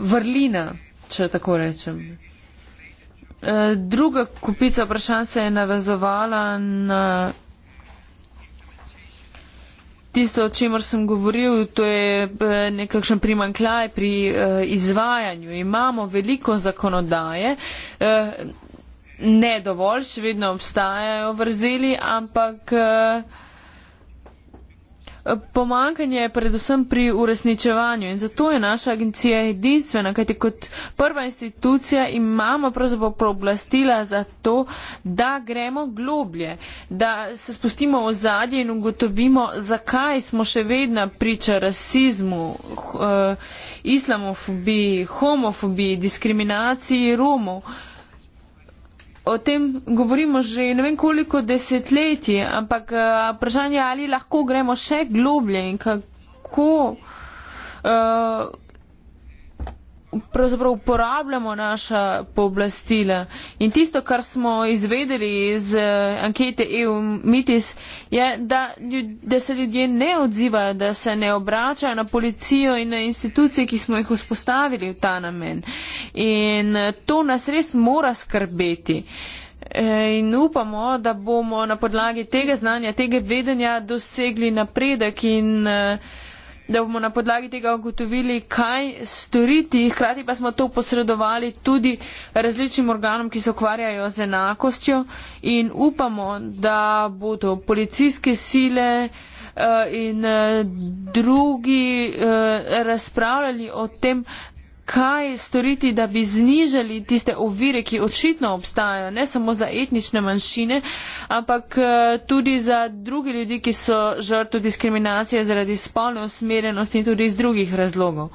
B: vrlina, če tako rečem. Druga kupica vprašanj se je navezovala na Tisto, o čemer sem govoril, to je eh, nekakšen primankljaj pri eh, izvajanju. Imamo veliko zakonodaje, eh, ne dovolj, še vedno obstajajo vrzeli, ampak Pomankanje je predvsem pri uresničevanju in zato je naša agencija edinstvena, kajti kot prva institucija imamo pravzaprav pooblastila za to, da gremo globlje, da se spustimo v zadje in ugotovimo, zakaj smo še vedno priča rasizmu, eh, islamofobiji, homofobiji, diskriminaciji Romov o tem govorimo že ne vem koliko desetletij, ampak eh, vprašanje je, ali lahko gremo še globlje in kako. Uh, pravzaprav uporabljamo naša pooblastila. In tisto, kar smo izvedeli iz eh, ankete EU Mitis, je, da, ljud, da se ljudje ne odzivajo, da se ne obračajo na policijo in na institucije, ki smo jih vzpostavili v ta namen. In eh, to nas res mora skrbeti. Eh, in upamo, da bomo na podlagi tega znanja, tega vedenja dosegli napredek in uh, da bomo na podlagi tega ugotovili, kaj storiti. Hkrati pa smo to posredovali tudi različnim organom, ki se ukvarjajo z enakostjo in upamo, da bodo policijske sile eh, in eh, drugi eh, razpravljali o tem, kaj storiti, da bi znižali tiste ovire, ki očitno obstajajo, ne samo za etnične manjšine, ampak eh, tudi za druge ljudi, ki so žrtvo diskriminacije zaradi spolne usmerjenosti in tudi iz drugih razlogov.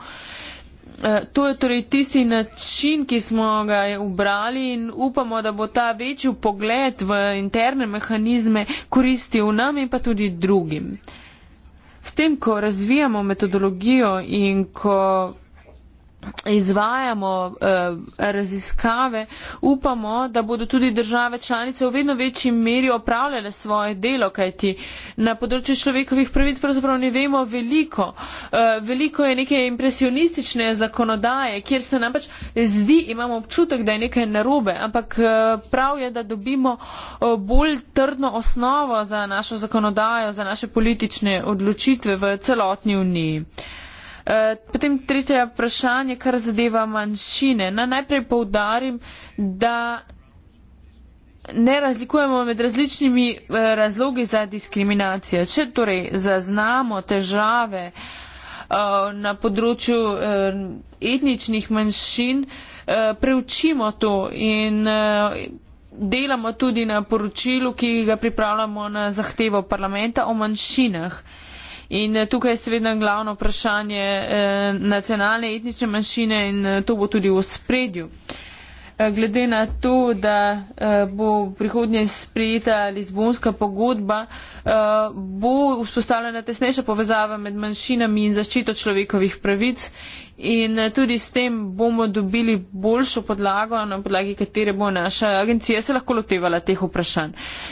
B: Eh, to je torej tisti način, ki smo ga ubrali in upamo, da bo ta večji pogled v interne mehanizme koristil nam in pa tudi drugim. S tem, ko razvijamo metodologijo in ko izvajamo eh, raziskave, upamo, da bodo tudi države članice v vedno večji meri opravljale svoje delo, kajti na področju človekovih pravic pravzaprav ne vemo veliko. Eh, veliko je neke impresionistične zakonodaje, kjer se nam pač zdi, imamo občutek, da je nekaj narobe, ampak eh, prav je, da dobimo eh, bolj trdno osnovo za našo zakonodajo, za naše politične odločitve v celotni uniji. Eh, Eh, potem tretje vprašanje, kar zadeva manjšine. Na najprej povdarim, da ne razlikujemo med različnimi eh, razlogi za diskriminacijo. Če torej zaznamo težave eh, na področju etničnih manjšin, preučimo to in delamo tudi na poročilu, ki ga pripravljamo na zahtevo parlamenta o manjšinah. In eh, tukaj je seveda glavno vprašanje eh, nacionalne etnične manjšine in eh, to bo tudi v spredju. Glede na to, da bo prihodnje sprejeta Lizbonska pogodba, bo vzpostavljena tesnejša povezava med manjšinami in zaščito človekovih pravic in eh, tudi s tem bomo dobili boljšo podlago, na podlagi katere bo naša agencija se lahko lotevala teh vprašanj.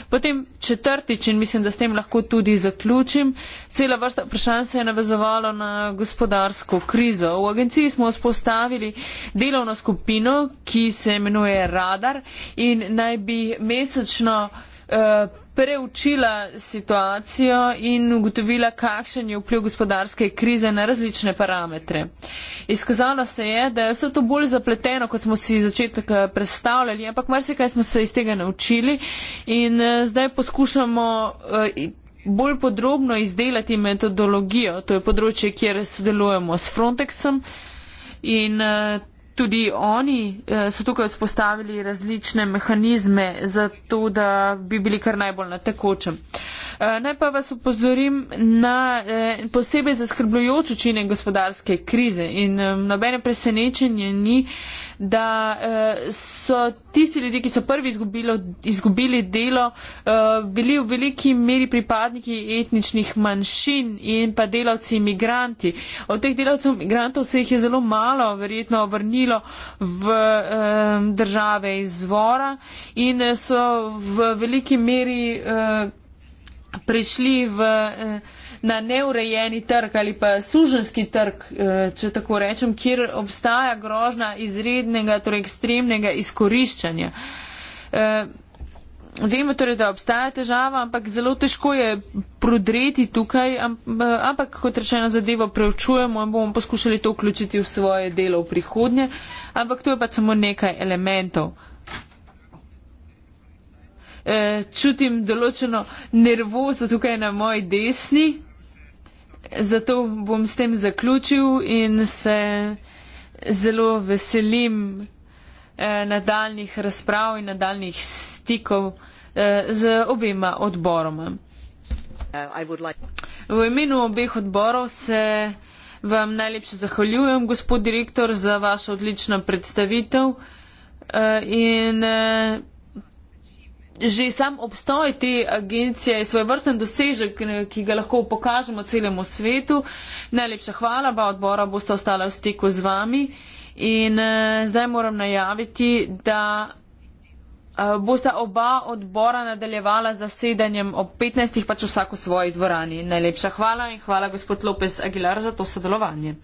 B: Potem četrtič in mislim, da s tem lahko tudi zaključim, cela vrsta vprašanj se je navezovalo na gospodarsko krizo. V agenciji smo vzpostavili delovno skupino, ki se imenuje Radar in naj bi mesečno eh, preučila situacijo in ugotovila, kakšen je vpliv gospodarske krize na različne parametre. Izkazalo se je, da je vse to bolj zapleteno, kot smo si začetek eh, predstavljali, ampak marsikaj smo se iz tega naučili in eh, zdaj poskušamo eh, bolj podrobno izdelati metodologijo. To je področje, kjer sodelujemo s Frontexom. In tudi oni eh, so tukaj vzpostavili različne mehanizme za to, da bi bili kar najbolj na tekočem. Eh, naj pa vas upozorim na eh, posebej zaskrbljujoč učinek gospodarske krize in nobene presenečenje ni, da eh, so tisti ljudje, ki so prvi izgubilo, izgubili delo, eh, bili v veliki meri pripadniki etničnih manjšin in pa delavci imigranti. Od teh delavcev imigrantov se jih je zelo malo verjetno vrnilo v eh, države izvora in so v veliki meri prišli v na neurejeni trg ali pa suženski trg, eh, če tako rečem, kjer obstaja grožna izrednega, torej ekstremnega izkoriščanja. Eh, vemo torej, da obstaja težava, ampak zelo težko je prodreti tukaj, ampak kot rečeno zadevo preučujemo in bomo poskušali to vključiti v svoje delo v prihodnje, ampak to je pa samo nekaj elementov. Eh, čutim določeno nervozo tukaj na moji desni zato bom s tem zaključil in se zelo veselim eh, nadaljnih razprav in nadaljnih stikov eh, z obema odboroma. Uh, v imenu obeh odborov se vam najlepše zahvaljujem, gospod direktor, za vašo odlično predstavitev eh, in eh, že sam obstoj te agencije je svoj vrsten dosežek, eh, ki ga lahko pokažemo celemu svetu. Najlepša hvala, oba odbora boste ostala v stiku z vami. In uh, zdaj moram najaviti, da uh, eh, boste oba odbora nadaljevala zasedanjem ob 15. pač vsako svoji dvorani. Najlepša hvala in hvala gospod Lopez Aguilar za to sodelovanje.